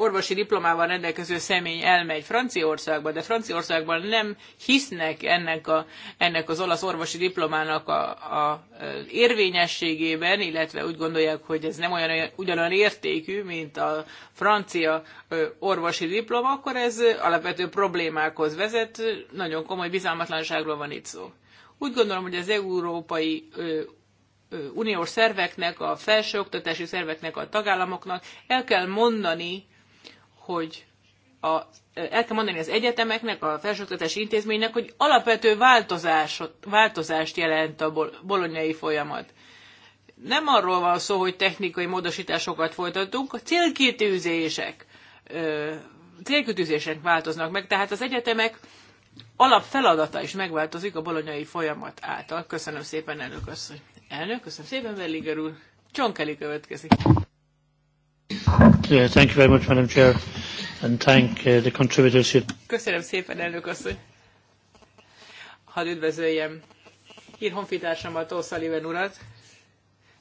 orvosi diplomával rendelkező személy elmegy Franciaországba, de Franciaországban nem hisznek ennek, a, ennek az olasz orvosi diplomának a, a e, érvényességében, illetve úgy gondolják, hogy ez nem olyan ugyanolyan értékű, mint a francia e, orvosi diploma, akkor ez alapvető problémákhoz vezet, nagyon komoly bizalmatlanságról van itt szó. Úgy gondolom, hogy az európai e, uniós szerveknek, a felsőoktatási szerveknek, a tagállamoknak el kell mondani hogy a, e, el kell mondani az egyetemeknek, a felsőoktatási intézménynek, hogy alapvető változást, változást jelent a bolonyai folyamat. Nem arról van szó, hogy technikai módosításokat folytatunk, a célkitűzések, célkitűzések változnak meg, tehát az egyetemek alapfeladata is megváltozik a bolonyai folyamat által. Köszönöm szépen, elnök asszony. Elnök, köszönöm szépen, Berliger úr. Csonkeli következik thank you very much, Madam Chair, and thank uh, the contributors. Köszönöm szépen, elnök asszony. Hadd üdvözöljem Hír honfitársamat, O'Sullivan urat.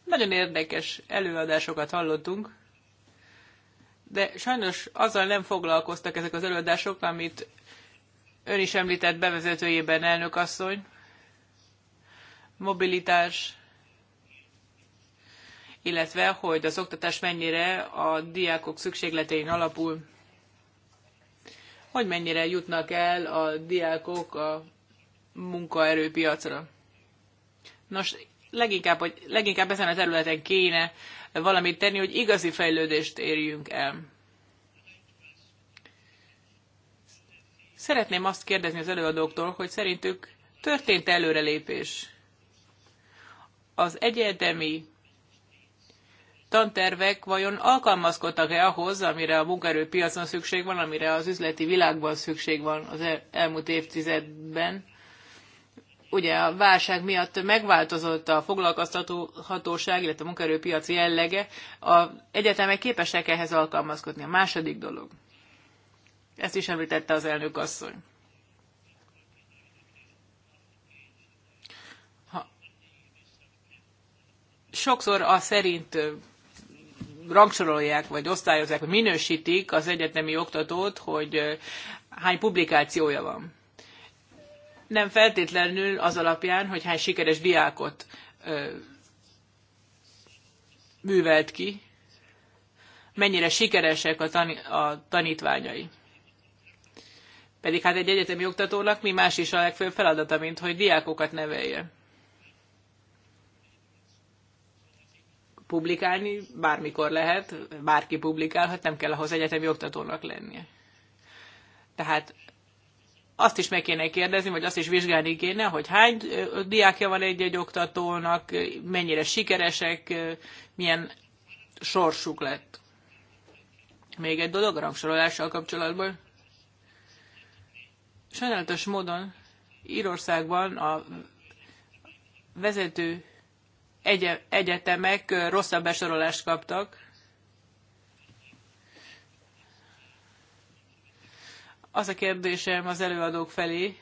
Nagyon érdekes előadásokat hallottunk, de sajnos azzal nem foglalkoztak ezek az előadások, amit ön is említett bevezetőjében, elnök asszony. Mobilitás, illetve hogy az oktatás mennyire a diákok szükségletein alapul, hogy mennyire jutnak el a diákok a munkaerőpiacra. Nos, leginkább, hogy leginkább ezen a területen kéne valamit tenni, hogy igazi fejlődést érjünk el. Szeretném azt kérdezni az előadóktól, hogy szerintük történt előrelépés az egyetemi tantervek vajon alkalmazkodtak-e ahhoz, amire a munkaerőpiacon szükség van, amire az üzleti világban szükség van az elmúlt évtizedben. Ugye a válság miatt megváltozott a foglalkoztathatóság, illetve a munkaerőpiac jellege. A egyetemek képesek ehhez alkalmazkodni. A második dolog. Ezt is említette az elnök asszony. sokszor a szerint rangsorolják, vagy osztályozzák, vagy minősítik az egyetemi oktatót, hogy hány publikációja van. Nem feltétlenül az alapján, hogy hány sikeres diákot művelt ki, mennyire sikeresek a, tan- a tanítványai. Pedig hát egy egyetemi oktatónak mi más is a legfőbb feladata, mint hogy diákokat nevelje. publikálni, bármikor lehet, bárki publikálhat, nem kell ahhoz egyetemi oktatónak lennie. Tehát azt is meg kéne kérdezni, vagy azt is vizsgálni kéne, hogy hány diákja van egy-egy oktatónak, mennyire sikeresek, milyen sorsuk lett. Még egy dolog a rangsorolással kapcsolatban. Sajnálatos módon Írországban a vezető egy- egyetemek rosszabb besorolást kaptak. Az a kérdésem az előadók felé,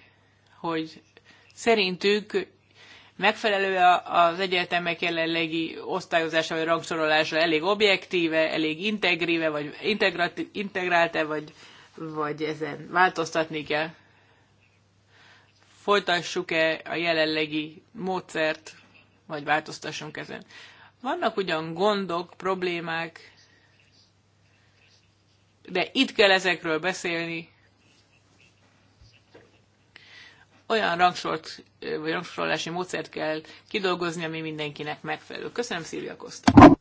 hogy szerintük megfelelő az egyetemek jelenlegi osztályozása vagy rangsorolása elég objektíve, elég integríve, vagy integrálta, vagy, vagy ezen változtatni kell? Folytassuk-e a jelenlegi módszert? vagy változtassunk ezen. Vannak ugyan gondok, problémák, de itt kell ezekről beszélni. Olyan rangsort, vagy rangsorolási módszert kell kidolgozni, ami mindenkinek megfelelő. Köszönöm, Szilvia Costa.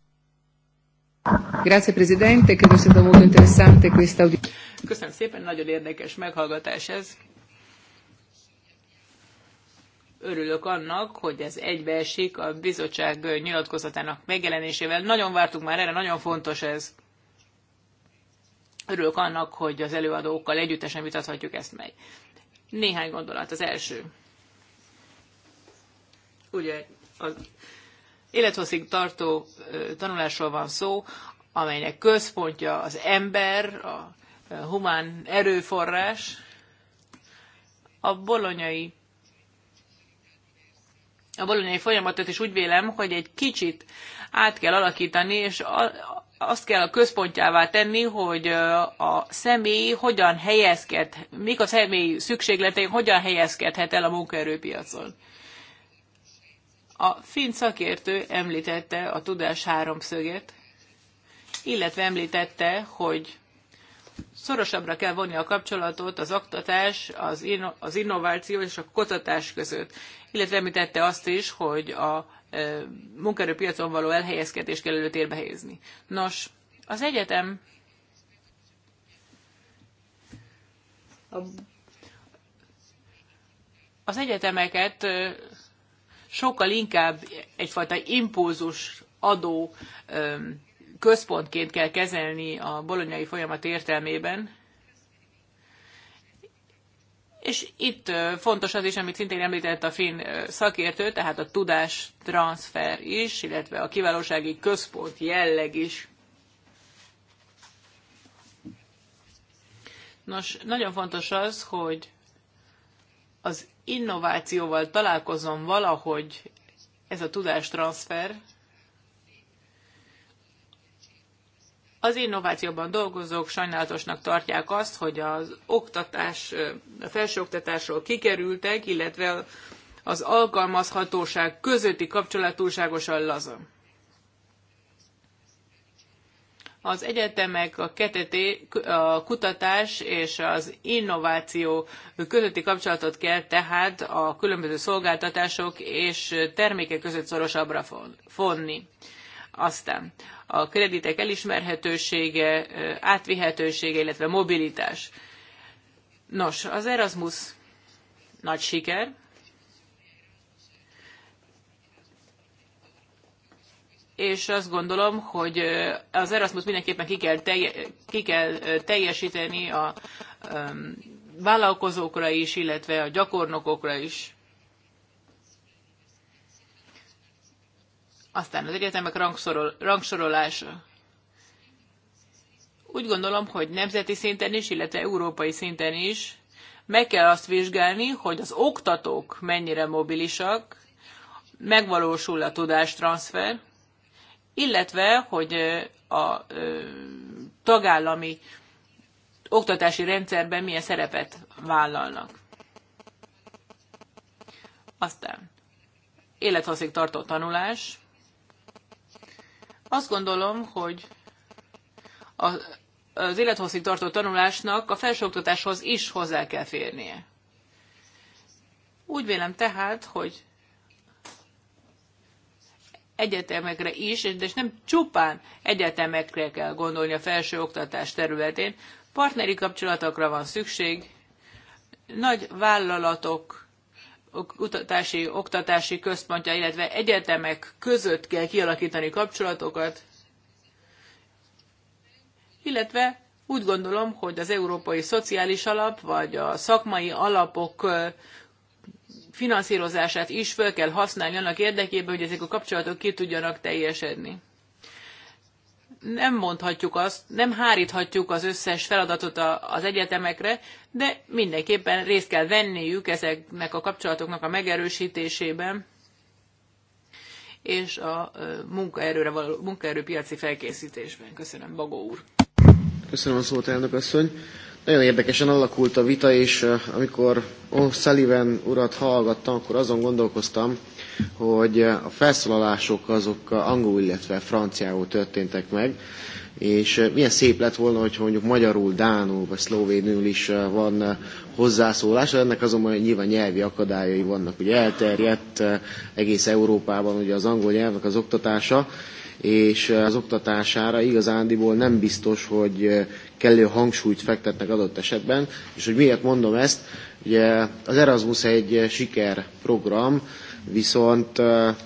Grazie Presidente, credo molto interessante questa audizione. Köszönöm szépen, nagyon érdekes meghallgatás ez örülök annak, hogy ez egybeesik a bizottság nyilatkozatának megjelenésével. Nagyon vártuk már erre, nagyon fontos ez. Örülök annak, hogy az előadókkal együttesen vitathatjuk ezt meg. Néhány gondolat. Az első. Ugye az élethosszig tartó tanulásról van szó, amelynek központja az ember, a humán erőforrás. A bolonyai a bolonyai folyamatot, és úgy vélem, hogy egy kicsit át kell alakítani, és a, azt kell a központjává tenni, hogy a személy hogyan helyezkedhet, mik a személy szükségletei, hogyan helyezkedhet el a munkaerőpiacon. A finn szakértő említette a tudás háromszöget, illetve említette, hogy szorosabbra kell vonni a kapcsolatot az oktatás, az, inno, az innováció és a kutatás között. Illetve említette azt is, hogy a e, munkaerőpiacon való elhelyezkedés kell előtérbe helyezni. Nos, az egyetem az egyetemeket sokkal inkább egyfajta impulzus adó um, központként kell kezelni a bolonyai folyamat értelmében. És itt fontos az is, amit szintén említett a finn szakértő, tehát a tudás transfer is, illetve a kiválósági központ jelleg is. Nos, nagyon fontos az, hogy az innovációval találkozom valahogy ez a tudástranszfer, Az innovációban dolgozók sajnálatosnak tartják azt, hogy az oktatás, a felsőoktatásról kikerültek, illetve az alkalmazhatóság közötti kapcsolat túlságosan laza. Az egyetemek, a, keteté, a kutatás és az innováció közötti kapcsolatot kell tehát a különböző szolgáltatások és termékek között szorosabbra fonni. Aztán a kreditek elismerhetősége, átvihetősége, illetve mobilitás. Nos, az Erasmus nagy siker. És azt gondolom, hogy az Erasmus mindenképpen ki kell, telje, ki kell teljesíteni a, a vállalkozókra is, illetve a gyakornokokra is. Aztán az egyetemek rangsorol, rangsorolása. Úgy gondolom, hogy nemzeti szinten is, illetve európai szinten is meg kell azt vizsgálni, hogy az oktatók mennyire mobilisak, megvalósul a tudástranszfer, illetve, hogy a tagállami oktatási rendszerben milyen szerepet vállalnak. Aztán élethosszig tartó tanulás. Azt gondolom, hogy a, az élethosszig tartó tanulásnak a felsőoktatáshoz is hozzá kell férnie. Úgy vélem tehát, hogy egyetemekre is, és nem csupán egyetemekre kell gondolni a felső oktatás területén. Partneri kapcsolatokra van szükség, nagy vállalatok kutatási, oktatási központja, illetve egyetemek között kell kialakítani kapcsolatokat, illetve úgy gondolom, hogy az Európai Szociális Alap vagy a szakmai alapok finanszírozását is fel kell használni annak érdekében, hogy ezek a kapcsolatok ki tudjanak teljesedni nem mondhatjuk azt, nem háríthatjuk az összes feladatot az egyetemekre, de mindenképpen részt kell venniük ezeknek a kapcsolatoknak a megerősítésében és a munkaerőre való, munkaerőpiaci felkészítésben. Köszönöm, Bagó úr. Köszönöm a szót, elnök asszony. Nagyon érdekesen alakult a vita, és amikor O'Sullivan urat hallgattam, akkor azon gondolkoztam, hogy a felszólalások azok angol, illetve franciául történtek meg, és milyen szép lett volna, hogy mondjuk magyarul, dánul vagy szlovénül is van hozzászólás, ennek azonban nyilván nyelvi akadályai vannak. Ugye elterjedt egész Európában ugye az angol nyelvnek az oktatása, és az oktatására igazándiból nem biztos, hogy kellő hangsúlyt fektetnek adott esetben, és hogy miért mondom ezt, ugye az Erasmus egy sikerprogram, viszont a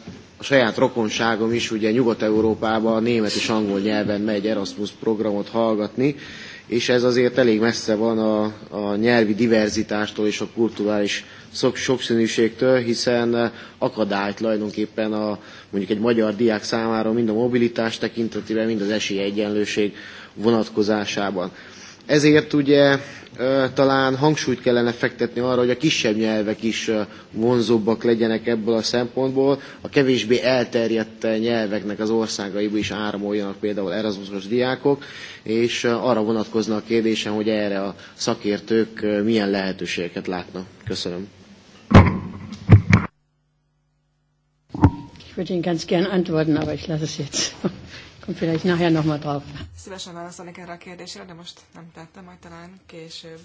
saját rokonságom is ugye Nyugat-Európában német és angol nyelven megy Erasmus programot hallgatni, és ez azért elég messze van a, a nyelvi diverzitástól és a kulturális szok, sokszínűségtől, hiszen akadályt tulajdonképpen a, mondjuk egy magyar diák számára mind a mobilitás tekintetében, mind az esélyegyenlőség vonatkozásában. Ezért ugye talán hangsúlyt kellene fektetni arra, hogy a kisebb nyelvek is vonzóbbak legyenek ebből a szempontból, a kevésbé elterjedt nyelveknek az országaiba is áramoljanak például Erasmusos diákok, és arra vonatkozna a kérdésem, hogy erre a szakértők milyen lehetőségeket látnak. Köszönöm. Ich würde Ihnen ganz gern antworten, aber ich lasse es jetzt. Kommt vielleicht nachher mal drauf. Szívesen válaszolnék erre a kérdésre, de most nem tettem, majd talán később.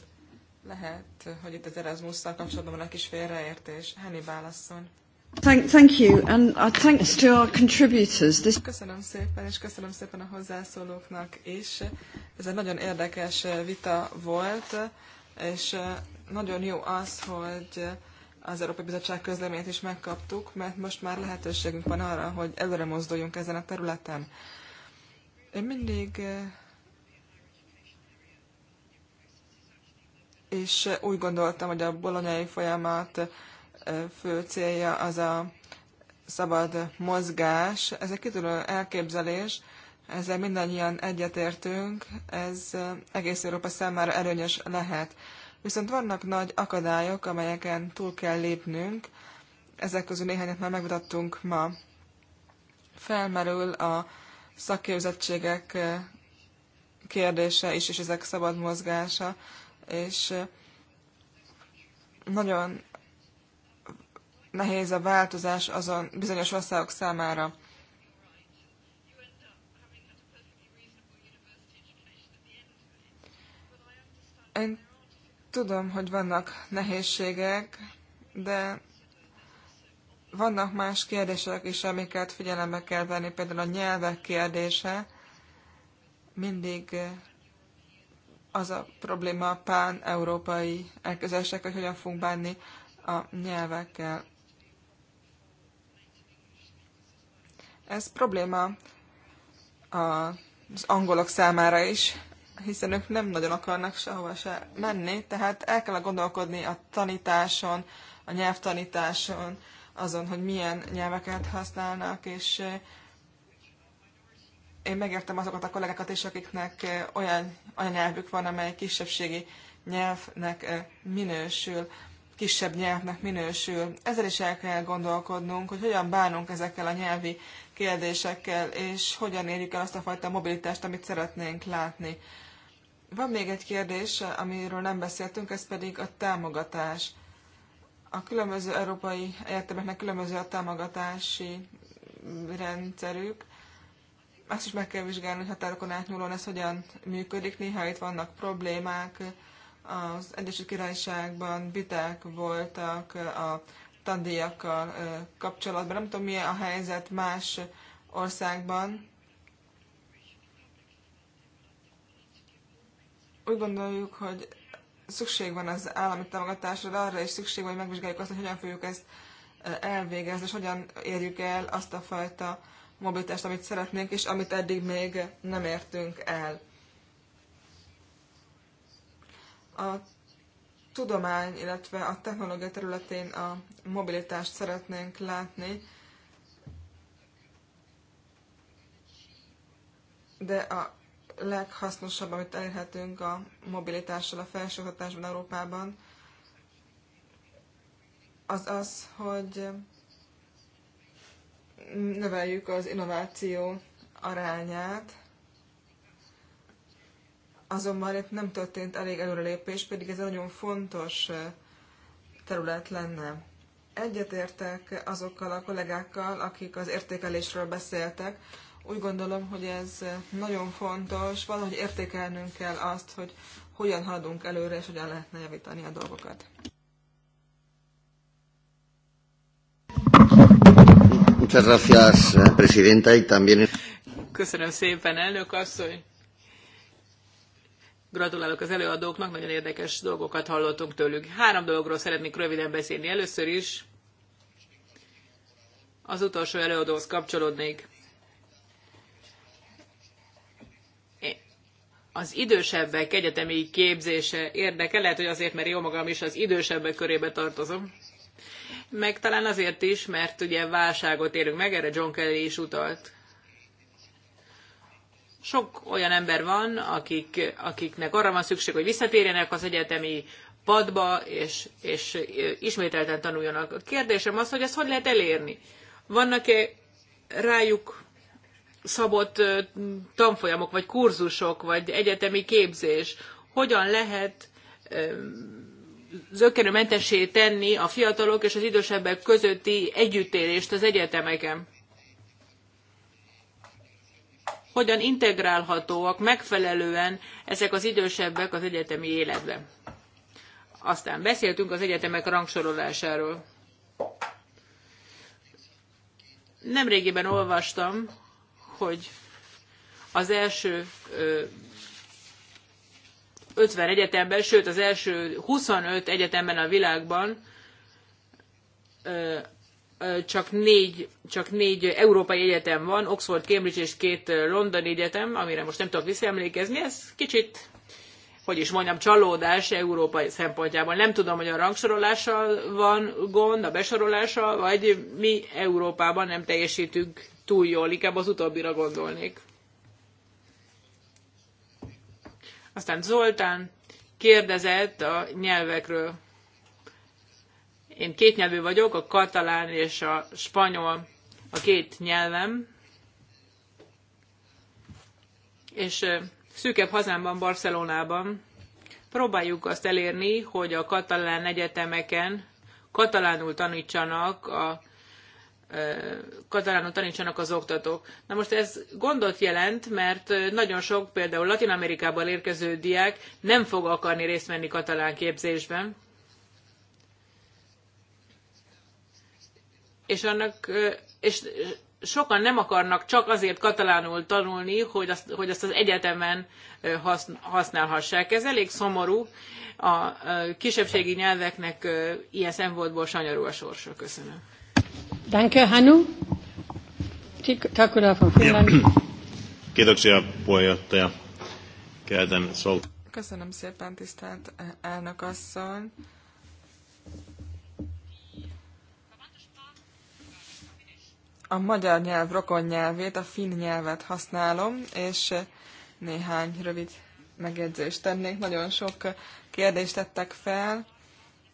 Lehet, hogy itt az Erasmus-szal kapcsolatban van egy kis félreértés. Henny válaszol. Thank, thank you, and our uh, thanks to our contributors. This... Köszönöm szépen, és köszönöm szépen a hozzászólóknak is. Ez egy nagyon érdekes uh, vita volt, és uh, nagyon jó az, hogy az Európai Bizottság közleményét is megkaptuk, mert most már lehetőségünk van arra, hogy előre mozduljunk ezen a területen. Én mindig eh, és úgy gondoltam, hogy a bolonyai folyamat eh, fő célja az a szabad mozgás. Ez egy kitűnő elképzelés, ezzel mindannyian egyetértünk, ez eh, egész Európa számára előnyös lehet. Viszont vannak nagy akadályok, amelyeken túl kell lépnünk, ezek közül néhányat már megmutattunk ma. Felmerül a szakképzettségek eh, kérdése is, és ezek szabad mozgása, és eh, nagyon nehéz a változás azon bizonyos országok számára. Én tudom, hogy vannak nehézségek, de vannak más kérdések is, amiket figyelembe kell venni, például a nyelvek kérdése. Mindig eh, az a probléma a pán-európai elközelések, hogy hogyan fogunk bánni a nyelvekkel. Ez probléma az angolok számára is, hiszen ők nem nagyon akarnak sehova se menni, tehát el kell gondolkodni a tanításon, a nyelvtanításon, azon, hogy milyen nyelveket használnak, és én megértem azokat a kollégákat is, akiknek olyan, olyan nyelvük van, amely kisebbségi nyelvnek minősül, kisebb nyelvnek minősül. Ezzel is el kell gondolkodnunk, hogy hogyan bánunk ezekkel a nyelvi kérdésekkel, és hogyan érjük el azt a fajta mobilitást, amit szeretnénk látni. Van még egy kérdés, amiről nem beszéltünk, ez pedig a támogatás a különböző európai egyetemeknek különböző a támogatási rendszerük. Azt is meg kell vizsgálni, hogy határokon átnyúlóan ez hogyan működik. Néha itt vannak problémák. Az Egyesült Királyságban viták voltak a tandíjakkal kapcsolatban. Nem tudom, milyen a helyzet más országban. Úgy gondoljuk, hogy szükség van az állami támogatásra, de arra is szükség van, hogy megvizsgáljuk azt, hogy hogyan fogjuk ezt elvégezni, és hogyan érjük el azt a fajta mobilitást, amit szeretnénk, és amit eddig még nem értünk el. A tudomány, illetve a technológia területén a mobilitást szeretnénk látni, de a leghasznosabb, amit elérhetünk a mobilitással a felsőoktatásban Európában, az az, hogy növeljük az innováció arányát, azonban itt nem történt elég előrelépés, pedig ez nagyon fontos eh, terület lenne. Egyetértek azokkal a kollégákkal, akik az értékelésről beszéltek, úgy gondolom, hogy ez nagyon fontos, valahogy értékelnünk kell azt, hogy hogyan haladunk előre, és hogyan lehetne javítani a dolgokat. Muchas gracias, presidenta, y también... Köszönöm szépen, elnök asszony! Gratulálok az előadóknak, nagyon érdekes dolgokat hallottunk tőlük. Három dologról szeretnék röviden beszélni. Először is az utolsó előadóhoz kapcsolódnék. az idősebbek egyetemi képzése érdekel, lehet, hogy azért, mert jó magam is az idősebbek körébe tartozom, meg talán azért is, mert ugye válságot élünk meg, erre John Kelly is utalt. Sok olyan ember van, akik, akiknek arra van szükség, hogy visszatérjenek az egyetemi padba, és, és ismételten tanuljanak. A kérdésem az, hogy ezt hogy lehet elérni? Vannak-e rájuk szabott tanfolyamok, vagy kurzusok, vagy egyetemi képzés, hogyan lehet zökkenőmentessé tenni a fiatalok és az idősebbek közötti együttélést az egyetemeken? Hogyan integrálhatóak megfelelően ezek az idősebbek az egyetemi életbe? Aztán beszéltünk az egyetemek rangsorolásáról. Nemrégiben olvastam, hogy az első 50 egyetemben, sőt az első 25 egyetemben a világban csak négy, csak négy európai egyetem van, Oxford, Cambridge és két londoni egyetem, amire most nem tudok visszaemlékezni, ez kicsit, hogy is mondjam, csalódás európai szempontjából. Nem tudom, hogy a rangsorolással van gond, a besorolással, vagy mi Európában nem teljesítünk túl jól, inkább az utóbbira gondolnék. Aztán Zoltán kérdezett a nyelvekről. Én két nyelvű vagyok, a katalán és a spanyol a két nyelvem. És szűkebb hazámban, Barcelonában próbáljuk azt elérni, hogy a katalán egyetemeken katalánul tanítsanak a katalánul tanítsanak az oktatók. Na most ez gondot jelent, mert nagyon sok például Latin Amerikából érkező diák nem fog akarni részt venni katalán képzésben. És annak, és sokan nem akarnak csak azért katalánul tanulni, hogy azt, hogy azt az egyetemen használhassák. Ez elég szomorú. A kisebbségi nyelveknek ilyen szempontból sanyarú a sorsa. Köszönöm. Danke, Hannu. Takula von Finland. Kiitoksia, puheenjohtaja. Käytän sol... Köszönöm szépen, tisztelt eh, elnök asszony. A magyar nyelv rokon nyelvét, a finn nyelvet használom, és néhány rövid megjegyzést tennék. Nagyon sok kérdést tettek fel,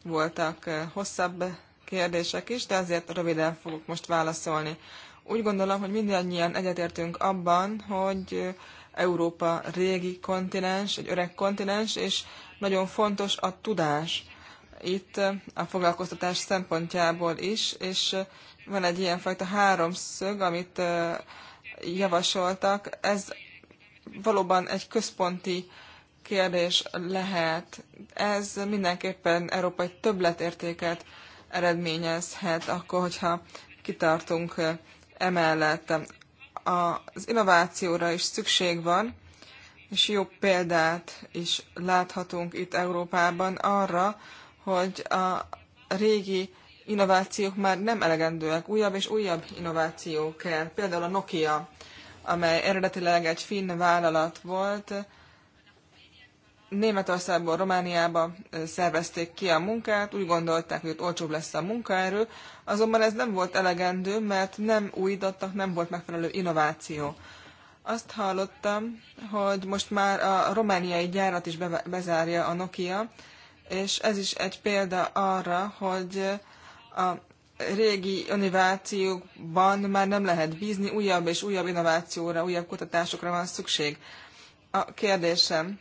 voltak eh, hosszabb kérdések is, de azért röviden fogok most válaszolni. Úgy gondolom, hogy mindannyian egyetértünk abban, hogy Európa régi kontinens, egy öreg kontinens, és nagyon fontos a tudás itt a foglalkoztatás szempontjából is, és van egy ilyenfajta háromszög, amit javasoltak. Ez valóban egy központi kérdés lehet. Ez mindenképpen európai többletértéket eredményezhet akkor, hogyha kitartunk emellett. Az innovációra is szükség van, és jó példát is láthatunk itt Európában arra, hogy a régi innovációk már nem elegendőek, újabb és újabb innovációk kell. Például a Nokia, amely eredetileg egy finn vállalat volt, Németországban, Romániába szervezték ki a munkát, úgy gondolták, hogy ott olcsóbb lesz a munkaerő, azonban ez nem volt elegendő, mert nem újítottak, nem volt megfelelő innováció. Azt hallottam, hogy most már a romániai gyárat is bezárja a Nokia, és ez is egy példa arra, hogy a régi innovációkban már nem lehet bízni, újabb és újabb innovációra, újabb kutatásokra van szükség. A kérdésem,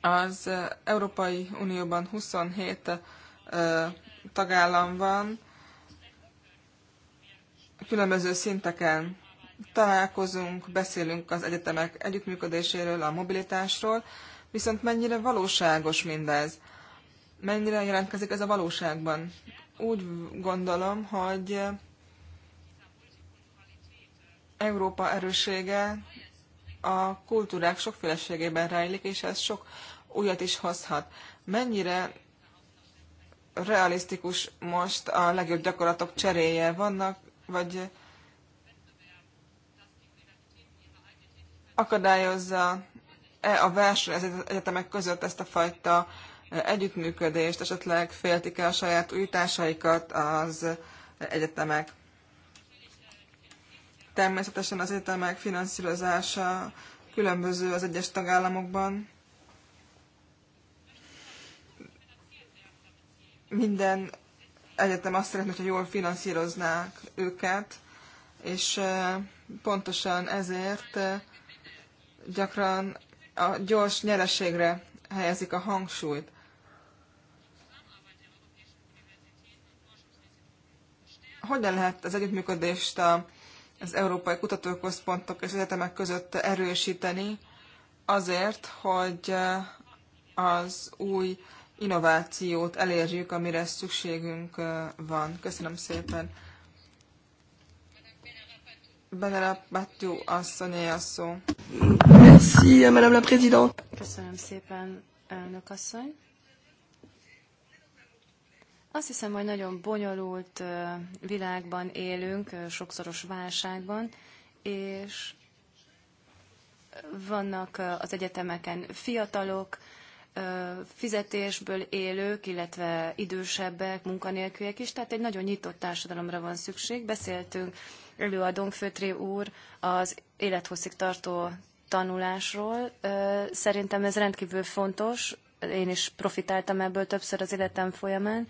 az Európai Unióban 27 tagállam van, különböző szinteken találkozunk, beszélünk az egyetemek együttműködéséről, a mobilitásról, viszont mennyire valóságos mindez? Mennyire jelentkezik ez a valóságban? Úgy gondolom, hogy Európa erőssége a kultúrák sokféleségében rejlik, és ez sok újat is hozhat. Mennyire realisztikus most a legjobb gyakorlatok cseréje vannak, vagy akadályozza -e a verseny az egyetemek között ezt a fajta együttműködést, esetleg féltik el a saját újításaikat az egyetemek. Természetesen az egyetemek finanszírozása különböző az egyes tagállamokban. Minden egyetem azt szeretné, hogyha jól finanszíroznák őket, és pontosan ezért gyakran a gyors nyereségre helyezik a hangsúlyt. Hogyan lehet az együttműködést a az Európai Kutatóközpontok és Egyetemek között erősíteni azért, hogy eh, az új innovációt elérjük, amire szükségünk eh, van. Köszönöm szépen. Benerapatou asszonyé a szó. Merci, Madame la Présidente. Köszönöm szépen, elnök asszony. Azt hiszem, hogy nagyon bonyolult világban élünk, sokszoros válságban, és vannak az egyetemeken fiatalok, fizetésből élők, illetve idősebbek, munkanélküliek is, tehát egy nagyon nyitott társadalomra van szükség. Beszéltünk előadónk Főtré úr az élethosszig tartó tanulásról. Szerintem ez rendkívül fontos, én is profitáltam ebből többször az életem folyamán.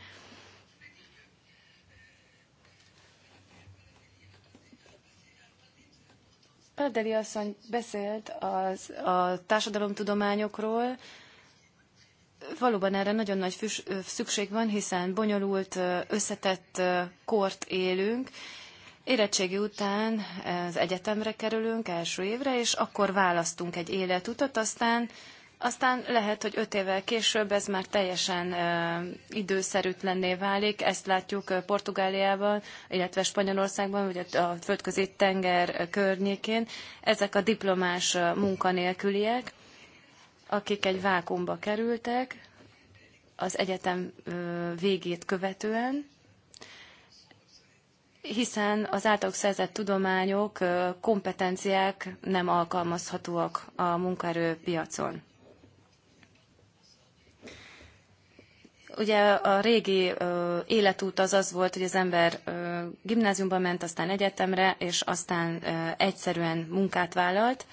Paradeli asszony beszélt az, a társadalomtudományokról, valóban erre nagyon nagy füs, szükség van, hiszen bonyolult, összetett kort élünk. Érettségi után az egyetemre kerülünk első évre, és akkor választunk egy életutat, aztán aztán lehet, hogy öt évvel később ez már teljesen ö, időszerűtlenné válik. Ezt látjuk Portugáliában, illetve Spanyolországban, vagy a földközi tenger környékén. Ezek a diplomás munkanélküliek, akik egy vákumba kerültek az egyetem végét követően, hiszen az általuk szerzett tudományok, kompetenciák nem alkalmazhatóak a munkaerőpiacon. Ugye a régi ö, életút az az volt, hogy az ember ö, gimnáziumba ment, aztán egyetemre, és aztán ö, egyszerűen munkát vállalt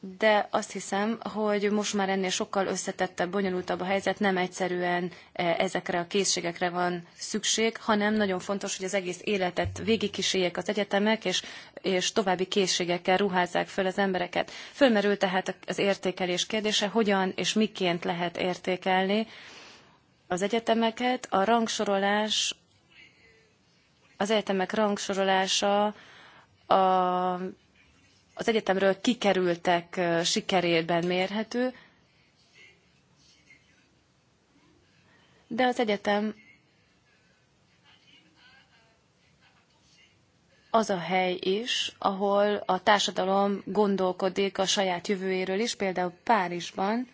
de azt hiszem, hogy most már ennél sokkal összetettebb, bonyolultabb a helyzet, nem egyszerűen e, ezekre a készségekre van szükség, hanem nagyon fontos, hogy az egész életet végigkísérjék az egyetemek, és, és további készségekkel ruházzák föl az embereket. Fölmerül tehát az értékelés kérdése, hogyan és miként lehet értékelni az egyetemeket. A rangsorolás, az egyetemek rangsorolása a az egyetemről kikerültek sikerében mérhető, de az egyetem az a hely is, ahol a társadalom gondolkodik a saját jövőjéről is, például Párizsban.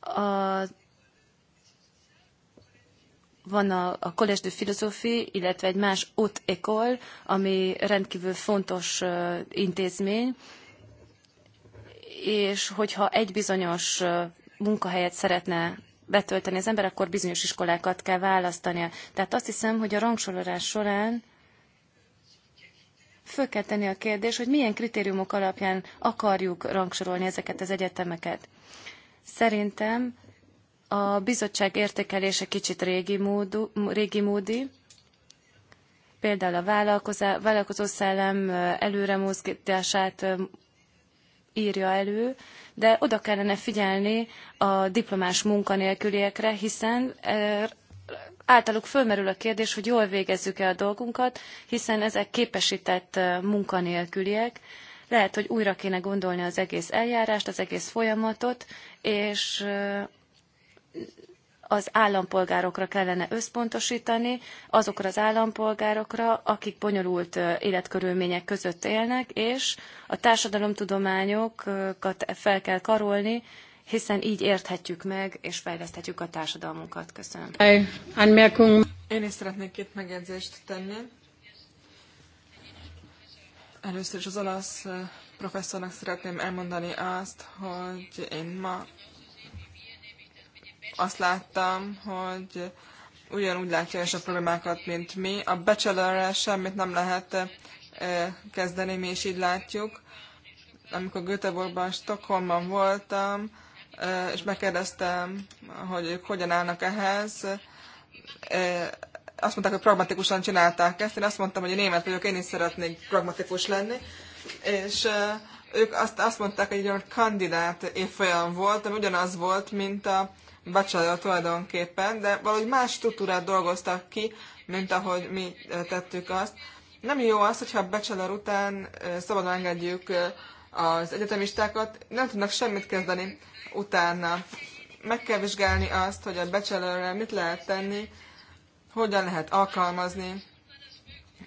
Az van a, a Collège de Philosophie, illetve egy más Haute École, ami rendkívül fontos intézmény, és hogyha egy bizonyos munkahelyet szeretne betölteni az ember, akkor bizonyos iskolákat kell választania. Tehát azt hiszem, hogy a rangsorolás során föl kell tenni a kérdés, hogy milyen kritériumok alapján akarjuk rangsorolni ezeket az egyetemeket. Szerintem a bizottság értékelése kicsit régi, módú, régi módi, például a vállalkozó szellem előremozgatását írja elő, de oda kellene figyelni a diplomás munkanélküliekre, hiszen általuk fölmerül a kérdés, hogy jól végezzük-e a dolgunkat, hiszen ezek képesített munkanélküliek. Lehet, hogy újra kéne gondolni az egész eljárást, az egész folyamatot, és az állampolgárokra kellene összpontosítani, azokra az állampolgárokra, akik bonyolult életkörülmények között élnek, és a társadalomtudományokat fel kell karolni, hiszen így érthetjük meg és fejleszthetjük a társadalmunkat. Köszönöm. Én is szeretnék két megjegyzést tenni. Először is az olasz professzornak szeretném elmondani azt, hogy én ma azt láttam, hogy ugyanúgy látja is a problémákat, mint mi. A bachelorrel semmit nem lehet kezdeni, mi is így látjuk. Amikor Göteborgban, Stockholmban voltam, és megkérdeztem, hogy ők hogyan állnak ehhez, azt mondták, hogy pragmatikusan csinálták ezt. Én azt mondtam, hogy a német vagyok, én is szeretnék pragmatikus lenni. És ők azt, azt mondták, hogy egy olyan kandidát évfolyam volt, ami ugyanaz volt, mint a Bacsalja tulajdonképpen, de valahogy más struktúrát dolgoztak ki, mint ahogy mi eh, tettük azt. Nem jó az, hogyha bachelor után eh, szabadon engedjük eh, az egyetemistákat, nem tudnak semmit kezdeni utána. Meg kell vizsgálni azt, hogy a bachelorrel mit lehet tenni, hogyan lehet alkalmazni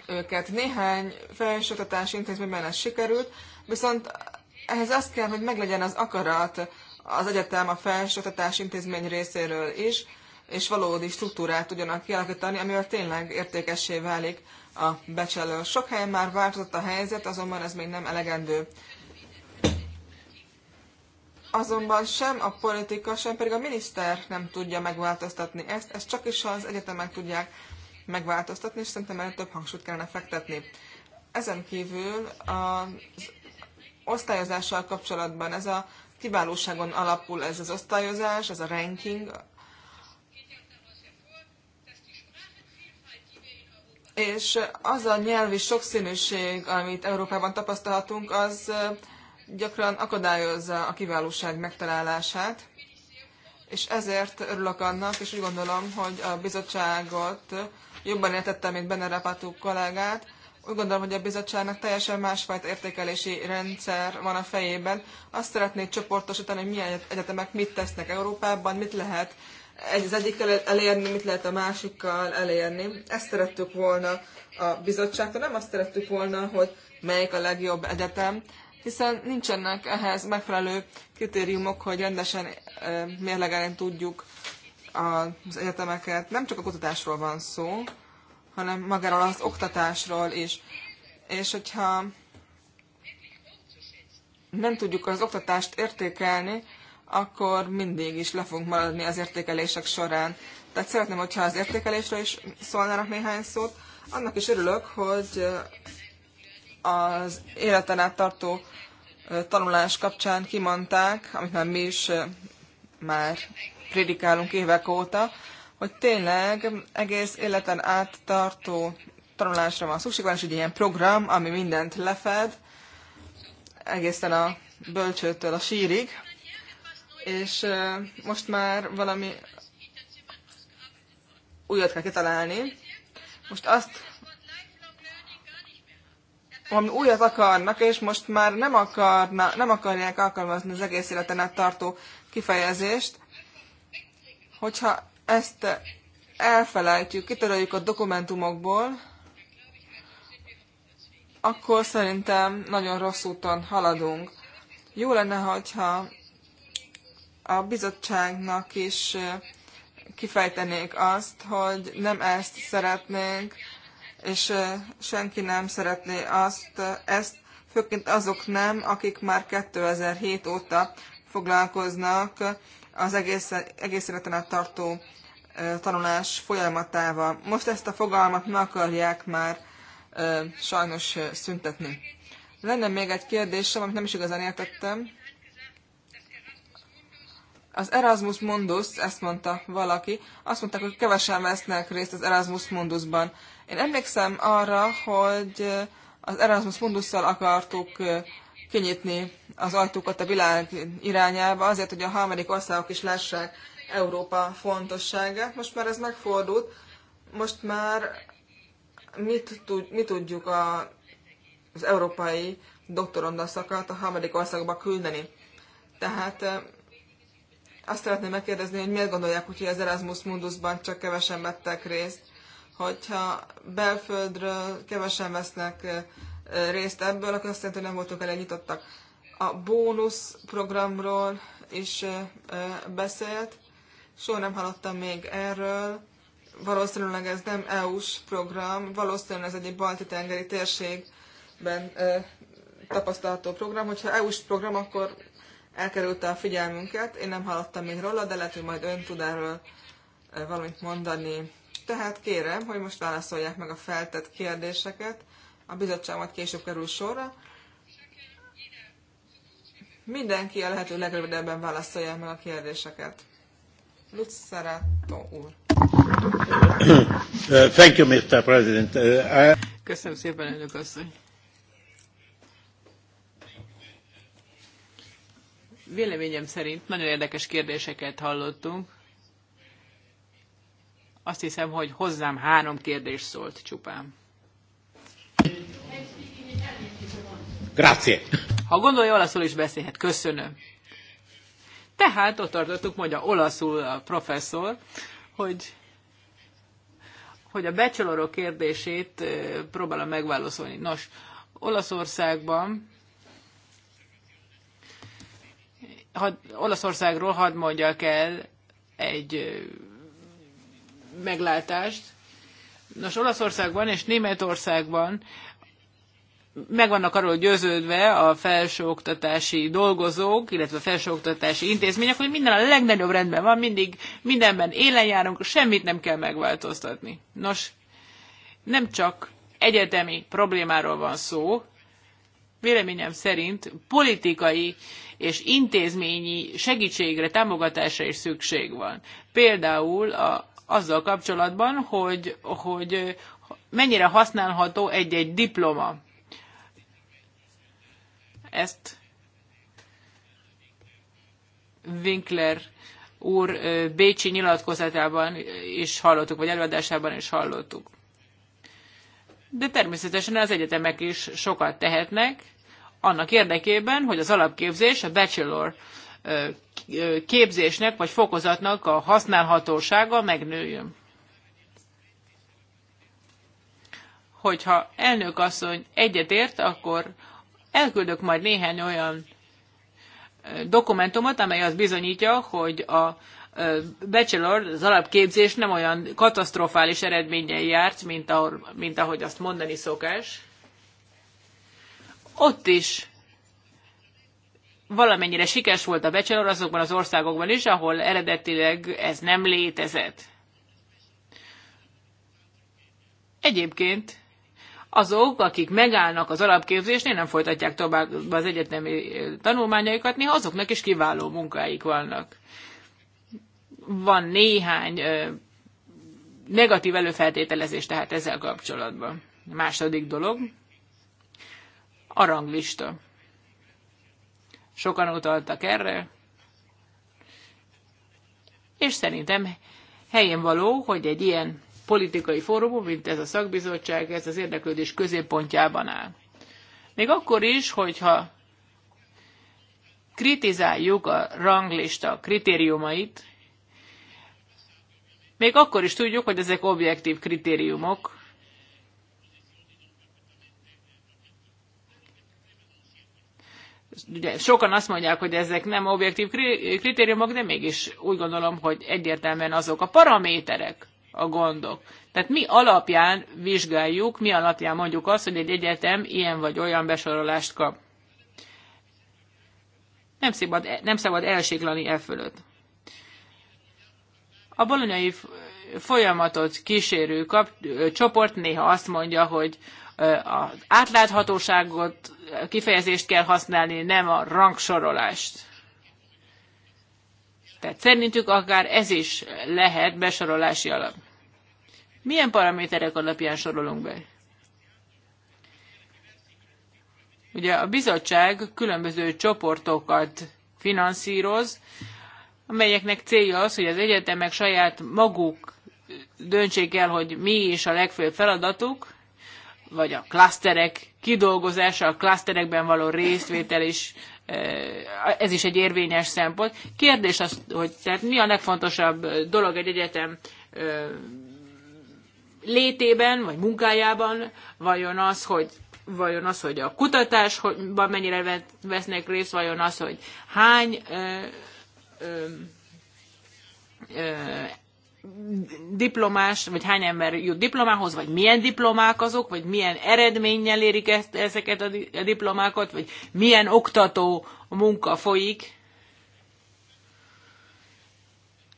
őket. Néhány felsőoktatási intézményben ez sikerült, viszont ehhez az kell, hogy meglegyen az akarat, az egyetem a felsőoktatás intézmény részéről is, és valódi struktúrát tudjanak kialakítani, amivel tényleg értékessé válik a becselő. Sok helyen már változott a helyzet, azonban ez még nem elegendő. Azonban sem a politika, sem pedig a miniszter nem tudja megváltoztatni ezt, ezt csak is az egyetemek tudják megváltoztatni, és szerintem erre több hangsúlyt kellene fektetni. Ezen kívül az osztályozással kapcsolatban ez a kiválóságon alapul ez az osztályozás, ez a ranking, és az a nyelvi sokszínűség, amit Európában tapasztalhatunk, az eh, gyakran akadályozza a kiválóság megtalálását, és ezért örülök annak, és úgy gondolom, hogy a bizottságot jobban értettem, mint Benne Rapatú kollégát, úgy gondolom, hogy a bizottságnak teljesen másfajta értékelési rendszer van a fejében. Azt szeretnék csoportosítani, hogy milyen egyetemek mit tesznek Európában, mit lehet egy, az egyikkel elérni, mit lehet a másikkal elérni. Ezt szerettük volna a bizottságtól, nem azt szerettük volna, hogy melyik a legjobb egyetem, hiszen nincsenek ehhez megfelelő kritériumok, hogy rendesen mérlegelni tudjuk az egyetemeket. Nem csak a kutatásról van szó, hanem magáról az oktatásról is. És hogyha nem tudjuk az oktatást értékelni, akkor mindig is le fogunk maradni az értékelések során. Tehát szeretném, hogyha az értékelésről is szólnának néhány szót. Annak is örülök, hogy az életen át tartó tanulás kapcsán kimondták, amit már mi is már prédikálunk évek óta, hogy tényleg egész életen át tartó tanulásra van szükség, van is egy ilyen program, ami mindent lefed, egészen a bölcsőtől a sírig, és most már valami újat kell kitalálni. Most azt valami újat akarnak, és most már nem, akarna, nem akarják alkalmazni az egész életen át tartó kifejezést, hogyha ezt elfelejtjük, kitöröljük a dokumentumokból, akkor szerintem nagyon rossz úton haladunk. Jó lenne, hogyha a bizottságnak is kifejtenék azt, hogy nem ezt szeretnénk, és senki nem szeretné azt, ezt főként azok nem, akik már 2007 óta foglalkoznak az egész, egész életen át tartó tanulás folyamatával. Most ezt a fogalmat meg akarják már sajnos szüntetni. Lenne még egy kérdésem, amit nem is igazán értettem. Az Erasmus Mundus, ezt mondta valaki, azt mondták, hogy kevesen vesznek részt az Erasmus Mundusban. Én emlékszem arra, hogy az Erasmus Mundusszal akartuk kinyitni az ajtókat a világ irányába, azért, hogy a harmadik országok is lássák Európa fontosságát. Most már ez megfordult, most már mit, tud, mit tudjuk a, az európai doktorandaszakat a harmadik országba küldeni. Tehát azt szeretném megkérdezni, hogy miért gondolják, hogy az Erasmus Mundusban csak kevesen vettek részt, hogyha belföldről kevesen vesznek részt ebből, akkor azt jelenti, hogy nem voltunk elég nyitottak. A bónusz programról is beszélt. Soha nem hallottam még erről. Valószínűleg ez nem EU-s program, valószínűleg ez egy balti-tengeri térségben ö, tapasztalható program. Hogyha EU-s program, akkor elkerülte a figyelmünket. Én nem hallottam még róla, de lehet, hogy majd ön tud erről ö, valamit mondani. Tehát kérem, hogy most válaszolják meg a feltett kérdéseket. A bizottság majd később kerül sorra. Mindenki a lehető legrövidebben válaszolja meg a kérdéseket. Uh, President. Uh, Köszönöm szépen, elnök asszony. Véleményem szerint nagyon érdekes kérdéseket hallottunk. Azt hiszem, hogy hozzám három kérdés szólt csupán. Grazie. Ha gondolja, olaszul is beszélhet. Köszönöm. Tehát ott tartottuk, mondja olaszul a professzor, hogy hogy a bachelorok kérdését próbálom megválaszolni. Nos, Olaszországban had, Olaszországról hadd mondjak el egy meglátást. Nos, Olaszországban és Németországban vannak arról győződve a felsőoktatási dolgozók, illetve a felsőoktatási intézmények, hogy minden a legnagyobb rendben van, mindig mindenben élen járunk, semmit nem kell megváltoztatni. Nos, nem csak egyetemi problémáról van szó, véleményem szerint politikai és intézményi segítségre, támogatásra is szükség van. Például a, azzal kapcsolatban, hogy, hogy mennyire használható egy-egy diploma ezt Winkler úr Bécsi nyilatkozatában is hallottuk, vagy előadásában is hallottuk. De természetesen az egyetemek is sokat tehetnek, annak érdekében, hogy az alapképzés, a bachelor képzésnek vagy fokozatnak a használhatósága megnőjön. Hogyha elnök asszony egyetért, akkor Elküldök majd néhány olyan dokumentumot, amely azt bizonyítja, hogy a bachelor, az alapképzés nem olyan katasztrofális eredménnyel járt, mint, ahol, mint ahogy azt mondani szokás. Ott is valamennyire sikeres volt a bachelor azokban az országokban is, ahol eredetileg ez nem létezett. Egyébként azok, akik megállnak az alapképzésnél, nem folytatják tovább az egyetemi tanulmányaikat, néha azoknak is kiváló munkáik vannak. Van néhány negatív előfeltételezés tehát ezzel kapcsolatban. A második dolog, a ranglista. Sokan utaltak erre, és szerintem helyén való, hogy egy ilyen politikai fórumon, mint ez a szakbizottság, ez az érdeklődés középpontjában áll. Még akkor is, hogyha kritizáljuk a ranglista kritériumait, még akkor is tudjuk, hogy ezek objektív kritériumok, ugye sokan azt mondják, hogy ezek nem objektív kritériumok, de mégis úgy gondolom, hogy egyértelműen azok a paraméterek, a gondok. Tehát mi alapján vizsgáljuk, mi alapján mondjuk azt, hogy egy egyetem ilyen vagy olyan besorolást kap. Nem szabad, nem szabad elséglani e fölött. A bolonyai folyamatot kísérő kap, csoport néha azt mondja, hogy az átláthatóságot, kifejezést kell használni, nem a rangsorolást. Tehát szerintük akár ez is lehet besorolási alap. Milyen paraméterek alapján sorolunk be? Ugye a bizottság különböző csoportokat finanszíroz, amelyeknek célja az, hogy az egyetemek saját maguk döntsék el, hogy mi is a legfőbb feladatuk, vagy a klaszterek kidolgozása, a klaszterekben való részvétel is Eh, ez is egy érvényes szempont. Kérdés az, hogy tehát mi a legfontosabb dolog egy egyetem eh, létében, vagy munkájában, vajon az, hogy vajon az, hogy a kutatásban mennyire vesznek részt, vajon az, hogy hány ö, ö, ö, diplomás, vagy hány ember jut diplomához, vagy milyen diplomák azok, vagy milyen eredménnyel érik ezt, ezeket a diplomákat, vagy milyen oktató munka folyik.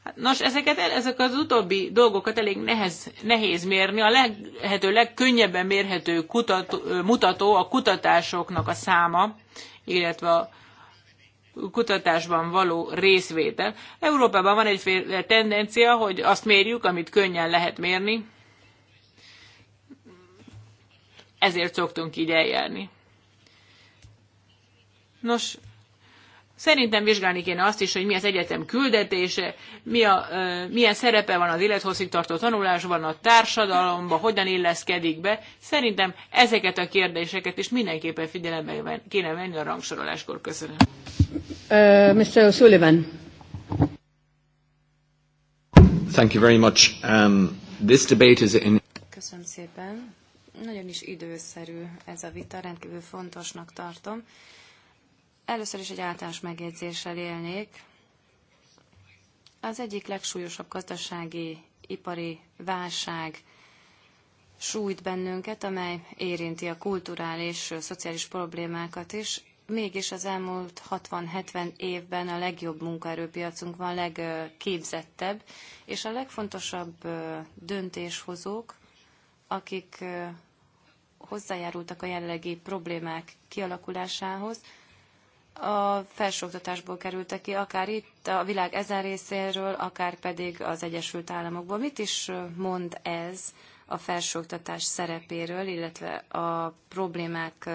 Hát, nos, ezeket, ezek az utóbbi dolgokat elég nehez, nehéz mérni. A lehető legkönnyebben mérhető kutató, mutató a kutatásoknak a száma, illetve a kutatásban való részvétel. Európában van egyféle tendencia, hogy azt mérjük, amit könnyen lehet mérni, ezért szoktunk így eljárni. Nos, Szerintem vizsgálni kéne azt is, hogy mi az egyetem küldetése, mi a, milyen szerepe van az élethosszig tartó tanulásban, a társadalomban, hogyan illeszkedik be. Szerintem ezeket a kérdéseket is mindenképpen figyelembe kéne venni a rangsoroláskor. Köszönöm. Uh, Mr. Sullivan. Thank you very much. Um, this debate is in... Köszönöm szépen. Nagyon is időszerű ez a vita, rendkívül fontosnak tartom Először is egy általános megjegyzéssel élnék. Az egyik legsúlyosabb gazdasági, ipari válság sújt bennünket, amely érinti a kulturális, szociális problémákat is. Mégis az elmúlt 60-70 évben a legjobb munkaerőpiacunk van, legképzettebb, és a legfontosabb döntéshozók, akik hozzájárultak a jelenlegi problémák kialakulásához, a felsőoktatásból kerültek ki, akár itt a világ ezen részéről, akár pedig az Egyesült Államokból. Mit is mond ez a felsőoktatás szerepéről, illetve a problémák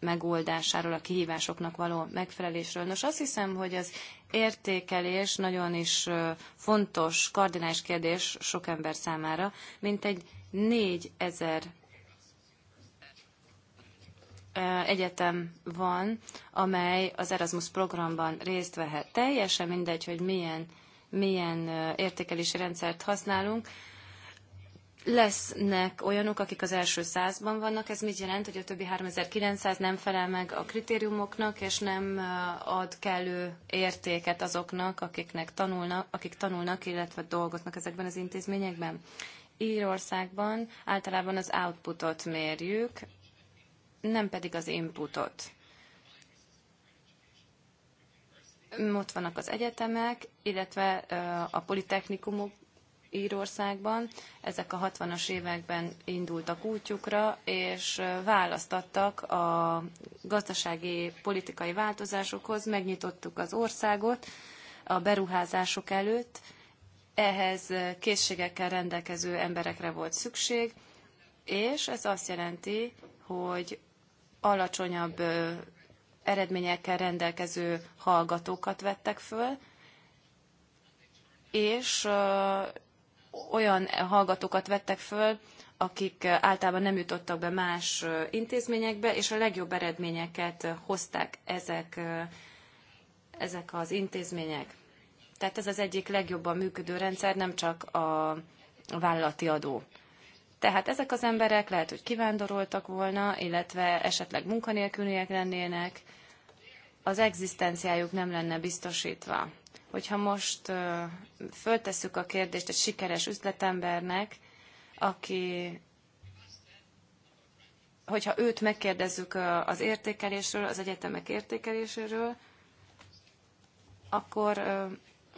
megoldásáról, a kihívásoknak való megfelelésről. Nos, azt hiszem, hogy az értékelés nagyon is fontos, kardinális kérdés sok ember számára, mint egy 4000 egyetem van, amely az Erasmus programban részt vehet. Teljesen mindegy, hogy milyen, milyen értékelési rendszert használunk. Lesznek olyanok, akik az első százban vannak. Ez mit jelent, hogy a többi 3900 nem felel meg a kritériumoknak, és nem ad kellő értéket azoknak, akiknek tanulnak, akik tanulnak, illetve dolgoznak ezekben az intézményekben? Írországban általában az outputot mérjük, nem pedig az inputot. Ott vannak az egyetemek, illetve a politechnikumok Írországban. Ezek a 60-as években indultak útjukra, és választattak a gazdasági politikai változásokhoz, megnyitottuk az országot a beruházások előtt, ehhez készségekkel rendelkező emberekre volt szükség, és ez azt jelenti, hogy alacsonyabb eredményekkel rendelkező hallgatókat vettek föl, és olyan hallgatókat vettek föl, akik általában nem jutottak be más intézményekbe, és a legjobb eredményeket hozták ezek, ezek az intézmények. Tehát ez az egyik legjobban működő rendszer, nem csak a vállalati adó. Tehát ezek az emberek lehet, hogy kivándoroltak volna, illetve esetleg munkanélküliek lennének, az egzisztenciájuk nem lenne biztosítva. Hogyha most föltesszük a kérdést egy sikeres üzletembernek, aki hogyha őt megkérdezzük az értékelésről, az egyetemek értékeléséről, akkor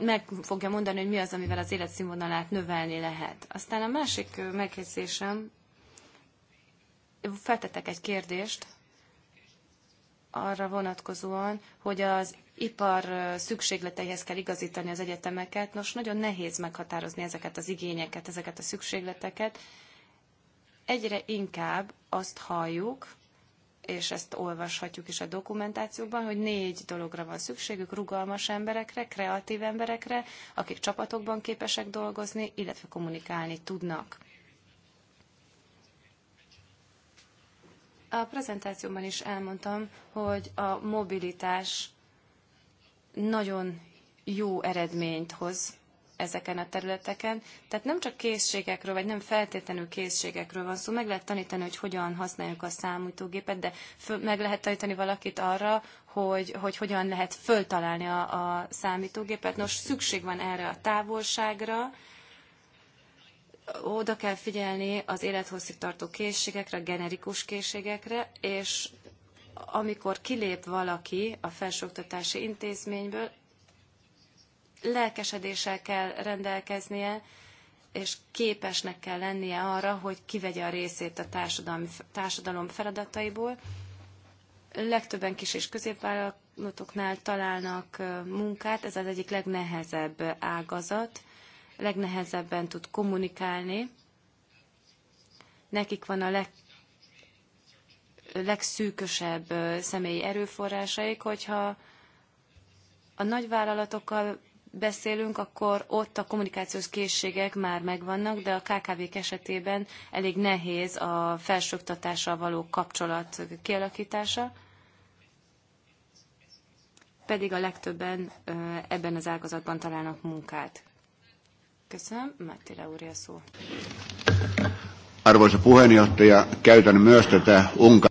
meg fogja mondani, hogy mi az, amivel az életszínvonalát növelni lehet. Aztán a másik megjegyzésem, feltettek egy kérdést arra vonatkozóan, hogy az ipar szükségleteihez kell igazítani az egyetemeket. Nos, nagyon nehéz meghatározni ezeket az igényeket, ezeket a szükségleteket. Egyre inkább azt halljuk, és ezt olvashatjuk is a dokumentációban, hogy négy dologra van szükségük, rugalmas emberekre, kreatív emberekre, akik csapatokban képesek dolgozni, illetve kommunikálni tudnak. A prezentációban is elmondtam, hogy a mobilitás nagyon jó eredményt hoz ezeken a területeken. Tehát nem csak készségekről, vagy nem feltétlenül készségekről van szó, meg lehet tanítani, hogy hogyan használjuk a számítógépet, de meg lehet tanítani valakit arra, hogy, hogy hogyan lehet föltalálni a, a számítógépet. Nos, szükség van erre a távolságra, oda kell figyelni az élethosszígtartó tartó készségekre, a generikus készségekre, és amikor kilép valaki a felsőoktatási intézményből, lelkesedéssel kell rendelkeznie, és képesnek kell lennie arra, hogy kivegye a részét a társadalmi, társadalom feladataiból. Legtöbben kis és középvállalatoknál találnak munkát, ez az egyik legnehezebb ágazat, legnehezebben tud kommunikálni. Nekik van a leg, legszűkösebb személyi erőforrásaik, hogyha a nagyvállalatokkal beszélünk, akkor ott a kommunikációs készségek már megvannak, de a KKV-k esetében elég nehéz a felsőoktatással való kapcsolat kialakítása, pedig a legtöbben ebben az ágazatban találnak munkát. Köszönöm, Máttila úr a szó. Arvoisa puheenjohtaja, käytän myös tätä unka...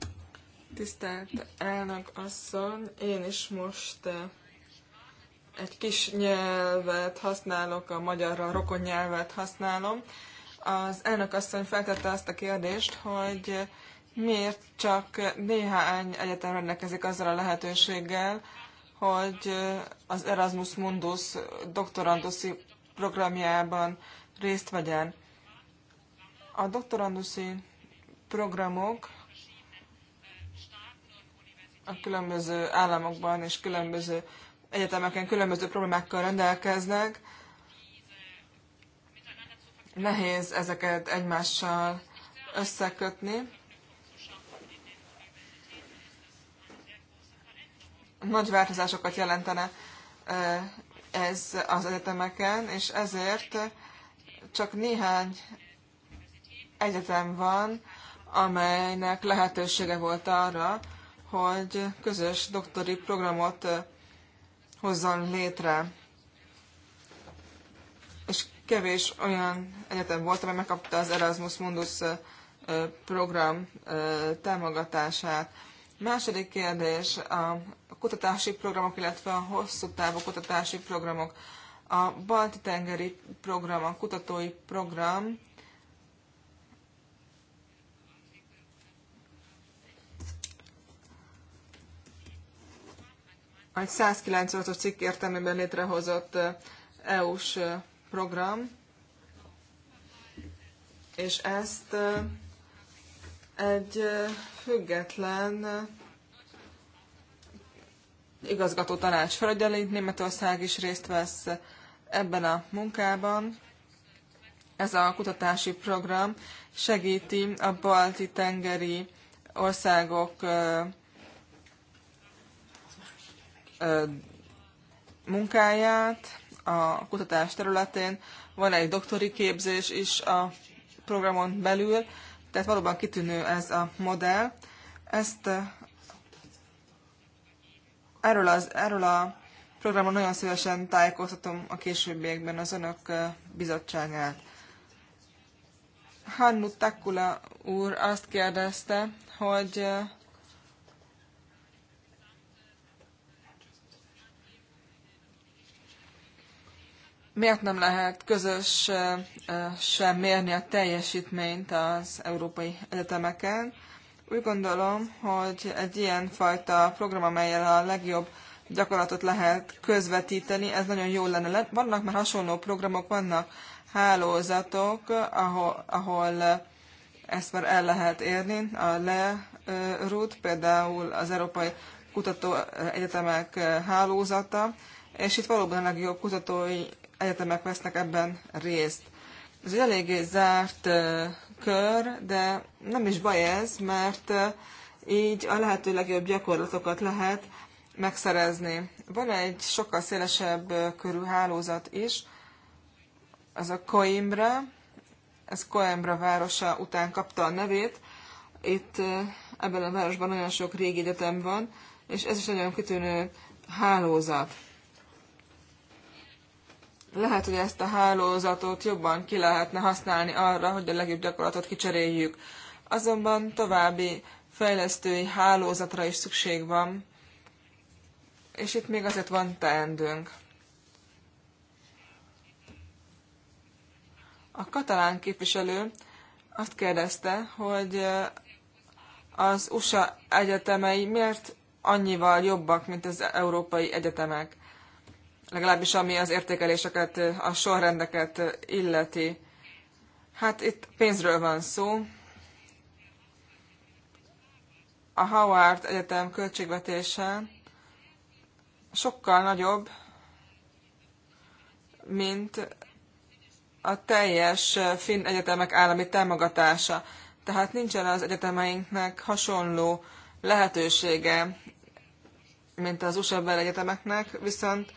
Tisztelt elnök asszony, én is most egy kis nyelvet használok, a magyarra a rokon nyelvet használom. Az elnök asszony feltette azt a kérdést, hogy miért csak néhány egyetem rendelkezik azzal a lehetőséggel, hogy az Erasmus Mundus doktoranduszi programjában részt vegyen. A doktoranduszi programok a különböző államokban és különböző egyetemeken különböző problémákkal rendelkeznek. Nehéz ezeket egymással összekötni. Nagy változásokat jelentene ez az egyetemeken, és ezért csak néhány egyetem van, amelynek lehetősége volt arra, hogy közös doktori programot hozzon létre. És kevés olyan egyetem volt, amely megkapta az Erasmus Mundus program támogatását. Második kérdés, a kutatási programok, illetve a hosszú távú kutatási programok. A Balti-tengeri program, a kutatói program egy 109 os cikk értelmében létrehozott EU-s program, és ezt egy független igazgató tanács felügyelít, Németország is részt vesz ebben a munkában. Ez a kutatási program segíti a balti tengeri országok munkáját a kutatás területén. Van egy doktori képzés is a programon belül, tehát valóban kitűnő ez a modell. Ezt erről, az, erről a programon nagyon szívesen tájékoztatom a későbbiekben az önök bizottságát. Hannu Takula úr azt kérdezte, hogy miért nem lehet közös sem mérni a teljesítményt az európai egyetemeken. Úgy gondolom, hogy egy ilyen fajta program, amelyel a legjobb gyakorlatot lehet közvetíteni, ez nagyon jó lenne. Vannak már hasonló programok, vannak hálózatok, ahol, ahol ezt már el lehet érni. A le LE-rút, például az Európai Kutató Egyetemek hálózata, és itt valóban a legjobb kutatói egyetemek vesznek ebben részt. Ez egy eléggé zárt kör, de nem is baj ez, mert így a lehető legjobb gyakorlatokat lehet megszerezni. Van egy sokkal szélesebb körű hálózat is, az a Coimbra, ez Coimbra városa után kapta a nevét. Itt ebben a városban nagyon sok régi egyetem van, és ez is nagyon kitűnő hálózat. Lehet, hogy ezt a hálózatot jobban ki lehetne használni arra, hogy a legjobb gyakorlatot kicseréljük. Azonban további fejlesztői hálózatra is szükség van, és itt még azért van teendőnk. A katalán képviselő azt kérdezte, hogy eh, az USA egyetemei miért annyival jobbak, mint az európai egyetemek legalábbis ami az értékeléseket, a sorrendeket illeti. Hát itt pénzről van szó. A Howard Egyetem költségvetése sokkal nagyobb, mint a teljes finn egyetemek állami támogatása. Tehát nincsen az egyetemeinknek hasonló lehetősége, mint az usa bel egyetemeknek, viszont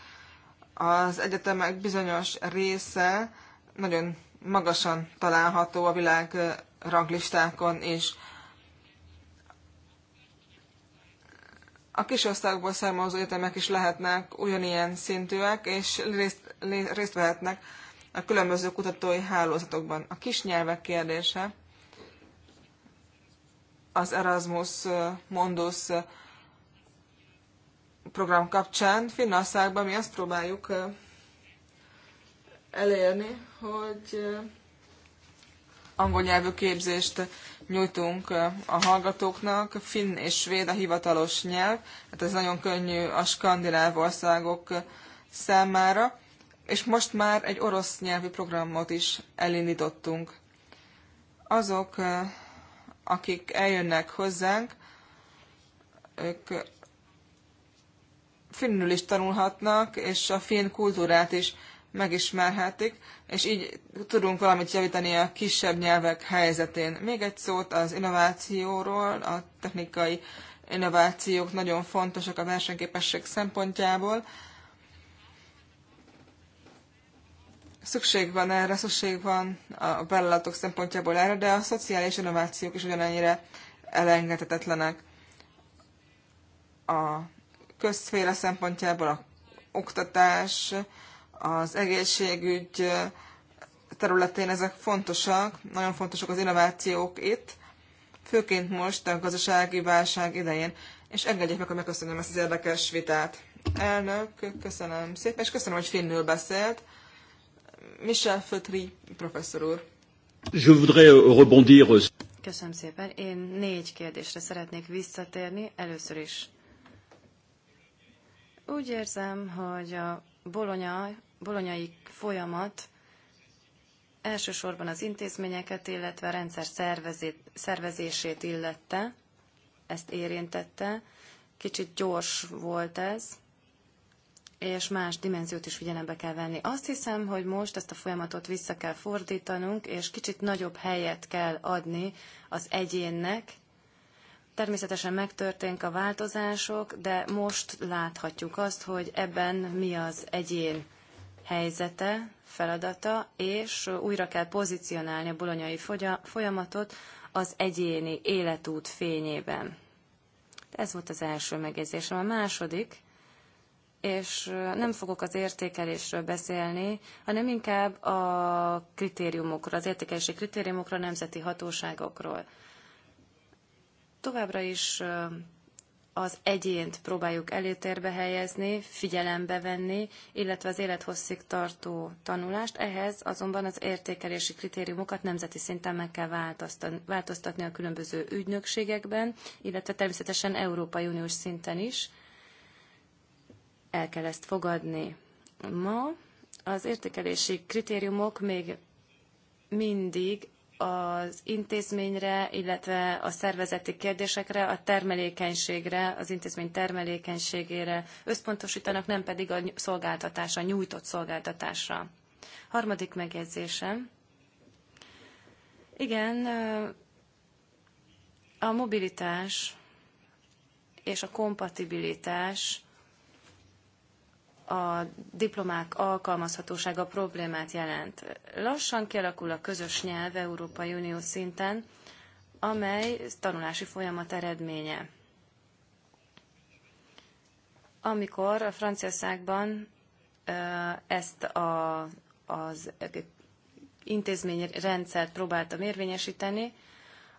az egyetemek bizonyos része nagyon magasan található a világ ranglistákon is. A kisosztályokból származó egyetemek is lehetnek ugyanilyen szintűek, és részt, részt vehetnek a különböző kutatói hálózatokban. A kis nyelvek kérdése az Erasmus Mondus program kapcsán Finnországban mi azt próbáljuk elérni, hogy angol nyelvű képzést nyújtunk a hallgatóknak. Finn és svéd a hivatalos nyelv, hát ez nagyon könnyű a skandináv országok számára. És most már egy orosz nyelvű programot is elindítottunk. Azok, akik eljönnek hozzánk, ők finnül is tanulhatnak, és a finn kultúrát is megismerhetik, és így tudunk valamit javítani a kisebb nyelvek helyzetén. Még egy szót az innovációról, a technikai innovációk nagyon fontosak a versenyképesség szempontjából. Szükség van erre, szükség van a vállalatok szempontjából erre, de a szociális innovációk is ugyanennyire elengedhetetlenek. A közféle szempontjából a oktatás, az egészségügy területén ezek fontosak, nagyon fontosak az innovációk itt, főként most a gazdasági válság idején. És engedjék meg, hogy megköszönöm ezt az érdekes vitát. Elnök, köszönöm szépen, és köszönöm, hogy finnül beszélt. Michel Fötri, professzor úr. Je voudrais rebondir. Köszönöm szépen. Én négy kérdésre szeretnék visszatérni. Először is úgy érzem, hogy a bolonya, bolonyai folyamat elsősorban az intézményeket, illetve a rendszer szervezét, szervezését illette, ezt érintette. Kicsit gyors volt ez, és más dimenziót is figyelembe kell venni. Azt hiszem, hogy most ezt a folyamatot vissza kell fordítanunk, és kicsit nagyobb helyet kell adni az egyénnek, Természetesen megtörténk a változások, de most láthatjuk azt, hogy ebben mi az egyén helyzete, feladata, és újra kell pozícionálni a bolonyai folyamatot az egyéni életút fényében. Ez volt az első megjegyzésem. A második, és nem fogok az értékelésről beszélni, hanem inkább a kritériumokról, az értékelési kritériumokról, a nemzeti hatóságokról. Továbbra is az egyént próbáljuk előtérbe helyezni, figyelembe venni, illetve az élethosszig tartó tanulást. Ehhez azonban az értékelési kritériumokat nemzeti szinten meg kell változtatni a különböző ügynökségekben, illetve természetesen Európai Uniós szinten is. El kell ezt fogadni. Ma az értékelési kritériumok még mindig az intézményre, illetve a szervezeti kérdésekre, a termelékenységre, az intézmény termelékenységére összpontosítanak, nem pedig a szolgáltatásra, nyújtott szolgáltatásra. Harmadik megjegyzésem. Igen, a mobilitás és a kompatibilitás a diplomák alkalmazhatósága problémát jelent. Lassan kialakul a közös nyelv Európai Unió szinten, amely tanulási folyamat eredménye. Amikor a Franciaországban ezt a, az intézményrendszert próbáltam érvényesíteni,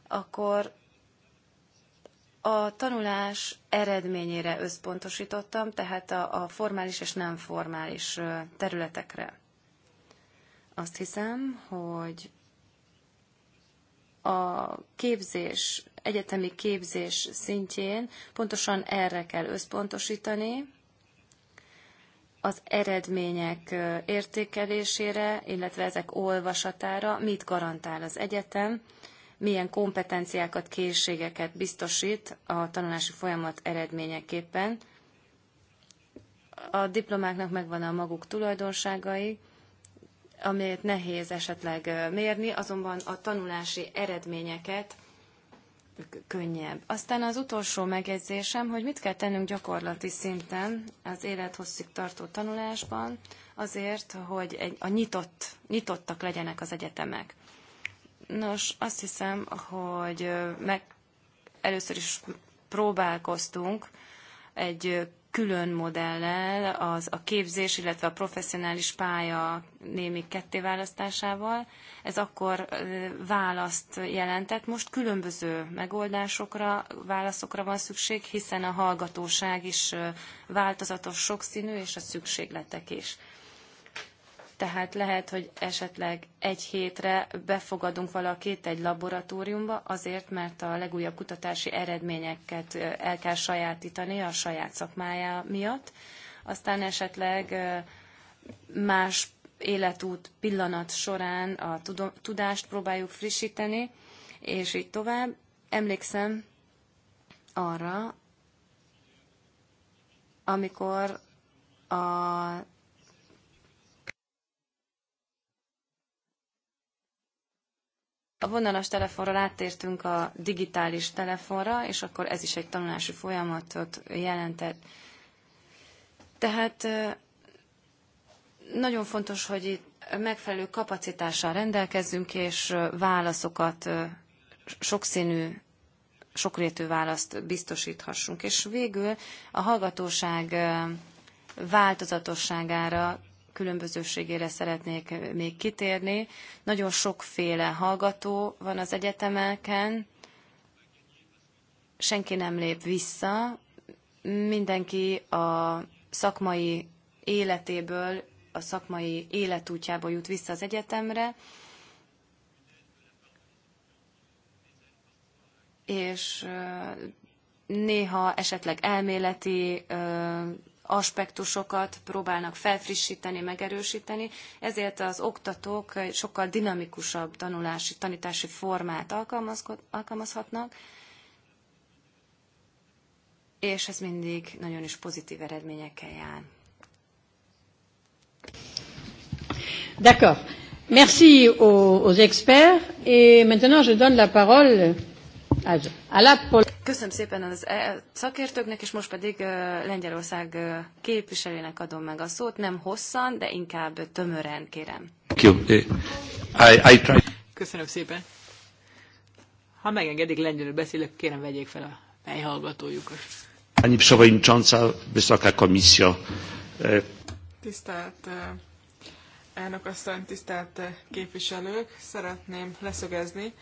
akkor a tanulás eredményére összpontosítottam, tehát a, a formális és nem formális területekre. Azt hiszem, hogy a képzés, egyetemi képzés szintjén pontosan erre kell összpontosítani, az eredmények értékelésére, illetve ezek olvasatára, mit garantál az egyetem, milyen kompetenciákat, készségeket biztosít a tanulási folyamat eredményeképpen. A diplomáknak megvan a maguk tulajdonságai, amelyet nehéz esetleg mérni, azonban a tanulási eredményeket könnyebb. Aztán az utolsó megjegyzésem, hogy mit kell tennünk gyakorlati szinten az élethosszig tartó tanulásban, azért, hogy egy, a nyitott, nyitottak legyenek az egyetemek. Nos, azt hiszem, hogy meg először is próbálkoztunk egy külön modellel, az a képzés, illetve a professzionális pálya némi kettéválasztásával. Ez akkor választ jelentett. Most különböző megoldásokra, válaszokra van szükség, hiszen a hallgatóság is változatos, sokszínű, és a szükségletek is tehát lehet, hogy esetleg egy hétre befogadunk valakit egy laboratóriumba, azért, mert a legújabb kutatási eredményeket el kell sajátítani a saját szakmája miatt. Aztán esetleg más életút pillanat során a tudást próbáljuk frissíteni, és így tovább. Emlékszem arra, amikor a A vonalas telefonról áttértünk a digitális telefonra, és akkor ez is egy tanulási folyamatot jelentett. Tehát nagyon fontos, hogy itt megfelelő kapacitással rendelkezzünk, és válaszokat, sokszínű, sokrétű választ biztosíthassunk. És végül a hallgatóság változatosságára különbözőségére szeretnék még kitérni. Nagyon sokféle hallgató van az egyetemeken, senki nem lép vissza, mindenki a szakmai életéből, a szakmai életútjából jut vissza az egyetemre, és néha esetleg elméleti aspektusokat próbálnak felfrissíteni, megerősíteni, ezért az oktatók sokkal dinamikusabb tanulási, tanítási formát alkalmazhatnak, és ez mindig nagyon is pozitív eredményekkel jár. D'accord. Merci aux, aux experts et maintenant je donne la parole Köszönöm szépen az e- szakértőknek, és most pedig Lengyelország képviselőnek adom meg a szót, nem hosszan, de inkább tömören, kérem. Eh, Köszönöm szépen. Ha megengedik, lengyelül beszélek, kérem vegyék fel a fejhallgatójukat. Pani Przewodnicząca, a Komisja. Eh, tisztelt eh, elnök asszony, tisztelt képviselők, szeretném leszögezni,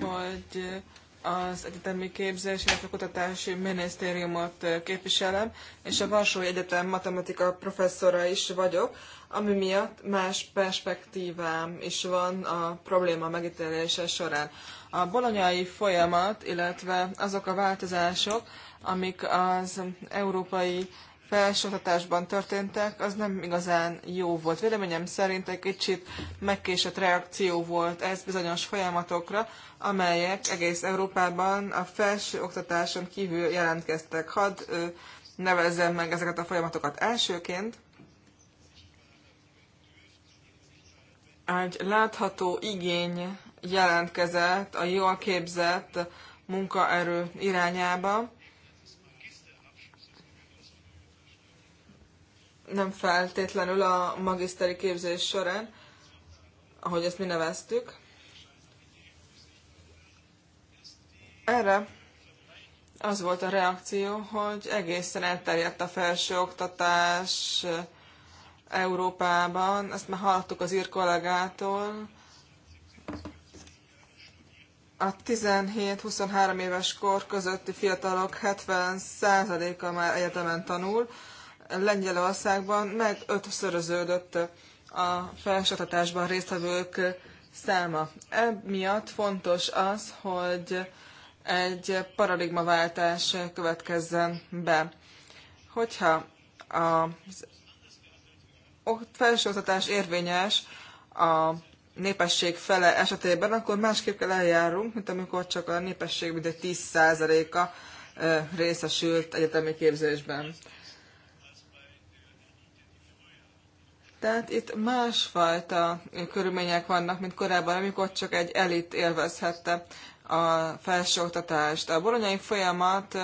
hogy az egyetemi képzés, illetve a kutatási minisztériumot képviselem, és a Varsói Egyetem matematika professzora is vagyok, ami miatt más perspektívám is van a probléma megítélése során. A bolonyai folyamat, illetve azok a változások, amik az európai felsőoktatásban történtek, az nem igazán jó volt. Véleményem szerint egy kicsit megkésett reakció volt ez bizonyos folyamatokra, amelyek egész Európában a felsőoktatáson kívül jelentkeztek. Hadd nevezzem meg ezeket a folyamatokat elsőként. Egy látható igény jelentkezett a jól képzett munkaerő irányába, nem feltétlenül a magiszteri képzés során, ahogy ezt mi neveztük. Erre az volt a reakció, hogy egészen elterjedt a felsőoktatás Európában, ezt már hallottuk az ír kollégától. A 17-23 éves kor közötti fiatalok 70%-a már egyetemen tanul, Lengyelországban meg ötszöröződött a felsőoktatásban résztvevők száma. Emiatt fontos az, hogy egy paradigmaváltás következzen be. Hogyha a felsőoktatás érvényes a népesség fele esetében, akkor másképp kell eljárunk, mint amikor csak a népesség mintegy 10%-a részesült egyetemi képzésben. Tehát itt másfajta körülmények vannak, mint korábban, amikor csak egy elit élvezhette a felsőoktatást. A bolonyai folyamat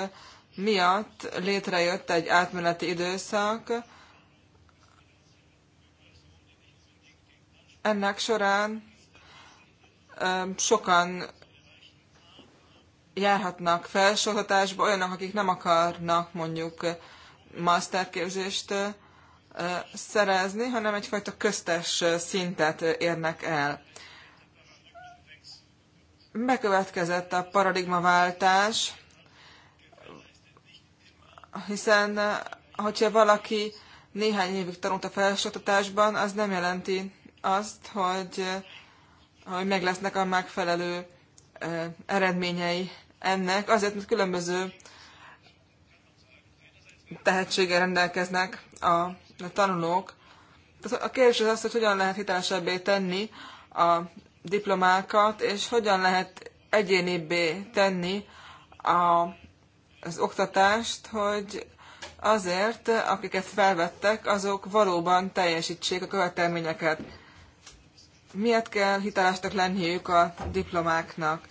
miatt létrejött egy átmeneti időszak. Ennek során sokan járhatnak felsőoktatásba, olyanok, akik nem akarnak mondjuk masterképzést szerezni, hanem egyfajta köztes szintet érnek el. Bekövetkezett a paradigmaváltás, hiszen hogyha valaki néhány évig tanult a felsőoktatásban, az nem jelenti azt, hogy, hogy meg lesznek a megfelelő eredményei ennek, azért, mert különböző tehetséggel rendelkeznek a a tanulók. A kérdés az az, hogy hogyan lehet hitelesebbé tenni a diplomákat, és hogyan lehet egyénibbé tenni a, az oktatást, hogy azért, akiket felvettek, azok valóban teljesítsék a követelményeket. Miért kell hitelesnek lenniük a diplomáknak?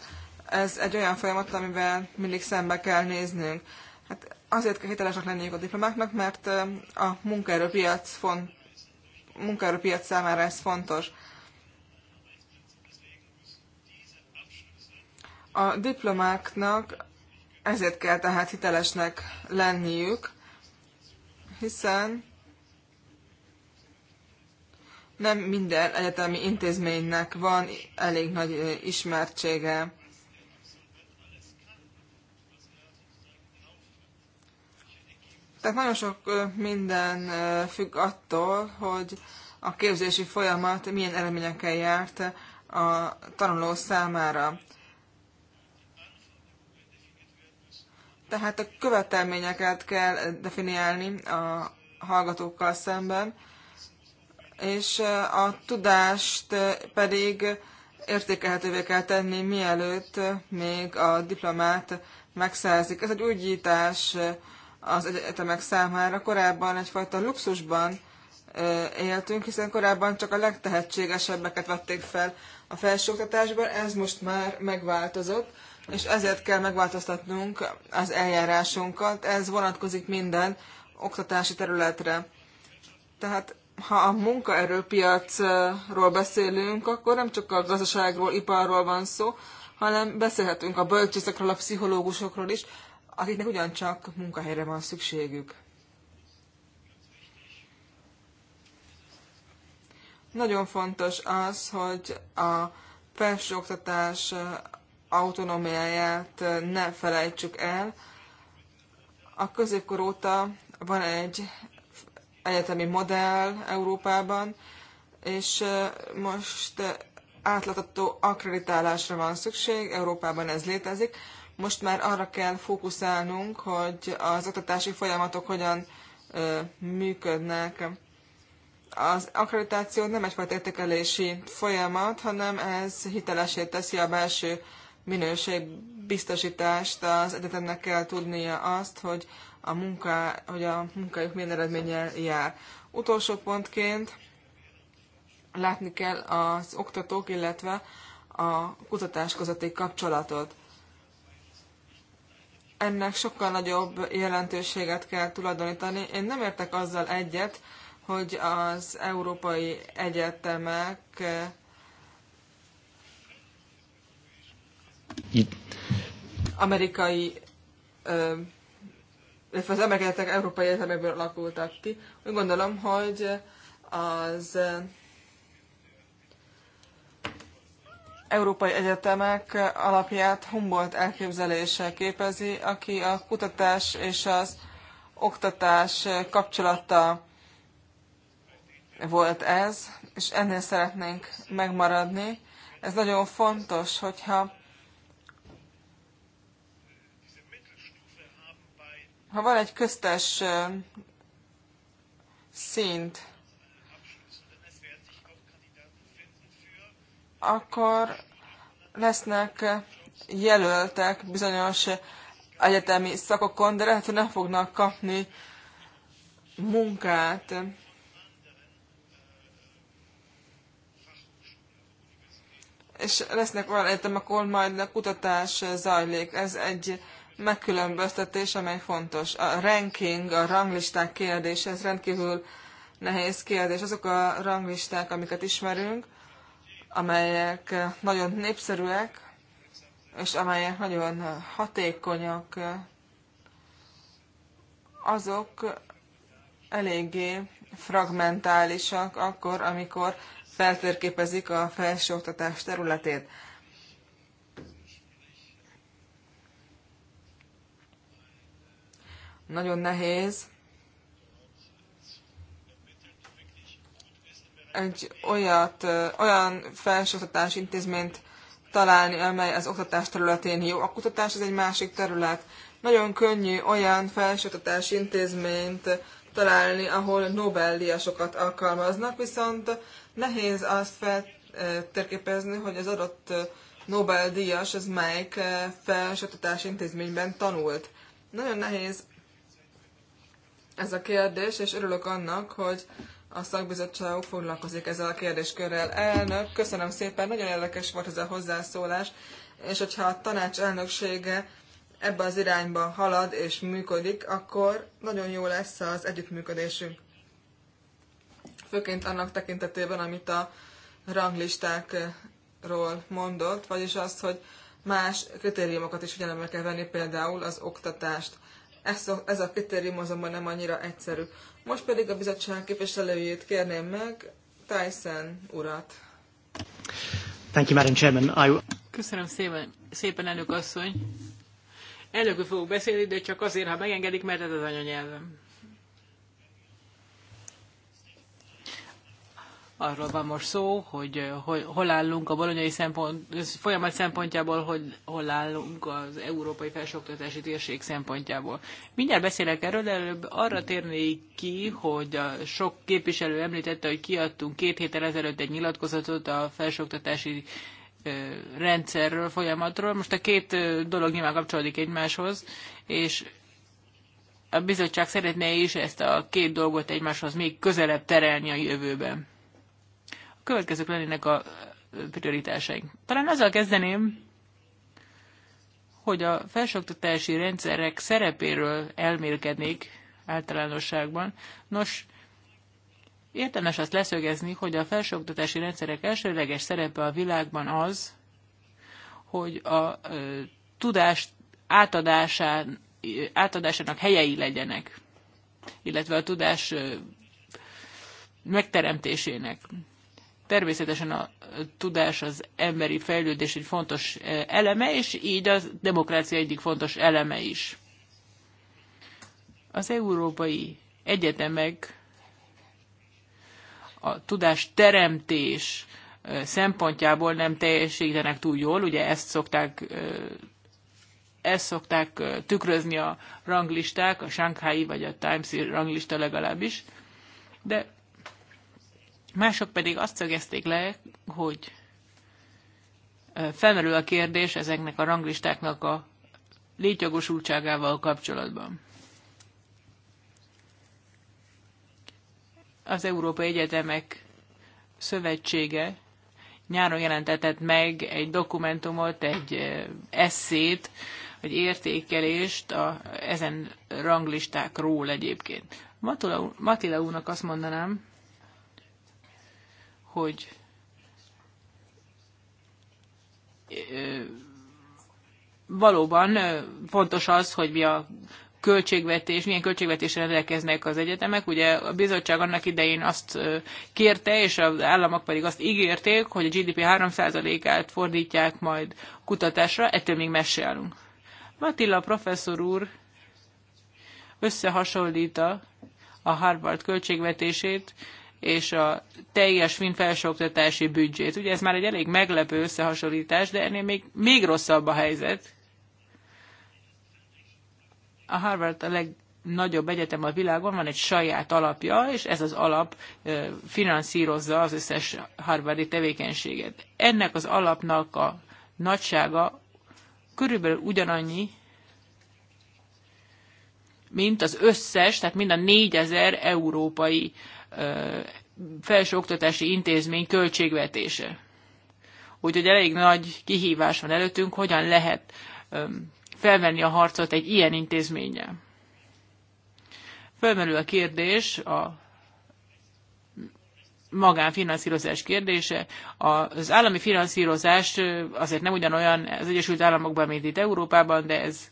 Ez egy olyan folyamat, amivel mindig szembe kell néznünk. Hát azért kell hitelesnek lenniük a diplomáknak, mert a munkaerőpiac, font, munkaerőpiac számára ez fontos. A diplomáknak ezért kell tehát hitelesnek lenniük, hiszen nem minden egyetemi intézménynek van elég nagy ismertsége Tehát nagyon sok minden függ attól, hogy a képzési folyamat milyen eredményekkel járt a tanuló számára. Tehát a követelményeket kell definiálni a hallgatókkal szemben, és a tudást pedig értékelhetővé kell tenni, mielőtt még a diplomát megszerzik. Ez egy újítás az egyetemek számára. Korábban egyfajta luxusban éltünk, hiszen korábban csak a legtehetségesebbeket vették fel a felsőoktatásban, ez most már megváltozott, és ezért kell megváltoztatnunk az eljárásunkat. Ez vonatkozik minden oktatási területre. Tehát ha a munkaerőpiacról beszélünk, akkor nem csak a gazdaságról, iparról van szó, hanem beszélhetünk a bölcsészekről, a pszichológusokról is, akiknek ugyancsak munkahelyre van szükségük. Nagyon fontos az, hogy a felsőoktatás autonómiáját ne felejtsük el. A középkor óta van egy egyetemi modell Európában, és most átlatató akkreditálásra van szükség, Európában ez létezik. Most már arra kell fókuszálnunk, hogy az oktatási folyamatok hogyan ö, működnek. Az akkreditáció nem egyfajta értékelési folyamat, hanem ez hitelesé teszi a belső minőségbiztosítást. Az egyetemnek kell tudnia azt, hogy a, munka, hogy a munkájuk milyen eredménnyel jár. Utolsó pontként látni kell az oktatók, illetve a kutatás közötti kapcsolatot ennek sokkal nagyobb jelentőséget kell tulajdonítani. Én nem értek azzal egyet, hogy az európai egyetemek amerikai illetve az amerikai európai egyetemekből alakultak ki. Úgy gondolom, hogy az európai egyetemek alapját Humboldt elképzelése képezi, aki a kutatás és az oktatás kapcsolata volt ez, és ennél szeretnénk megmaradni. Ez nagyon fontos, hogyha ha van egy köztes szint, akkor lesznek jelöltek bizonyos egyetemi szakokon, de lehet, hogy nem fognak kapni munkát. És lesznek olyan egyetemek, ahol majd a kutatás zajlik. Ez egy megkülönböztetés, amely fontos. A ranking, a ranglisták kérdése, ez rendkívül nehéz kérdés. Azok a ranglisták, amiket ismerünk, amelyek nagyon népszerűek, és amelyek nagyon hatékonyak, azok eléggé fragmentálisak akkor, amikor feltérképezik a felsőoktatás területét. Nagyon nehéz egy olyat, olyan felsőoktatási intézményt találni, amely az oktatás területén jó. A kutatás az egy másik terület. Nagyon könnyű olyan felsőoktatási intézményt találni, ahol Nobel-díjasokat alkalmaznak, viszont nehéz azt feltérképezni, hogy az adott Nobel-díjas az melyik felsőoktatási intézményben tanult. Nagyon nehéz ez a kérdés, és örülök annak, hogy a szakbizottságok foglalkozik ezzel a kérdéskörrel. Elnök, köszönöm szépen, nagyon érdekes volt ez a hozzászólás, és hogyha a tanács elnöksége ebbe az irányba halad és működik, akkor nagyon jó lesz az együttműködésünk. Főként annak tekintetében, amit a ranglistákról mondott, vagyis azt, hogy más kritériumokat is figyelembe kell venni, például az oktatást. Ez a, ez a kritérium azonban nem annyira egyszerű. Most pedig a bizottság képviselőjét kérném meg, Tyson urat. Thank you, Madam Chairman. I... Köszönöm szépen, szépen elnök asszony. Elnökül fogok beszélni, de csak azért, ha megengedik, mert ez az anyanyelvem. arról van most szó, eh, hogy hol állunk a bolonyai szempont, folyamat szempontjából, hogy hol állunk az európai felsőoktatási térség szempontjából. Mindjárt beszélek erről, de előbb arra térnék ki, hogy a sok képviselő említette, hogy kiadtunk két héttel ezelőtt egy nyilatkozatot a felsőoktatási eh, rendszerről, folyamatról. Most a két eh, dolog nyilván kapcsolódik egymáshoz, és a bizottság szeretné is ezt a két dolgot egymáshoz még közelebb terelni a jövőben következők lennének a prioritásaink. Talán azzal kezdeném, hogy a felsőoktatási rendszerek szerepéről elmélkednék általánosságban. Nos, érdemes azt leszögezni, hogy a felsőoktatási rendszerek elsőleges szerepe a világban az, hogy a ö, tudás átadásán, átadásának helyei legyenek, illetve a tudás ö, megteremtésének. Természetesen a tudás az emberi fejlődés egy fontos eh, eleme, és így a demokrácia egyik fontos eleme is. Az európai egyetemek a tudás teremtés eh, szempontjából nem teljesítenek túl jól, ugye ezt szokták eh, ezt szokták tükrözni a ranglisták, a Shanghai vagy a Times ranglista legalábbis, de Mások pedig azt szögezték le, hogy felmerül a kérdés ezeknek a ranglistáknak a létjogosultságával kapcsolatban. Az Európai Egyetemek Szövetsége nyáron jelentetett meg egy dokumentumot, egy eszét, vagy értékelést a, ezen ranglistákról egyébként. Matula, Matila úrnak azt mondanám, hogy valóban fontos az, hogy mi a költségvetés, milyen költségvetésre rendelkeznek az egyetemek. Ugye a bizottság annak idején azt kérte, és az államok pedig azt ígérték, hogy a GDP 3%-át fordítják majd kutatásra, ettől még mesélünk. Matilla professzor úr összehasonlít a Harvard költségvetését és a teljes finn felsőoktatási büdzsét. Ugye ez már egy elég meglepő összehasonlítás, de ennél még, még rosszabb a helyzet. A Harvard a legnagyobb egyetem a világon, van egy saját alapja, és ez az alap finanszírozza az összes harvardi tevékenységet. Ennek az alapnak a nagysága körülbelül ugyanannyi, mint az összes, tehát mind a négyezer európai felsőoktatási intézmény költségvetése. Úgyhogy elég nagy kihívás van előttünk, hogyan lehet felvenni a harcot egy ilyen intézménnyel. Fölmerül a kérdés, a magánfinanszírozás kérdése. Az állami finanszírozás azért nem ugyanolyan az Egyesült Államokban, mint itt Európában, de ez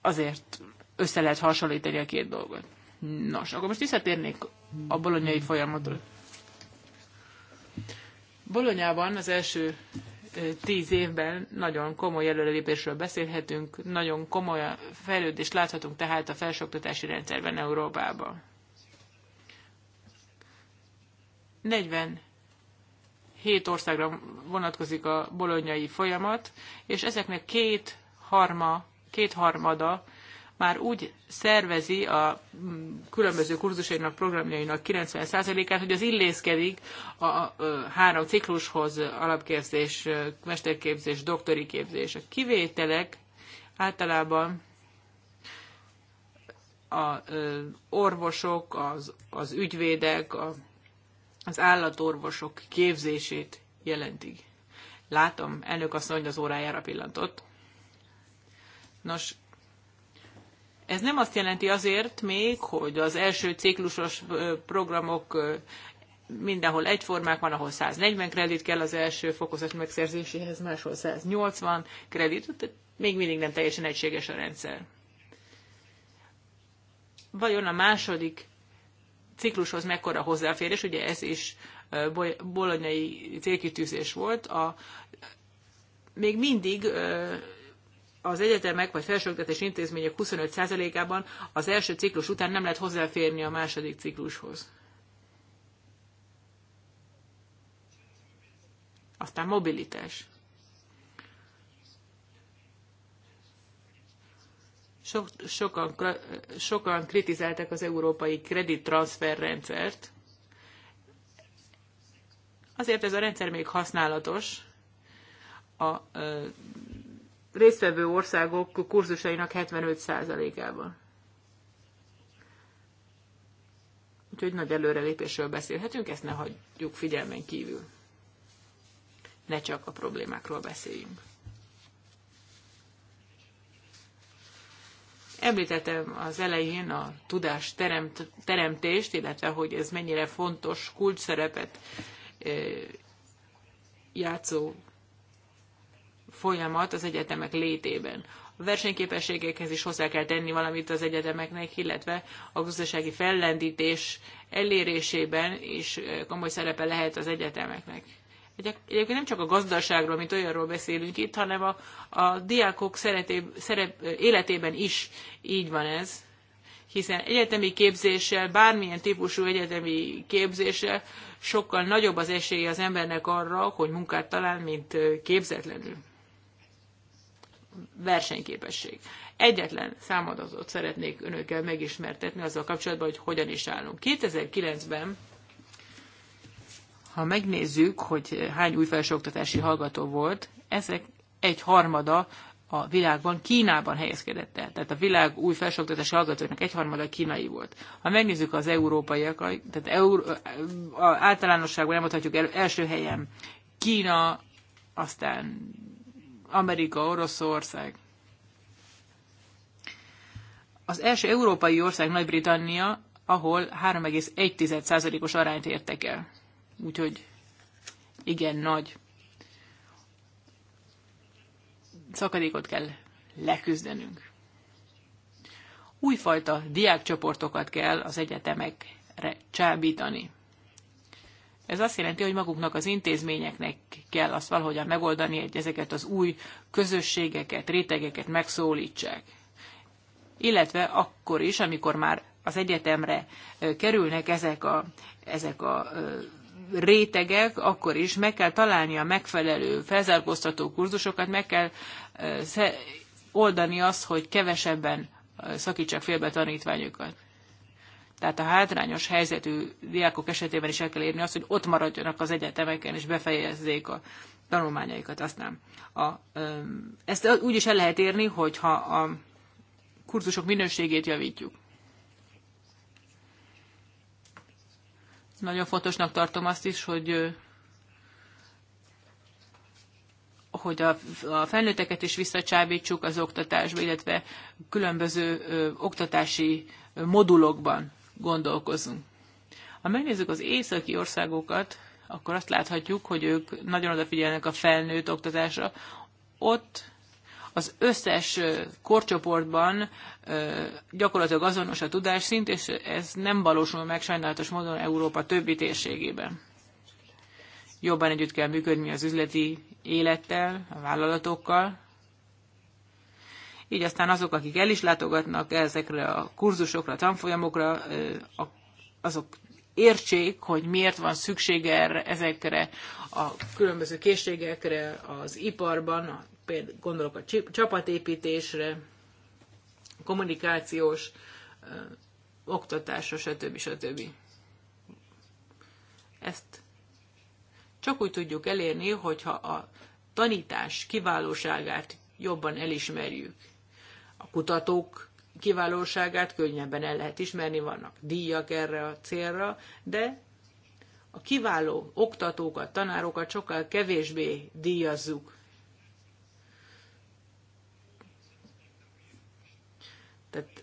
azért össze lehet hasonlítani a két dolgot. Nos, akkor most visszatérnék a bolonyai folyamatot. Bolonyában az első tíz évben nagyon komoly előrelépésről beszélhetünk, nagyon komoly fejlődést láthatunk tehát a felsőoktatási rendszerben Európában. 47 országra vonatkozik a bolonyai folyamat, és ezeknek két, harma, két harmada már úgy szervezi a mm, különböző kurzusainak, programjainak 90%-át, hogy az illészkedik a három ciklushoz, alapképzés, mesterképzés, doktori képzés. A kivételek általában a orvosok, az, az ügyvédek, a, az állatorvosok képzését jelentik. Látom, elnök asszony az órájára pillantott. Nos, ez nem azt jelenti azért még, hogy az első ciklusos programok mindenhol egyformák van, ahol 140 kredit kell az első fokozat megszerzéséhez, máshol 180 kredit, tehát még mindig nem teljesen egységes a rendszer. Vajon a második ciklushoz mekkora hozzáférés, ugye ez is bolonyai célkitűzés volt, a, még mindig az egyetemek vagy felsőoktatási intézmények 25%-ában az első ciklus után nem lehet hozzáférni a második ciklushoz. Aztán mobilitás. Sok, sokan, sokan kritizálták az európai kredittranszfer rendszert. Azért ez a rendszer még használatos, a résztvevő országok kurzusainak 75%-ában. Úgyhogy nagy előrelépésről beszélhetünk, ezt ne hagyjuk figyelmen kívül. Ne csak a problémákról beszéljünk. Említettem az elején a tudás teremt, teremtést, illetve hogy ez mennyire fontos kulcs szerepet játszó folyamat az egyetemek létében. A versenyképességekhez is hozzá kell tenni valamit az egyetemeknek, illetve a gazdasági fellendítés elérésében is komoly szerepe lehet az egyetemeknek. Egyébként nem csak a gazdaságról, mint olyanról beszélünk itt, hanem a, a diákok szereté, szerep, életében is így van ez, hiszen egyetemi képzéssel, bármilyen típusú egyetemi képzéssel sokkal nagyobb az esélye az embernek arra, hogy munkát talál, mint képzetlenül versenyképesség. Egyetlen számadatot szeretnék önökkel megismertetni azzal kapcsolatban, hogy hogyan is állunk. 2009-ben, ha megnézzük, hogy hány új felsőoktatási hallgató volt, ezek egy harmada a világban Kínában helyezkedett el. Tehát a világ új felsőoktatási hallgatóknak egyharmada kínai volt. Ha megnézzük az európaiak, tehát eur, általánosságban elmondhatjuk el, első helyen Kína, aztán Amerika, Oroszország. Az első európai ország Nagy-Britannia, ahol 3,1%-os arányt értek el. Úgyhogy igen nagy szakadékot kell leküzdenünk. Újfajta diákcsoportokat kell az egyetemekre csábítani. Ez azt jelenti, hogy maguknak az intézményeknek kell azt valahogyan megoldani, hogy ezeket az új közösségeket, rétegeket megszólítsák. Illetve akkor is, amikor már az egyetemre kerülnek ezek a, ezek a rétegek, akkor is meg kell találni a megfelelő felzárkóztató kurzusokat, meg kell oldani azt, hogy kevesebben szakítsák félbe tanítványokat tehát a hátrányos helyzetű diákok esetében is el kell érni azt, hogy ott maradjanak az egyetemeken, és befejezzék a tanulmányaikat aztán. A, ezt úgy is el lehet érni, hogyha a kurzusok minőségét javítjuk. Nagyon fontosnak tartom azt is, hogy hogy a, a felnőtteket is visszacsábítsuk az oktatásba, illetve különböző ö, oktatási modulokban gondolkozunk. Ha megnézzük az északi országokat, akkor azt láthatjuk, hogy ők nagyon odafigyelnek a felnőtt oktatásra. Ott az összes korcsoportban gyakorlatilag azonos a tudásszint, és ez nem valósul meg sajnálatos módon Európa többi térségében. Jobban együtt kell működni az üzleti élettel, a vállalatokkal, így aztán azok, akik el is látogatnak ezekre a kurzusokra, a tanfolyamokra, azok értsék, hogy miért van szüksége erre, ezekre a különböző készségekre az iparban, például gondolok a csapatépítésre, kommunikációs, oktatásra, stb. stb. Ezt csak úgy tudjuk elérni, hogyha a tanítás kiválóságát jobban elismerjük a kutatók kiválóságát könnyebben el lehet ismerni, vannak díjak erre a célra, de a kiváló oktatókat, tanárokat sokkal kevésbé díjazzuk. Tehát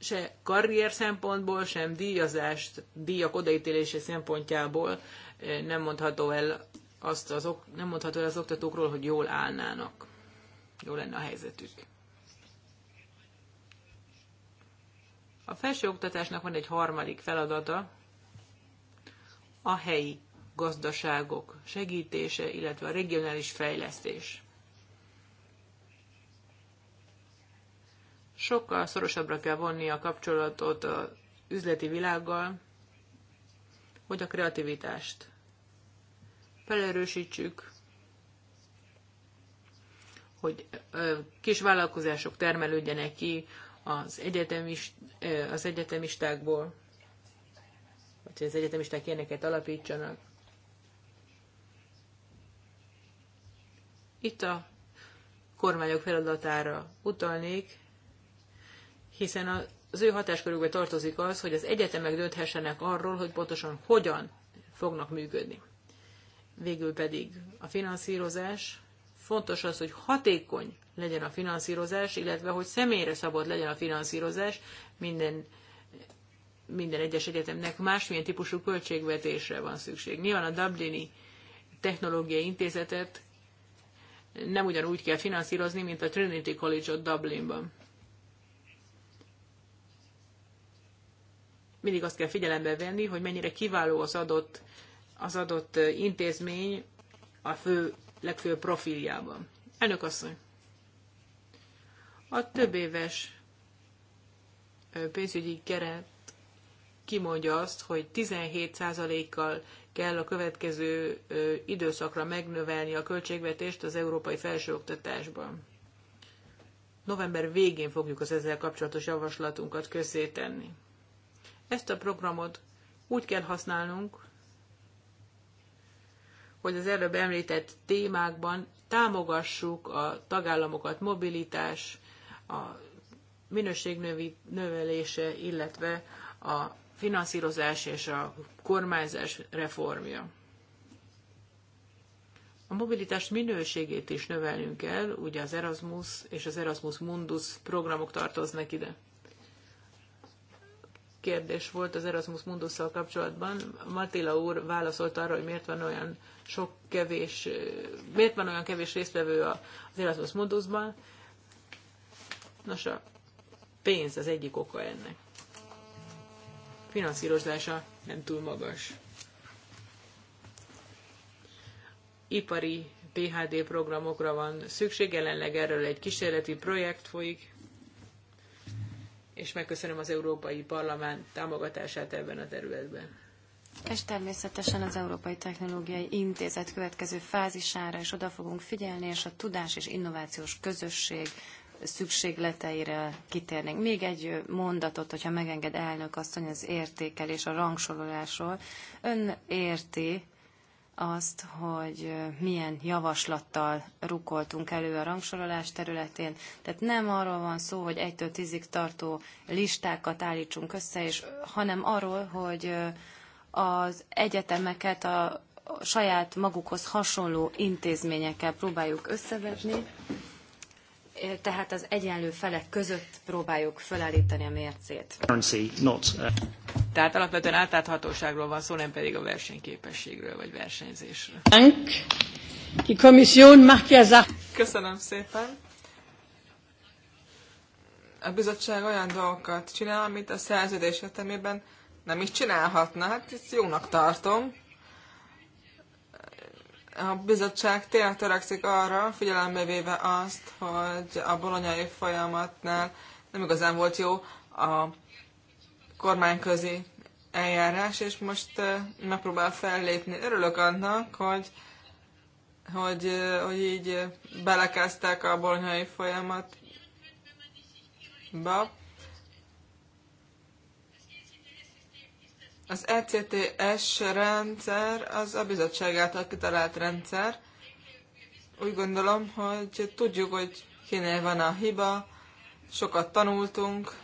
se karrier szempontból, sem díjazást, díjak odaítélése szempontjából eh, nem mondható el azt az, nem mondható el az oktatókról, hogy jól állnának jó lenne a helyzetük. A felsőoktatásnak van egy harmadik feladata, a helyi gazdaságok segítése, illetve a regionális fejlesztés. Sokkal szorosabbra kell vonni a kapcsolatot az üzleti világgal, hogy a kreativitást felerősítsük, hogy kis vállalkozások termelődjenek ki az, egyetemis, az egyetemistákból, vagy hogy az egyetemisták ilyeneket alapítsanak. Itt a kormányok feladatára utalnék, hiszen az ő hatáskörükbe tartozik az, hogy az egyetemek dönthessenek arról, hogy pontosan hogyan fognak működni. Végül pedig a finanszírozás, Fontos az, hogy hatékony legyen a finanszírozás, illetve hogy személyre szabott legyen a finanszírozás minden, minden egyes egyetemnek másmilyen típusú költségvetésre van szükség. Nyilván a Dublini Technológiai Intézetet nem ugyanúgy kell finanszírozni, mint a Trinity College-ot Dublinban. Mindig azt kell figyelembe venni, hogy mennyire kiváló az adott, az adott intézmény a fő legfőbb profiljában. Elnök asszony, a több éves pénzügyi keret kimondja azt, hogy 17%-kal kell a következő időszakra megnövelni a költségvetést az európai felsőoktatásban. November végén fogjuk az ezzel kapcsolatos javaslatunkat közzétenni. Ezt a programot úgy kell használnunk, hogy az előbb említett témákban támogassuk a tagállamokat, mobilitás, a minőség növelése, illetve a finanszírozás és a kormányzás reformja. A mobilitás minőségét is növelnünk kell, ugye az Erasmus és az Erasmus Mundus programok tartoznak ide kérdés volt az Erasmus mundus kapcsolatban. Matila úr válaszolt arra, hogy miért van olyan sok kevés, miért van olyan kevés résztvevő az Erasmus Mundusban. Nos, a pénz az egyik oka ennek. Finanszírozása nem túl magas. Ipari PHD programokra van szükség, jelenleg erről egy kísérleti projekt folyik, és megköszönöm az Európai Parlament támogatását ebben a területben. És természetesen az Európai Technológiai Intézet következő fázisára is oda fogunk figyelni, és a tudás és innovációs közösség szükségleteire kitérnénk. Még egy mondatot, hogyha megenged elnök asszony az értékelés, a rangsorolásról. Ön érti, azt, hogy milyen javaslattal rukoltunk elő a rangsorolás területén. Tehát nem arról van szó, hogy egytől tízig tartó listákat állítsunk össze, és, hanem arról, hogy az egyetemeket a saját magukhoz hasonló intézményekkel próbáljuk összevetni tehát az egyenlő felek között próbáljuk felállítani a mércét. Uh, tehát alapvetően átláthatóságról van szó, nem pedig a versenyképességről vagy versenyzésről. Köszönöm szépen. A bizottság olyan dolgokat csinál, amit a szerződés nem is csinálhatna. Hát ezt jónak tartom a bizottság tényleg törekszik arra, figyelembe véve azt, hogy a bolonyai folyamatnál nem igazán volt jó a kormányközi eljárás, és most megpróbál fellépni. Örülök annak, hogy, hogy, hogy így belekezdtek a bolonyai folyamatba. Az ECTS rendszer az a bizottság által kitalált rendszer. Úgy gondolom, hogy tudjuk, hogy kinél van a hiba, sokat tanultunk.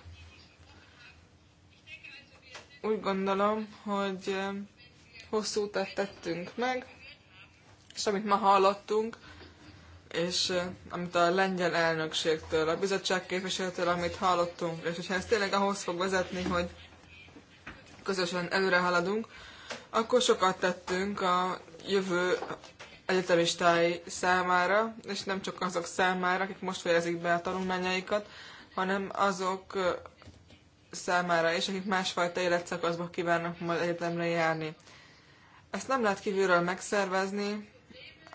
Úgy gondolom, hogy eh, hosszú utat tettünk meg, és amit ma hallottunk, és eh, amit a lengyel elnökségtől, a bizottság képviselőtől, amit hallottunk, és hogyha ez tényleg ahhoz fog vezetni, hogy közösen előre haladunk, akkor sokat tettünk a jövő egyetemistái számára, és nem csak azok számára, akik most fejezik be a tanulmányaikat, hanem azok számára is, akik másfajta életszakaszba kívánnak majd egyetemre járni. Ezt nem lehet kívülről megszervezni,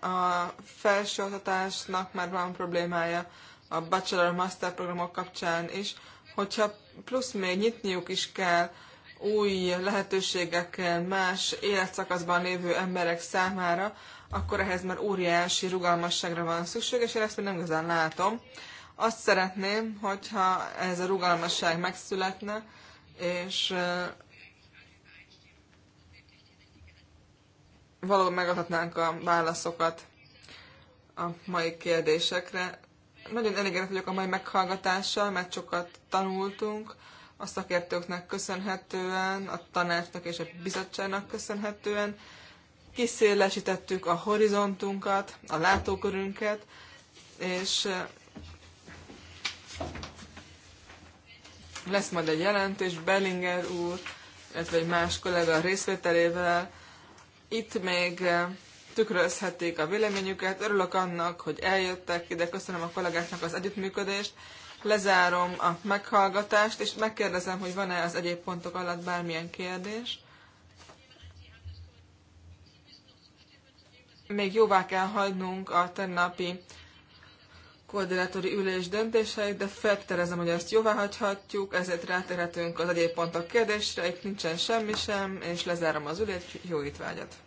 a felsőoktatásnak már van problémája a bachelor-master programok kapcsán is, hogyha plusz még nyitniuk is kell új lehetőségekkel más életszakaszban lévő emberek számára, akkor ehhez már óriási rugalmasságra van szükség, és én ezt még nem igazán látom. Azt szeretném, hogyha ez a rugalmasság megszületne, és valóban megadhatnánk a válaszokat a mai kérdésekre. Nagyon elégedett vagyok a mai meghallgatással, mert sokat tanultunk, a szakértőknek köszönhetően, a tanácsnak és a bizottságnak köszönhetően. Kiszélesítettük a horizontunkat, a látókörünket, és eh, lesz majd egy jelentés Bellinger úr, illetve egy más kollega részvételével. Itt még eh, tükrözhetik a véleményüket. Örülök annak, hogy eljöttek ide, köszönöm a kollégáknak az együttműködést, lezárom a meghallgatást, és megkérdezem, hogy van-e az egyéb pontok alatt bármilyen kérdés. Még jóvá kell hagynunk a tennapi koordinátori ülés döntéseit, de feltételezem, hogy ezt jóvá hagyhatjuk, ezért rátérhetünk az egyéb pontok kérdésre, itt nincsen semmi sem, és lezárom az ülést, jó étvágyat!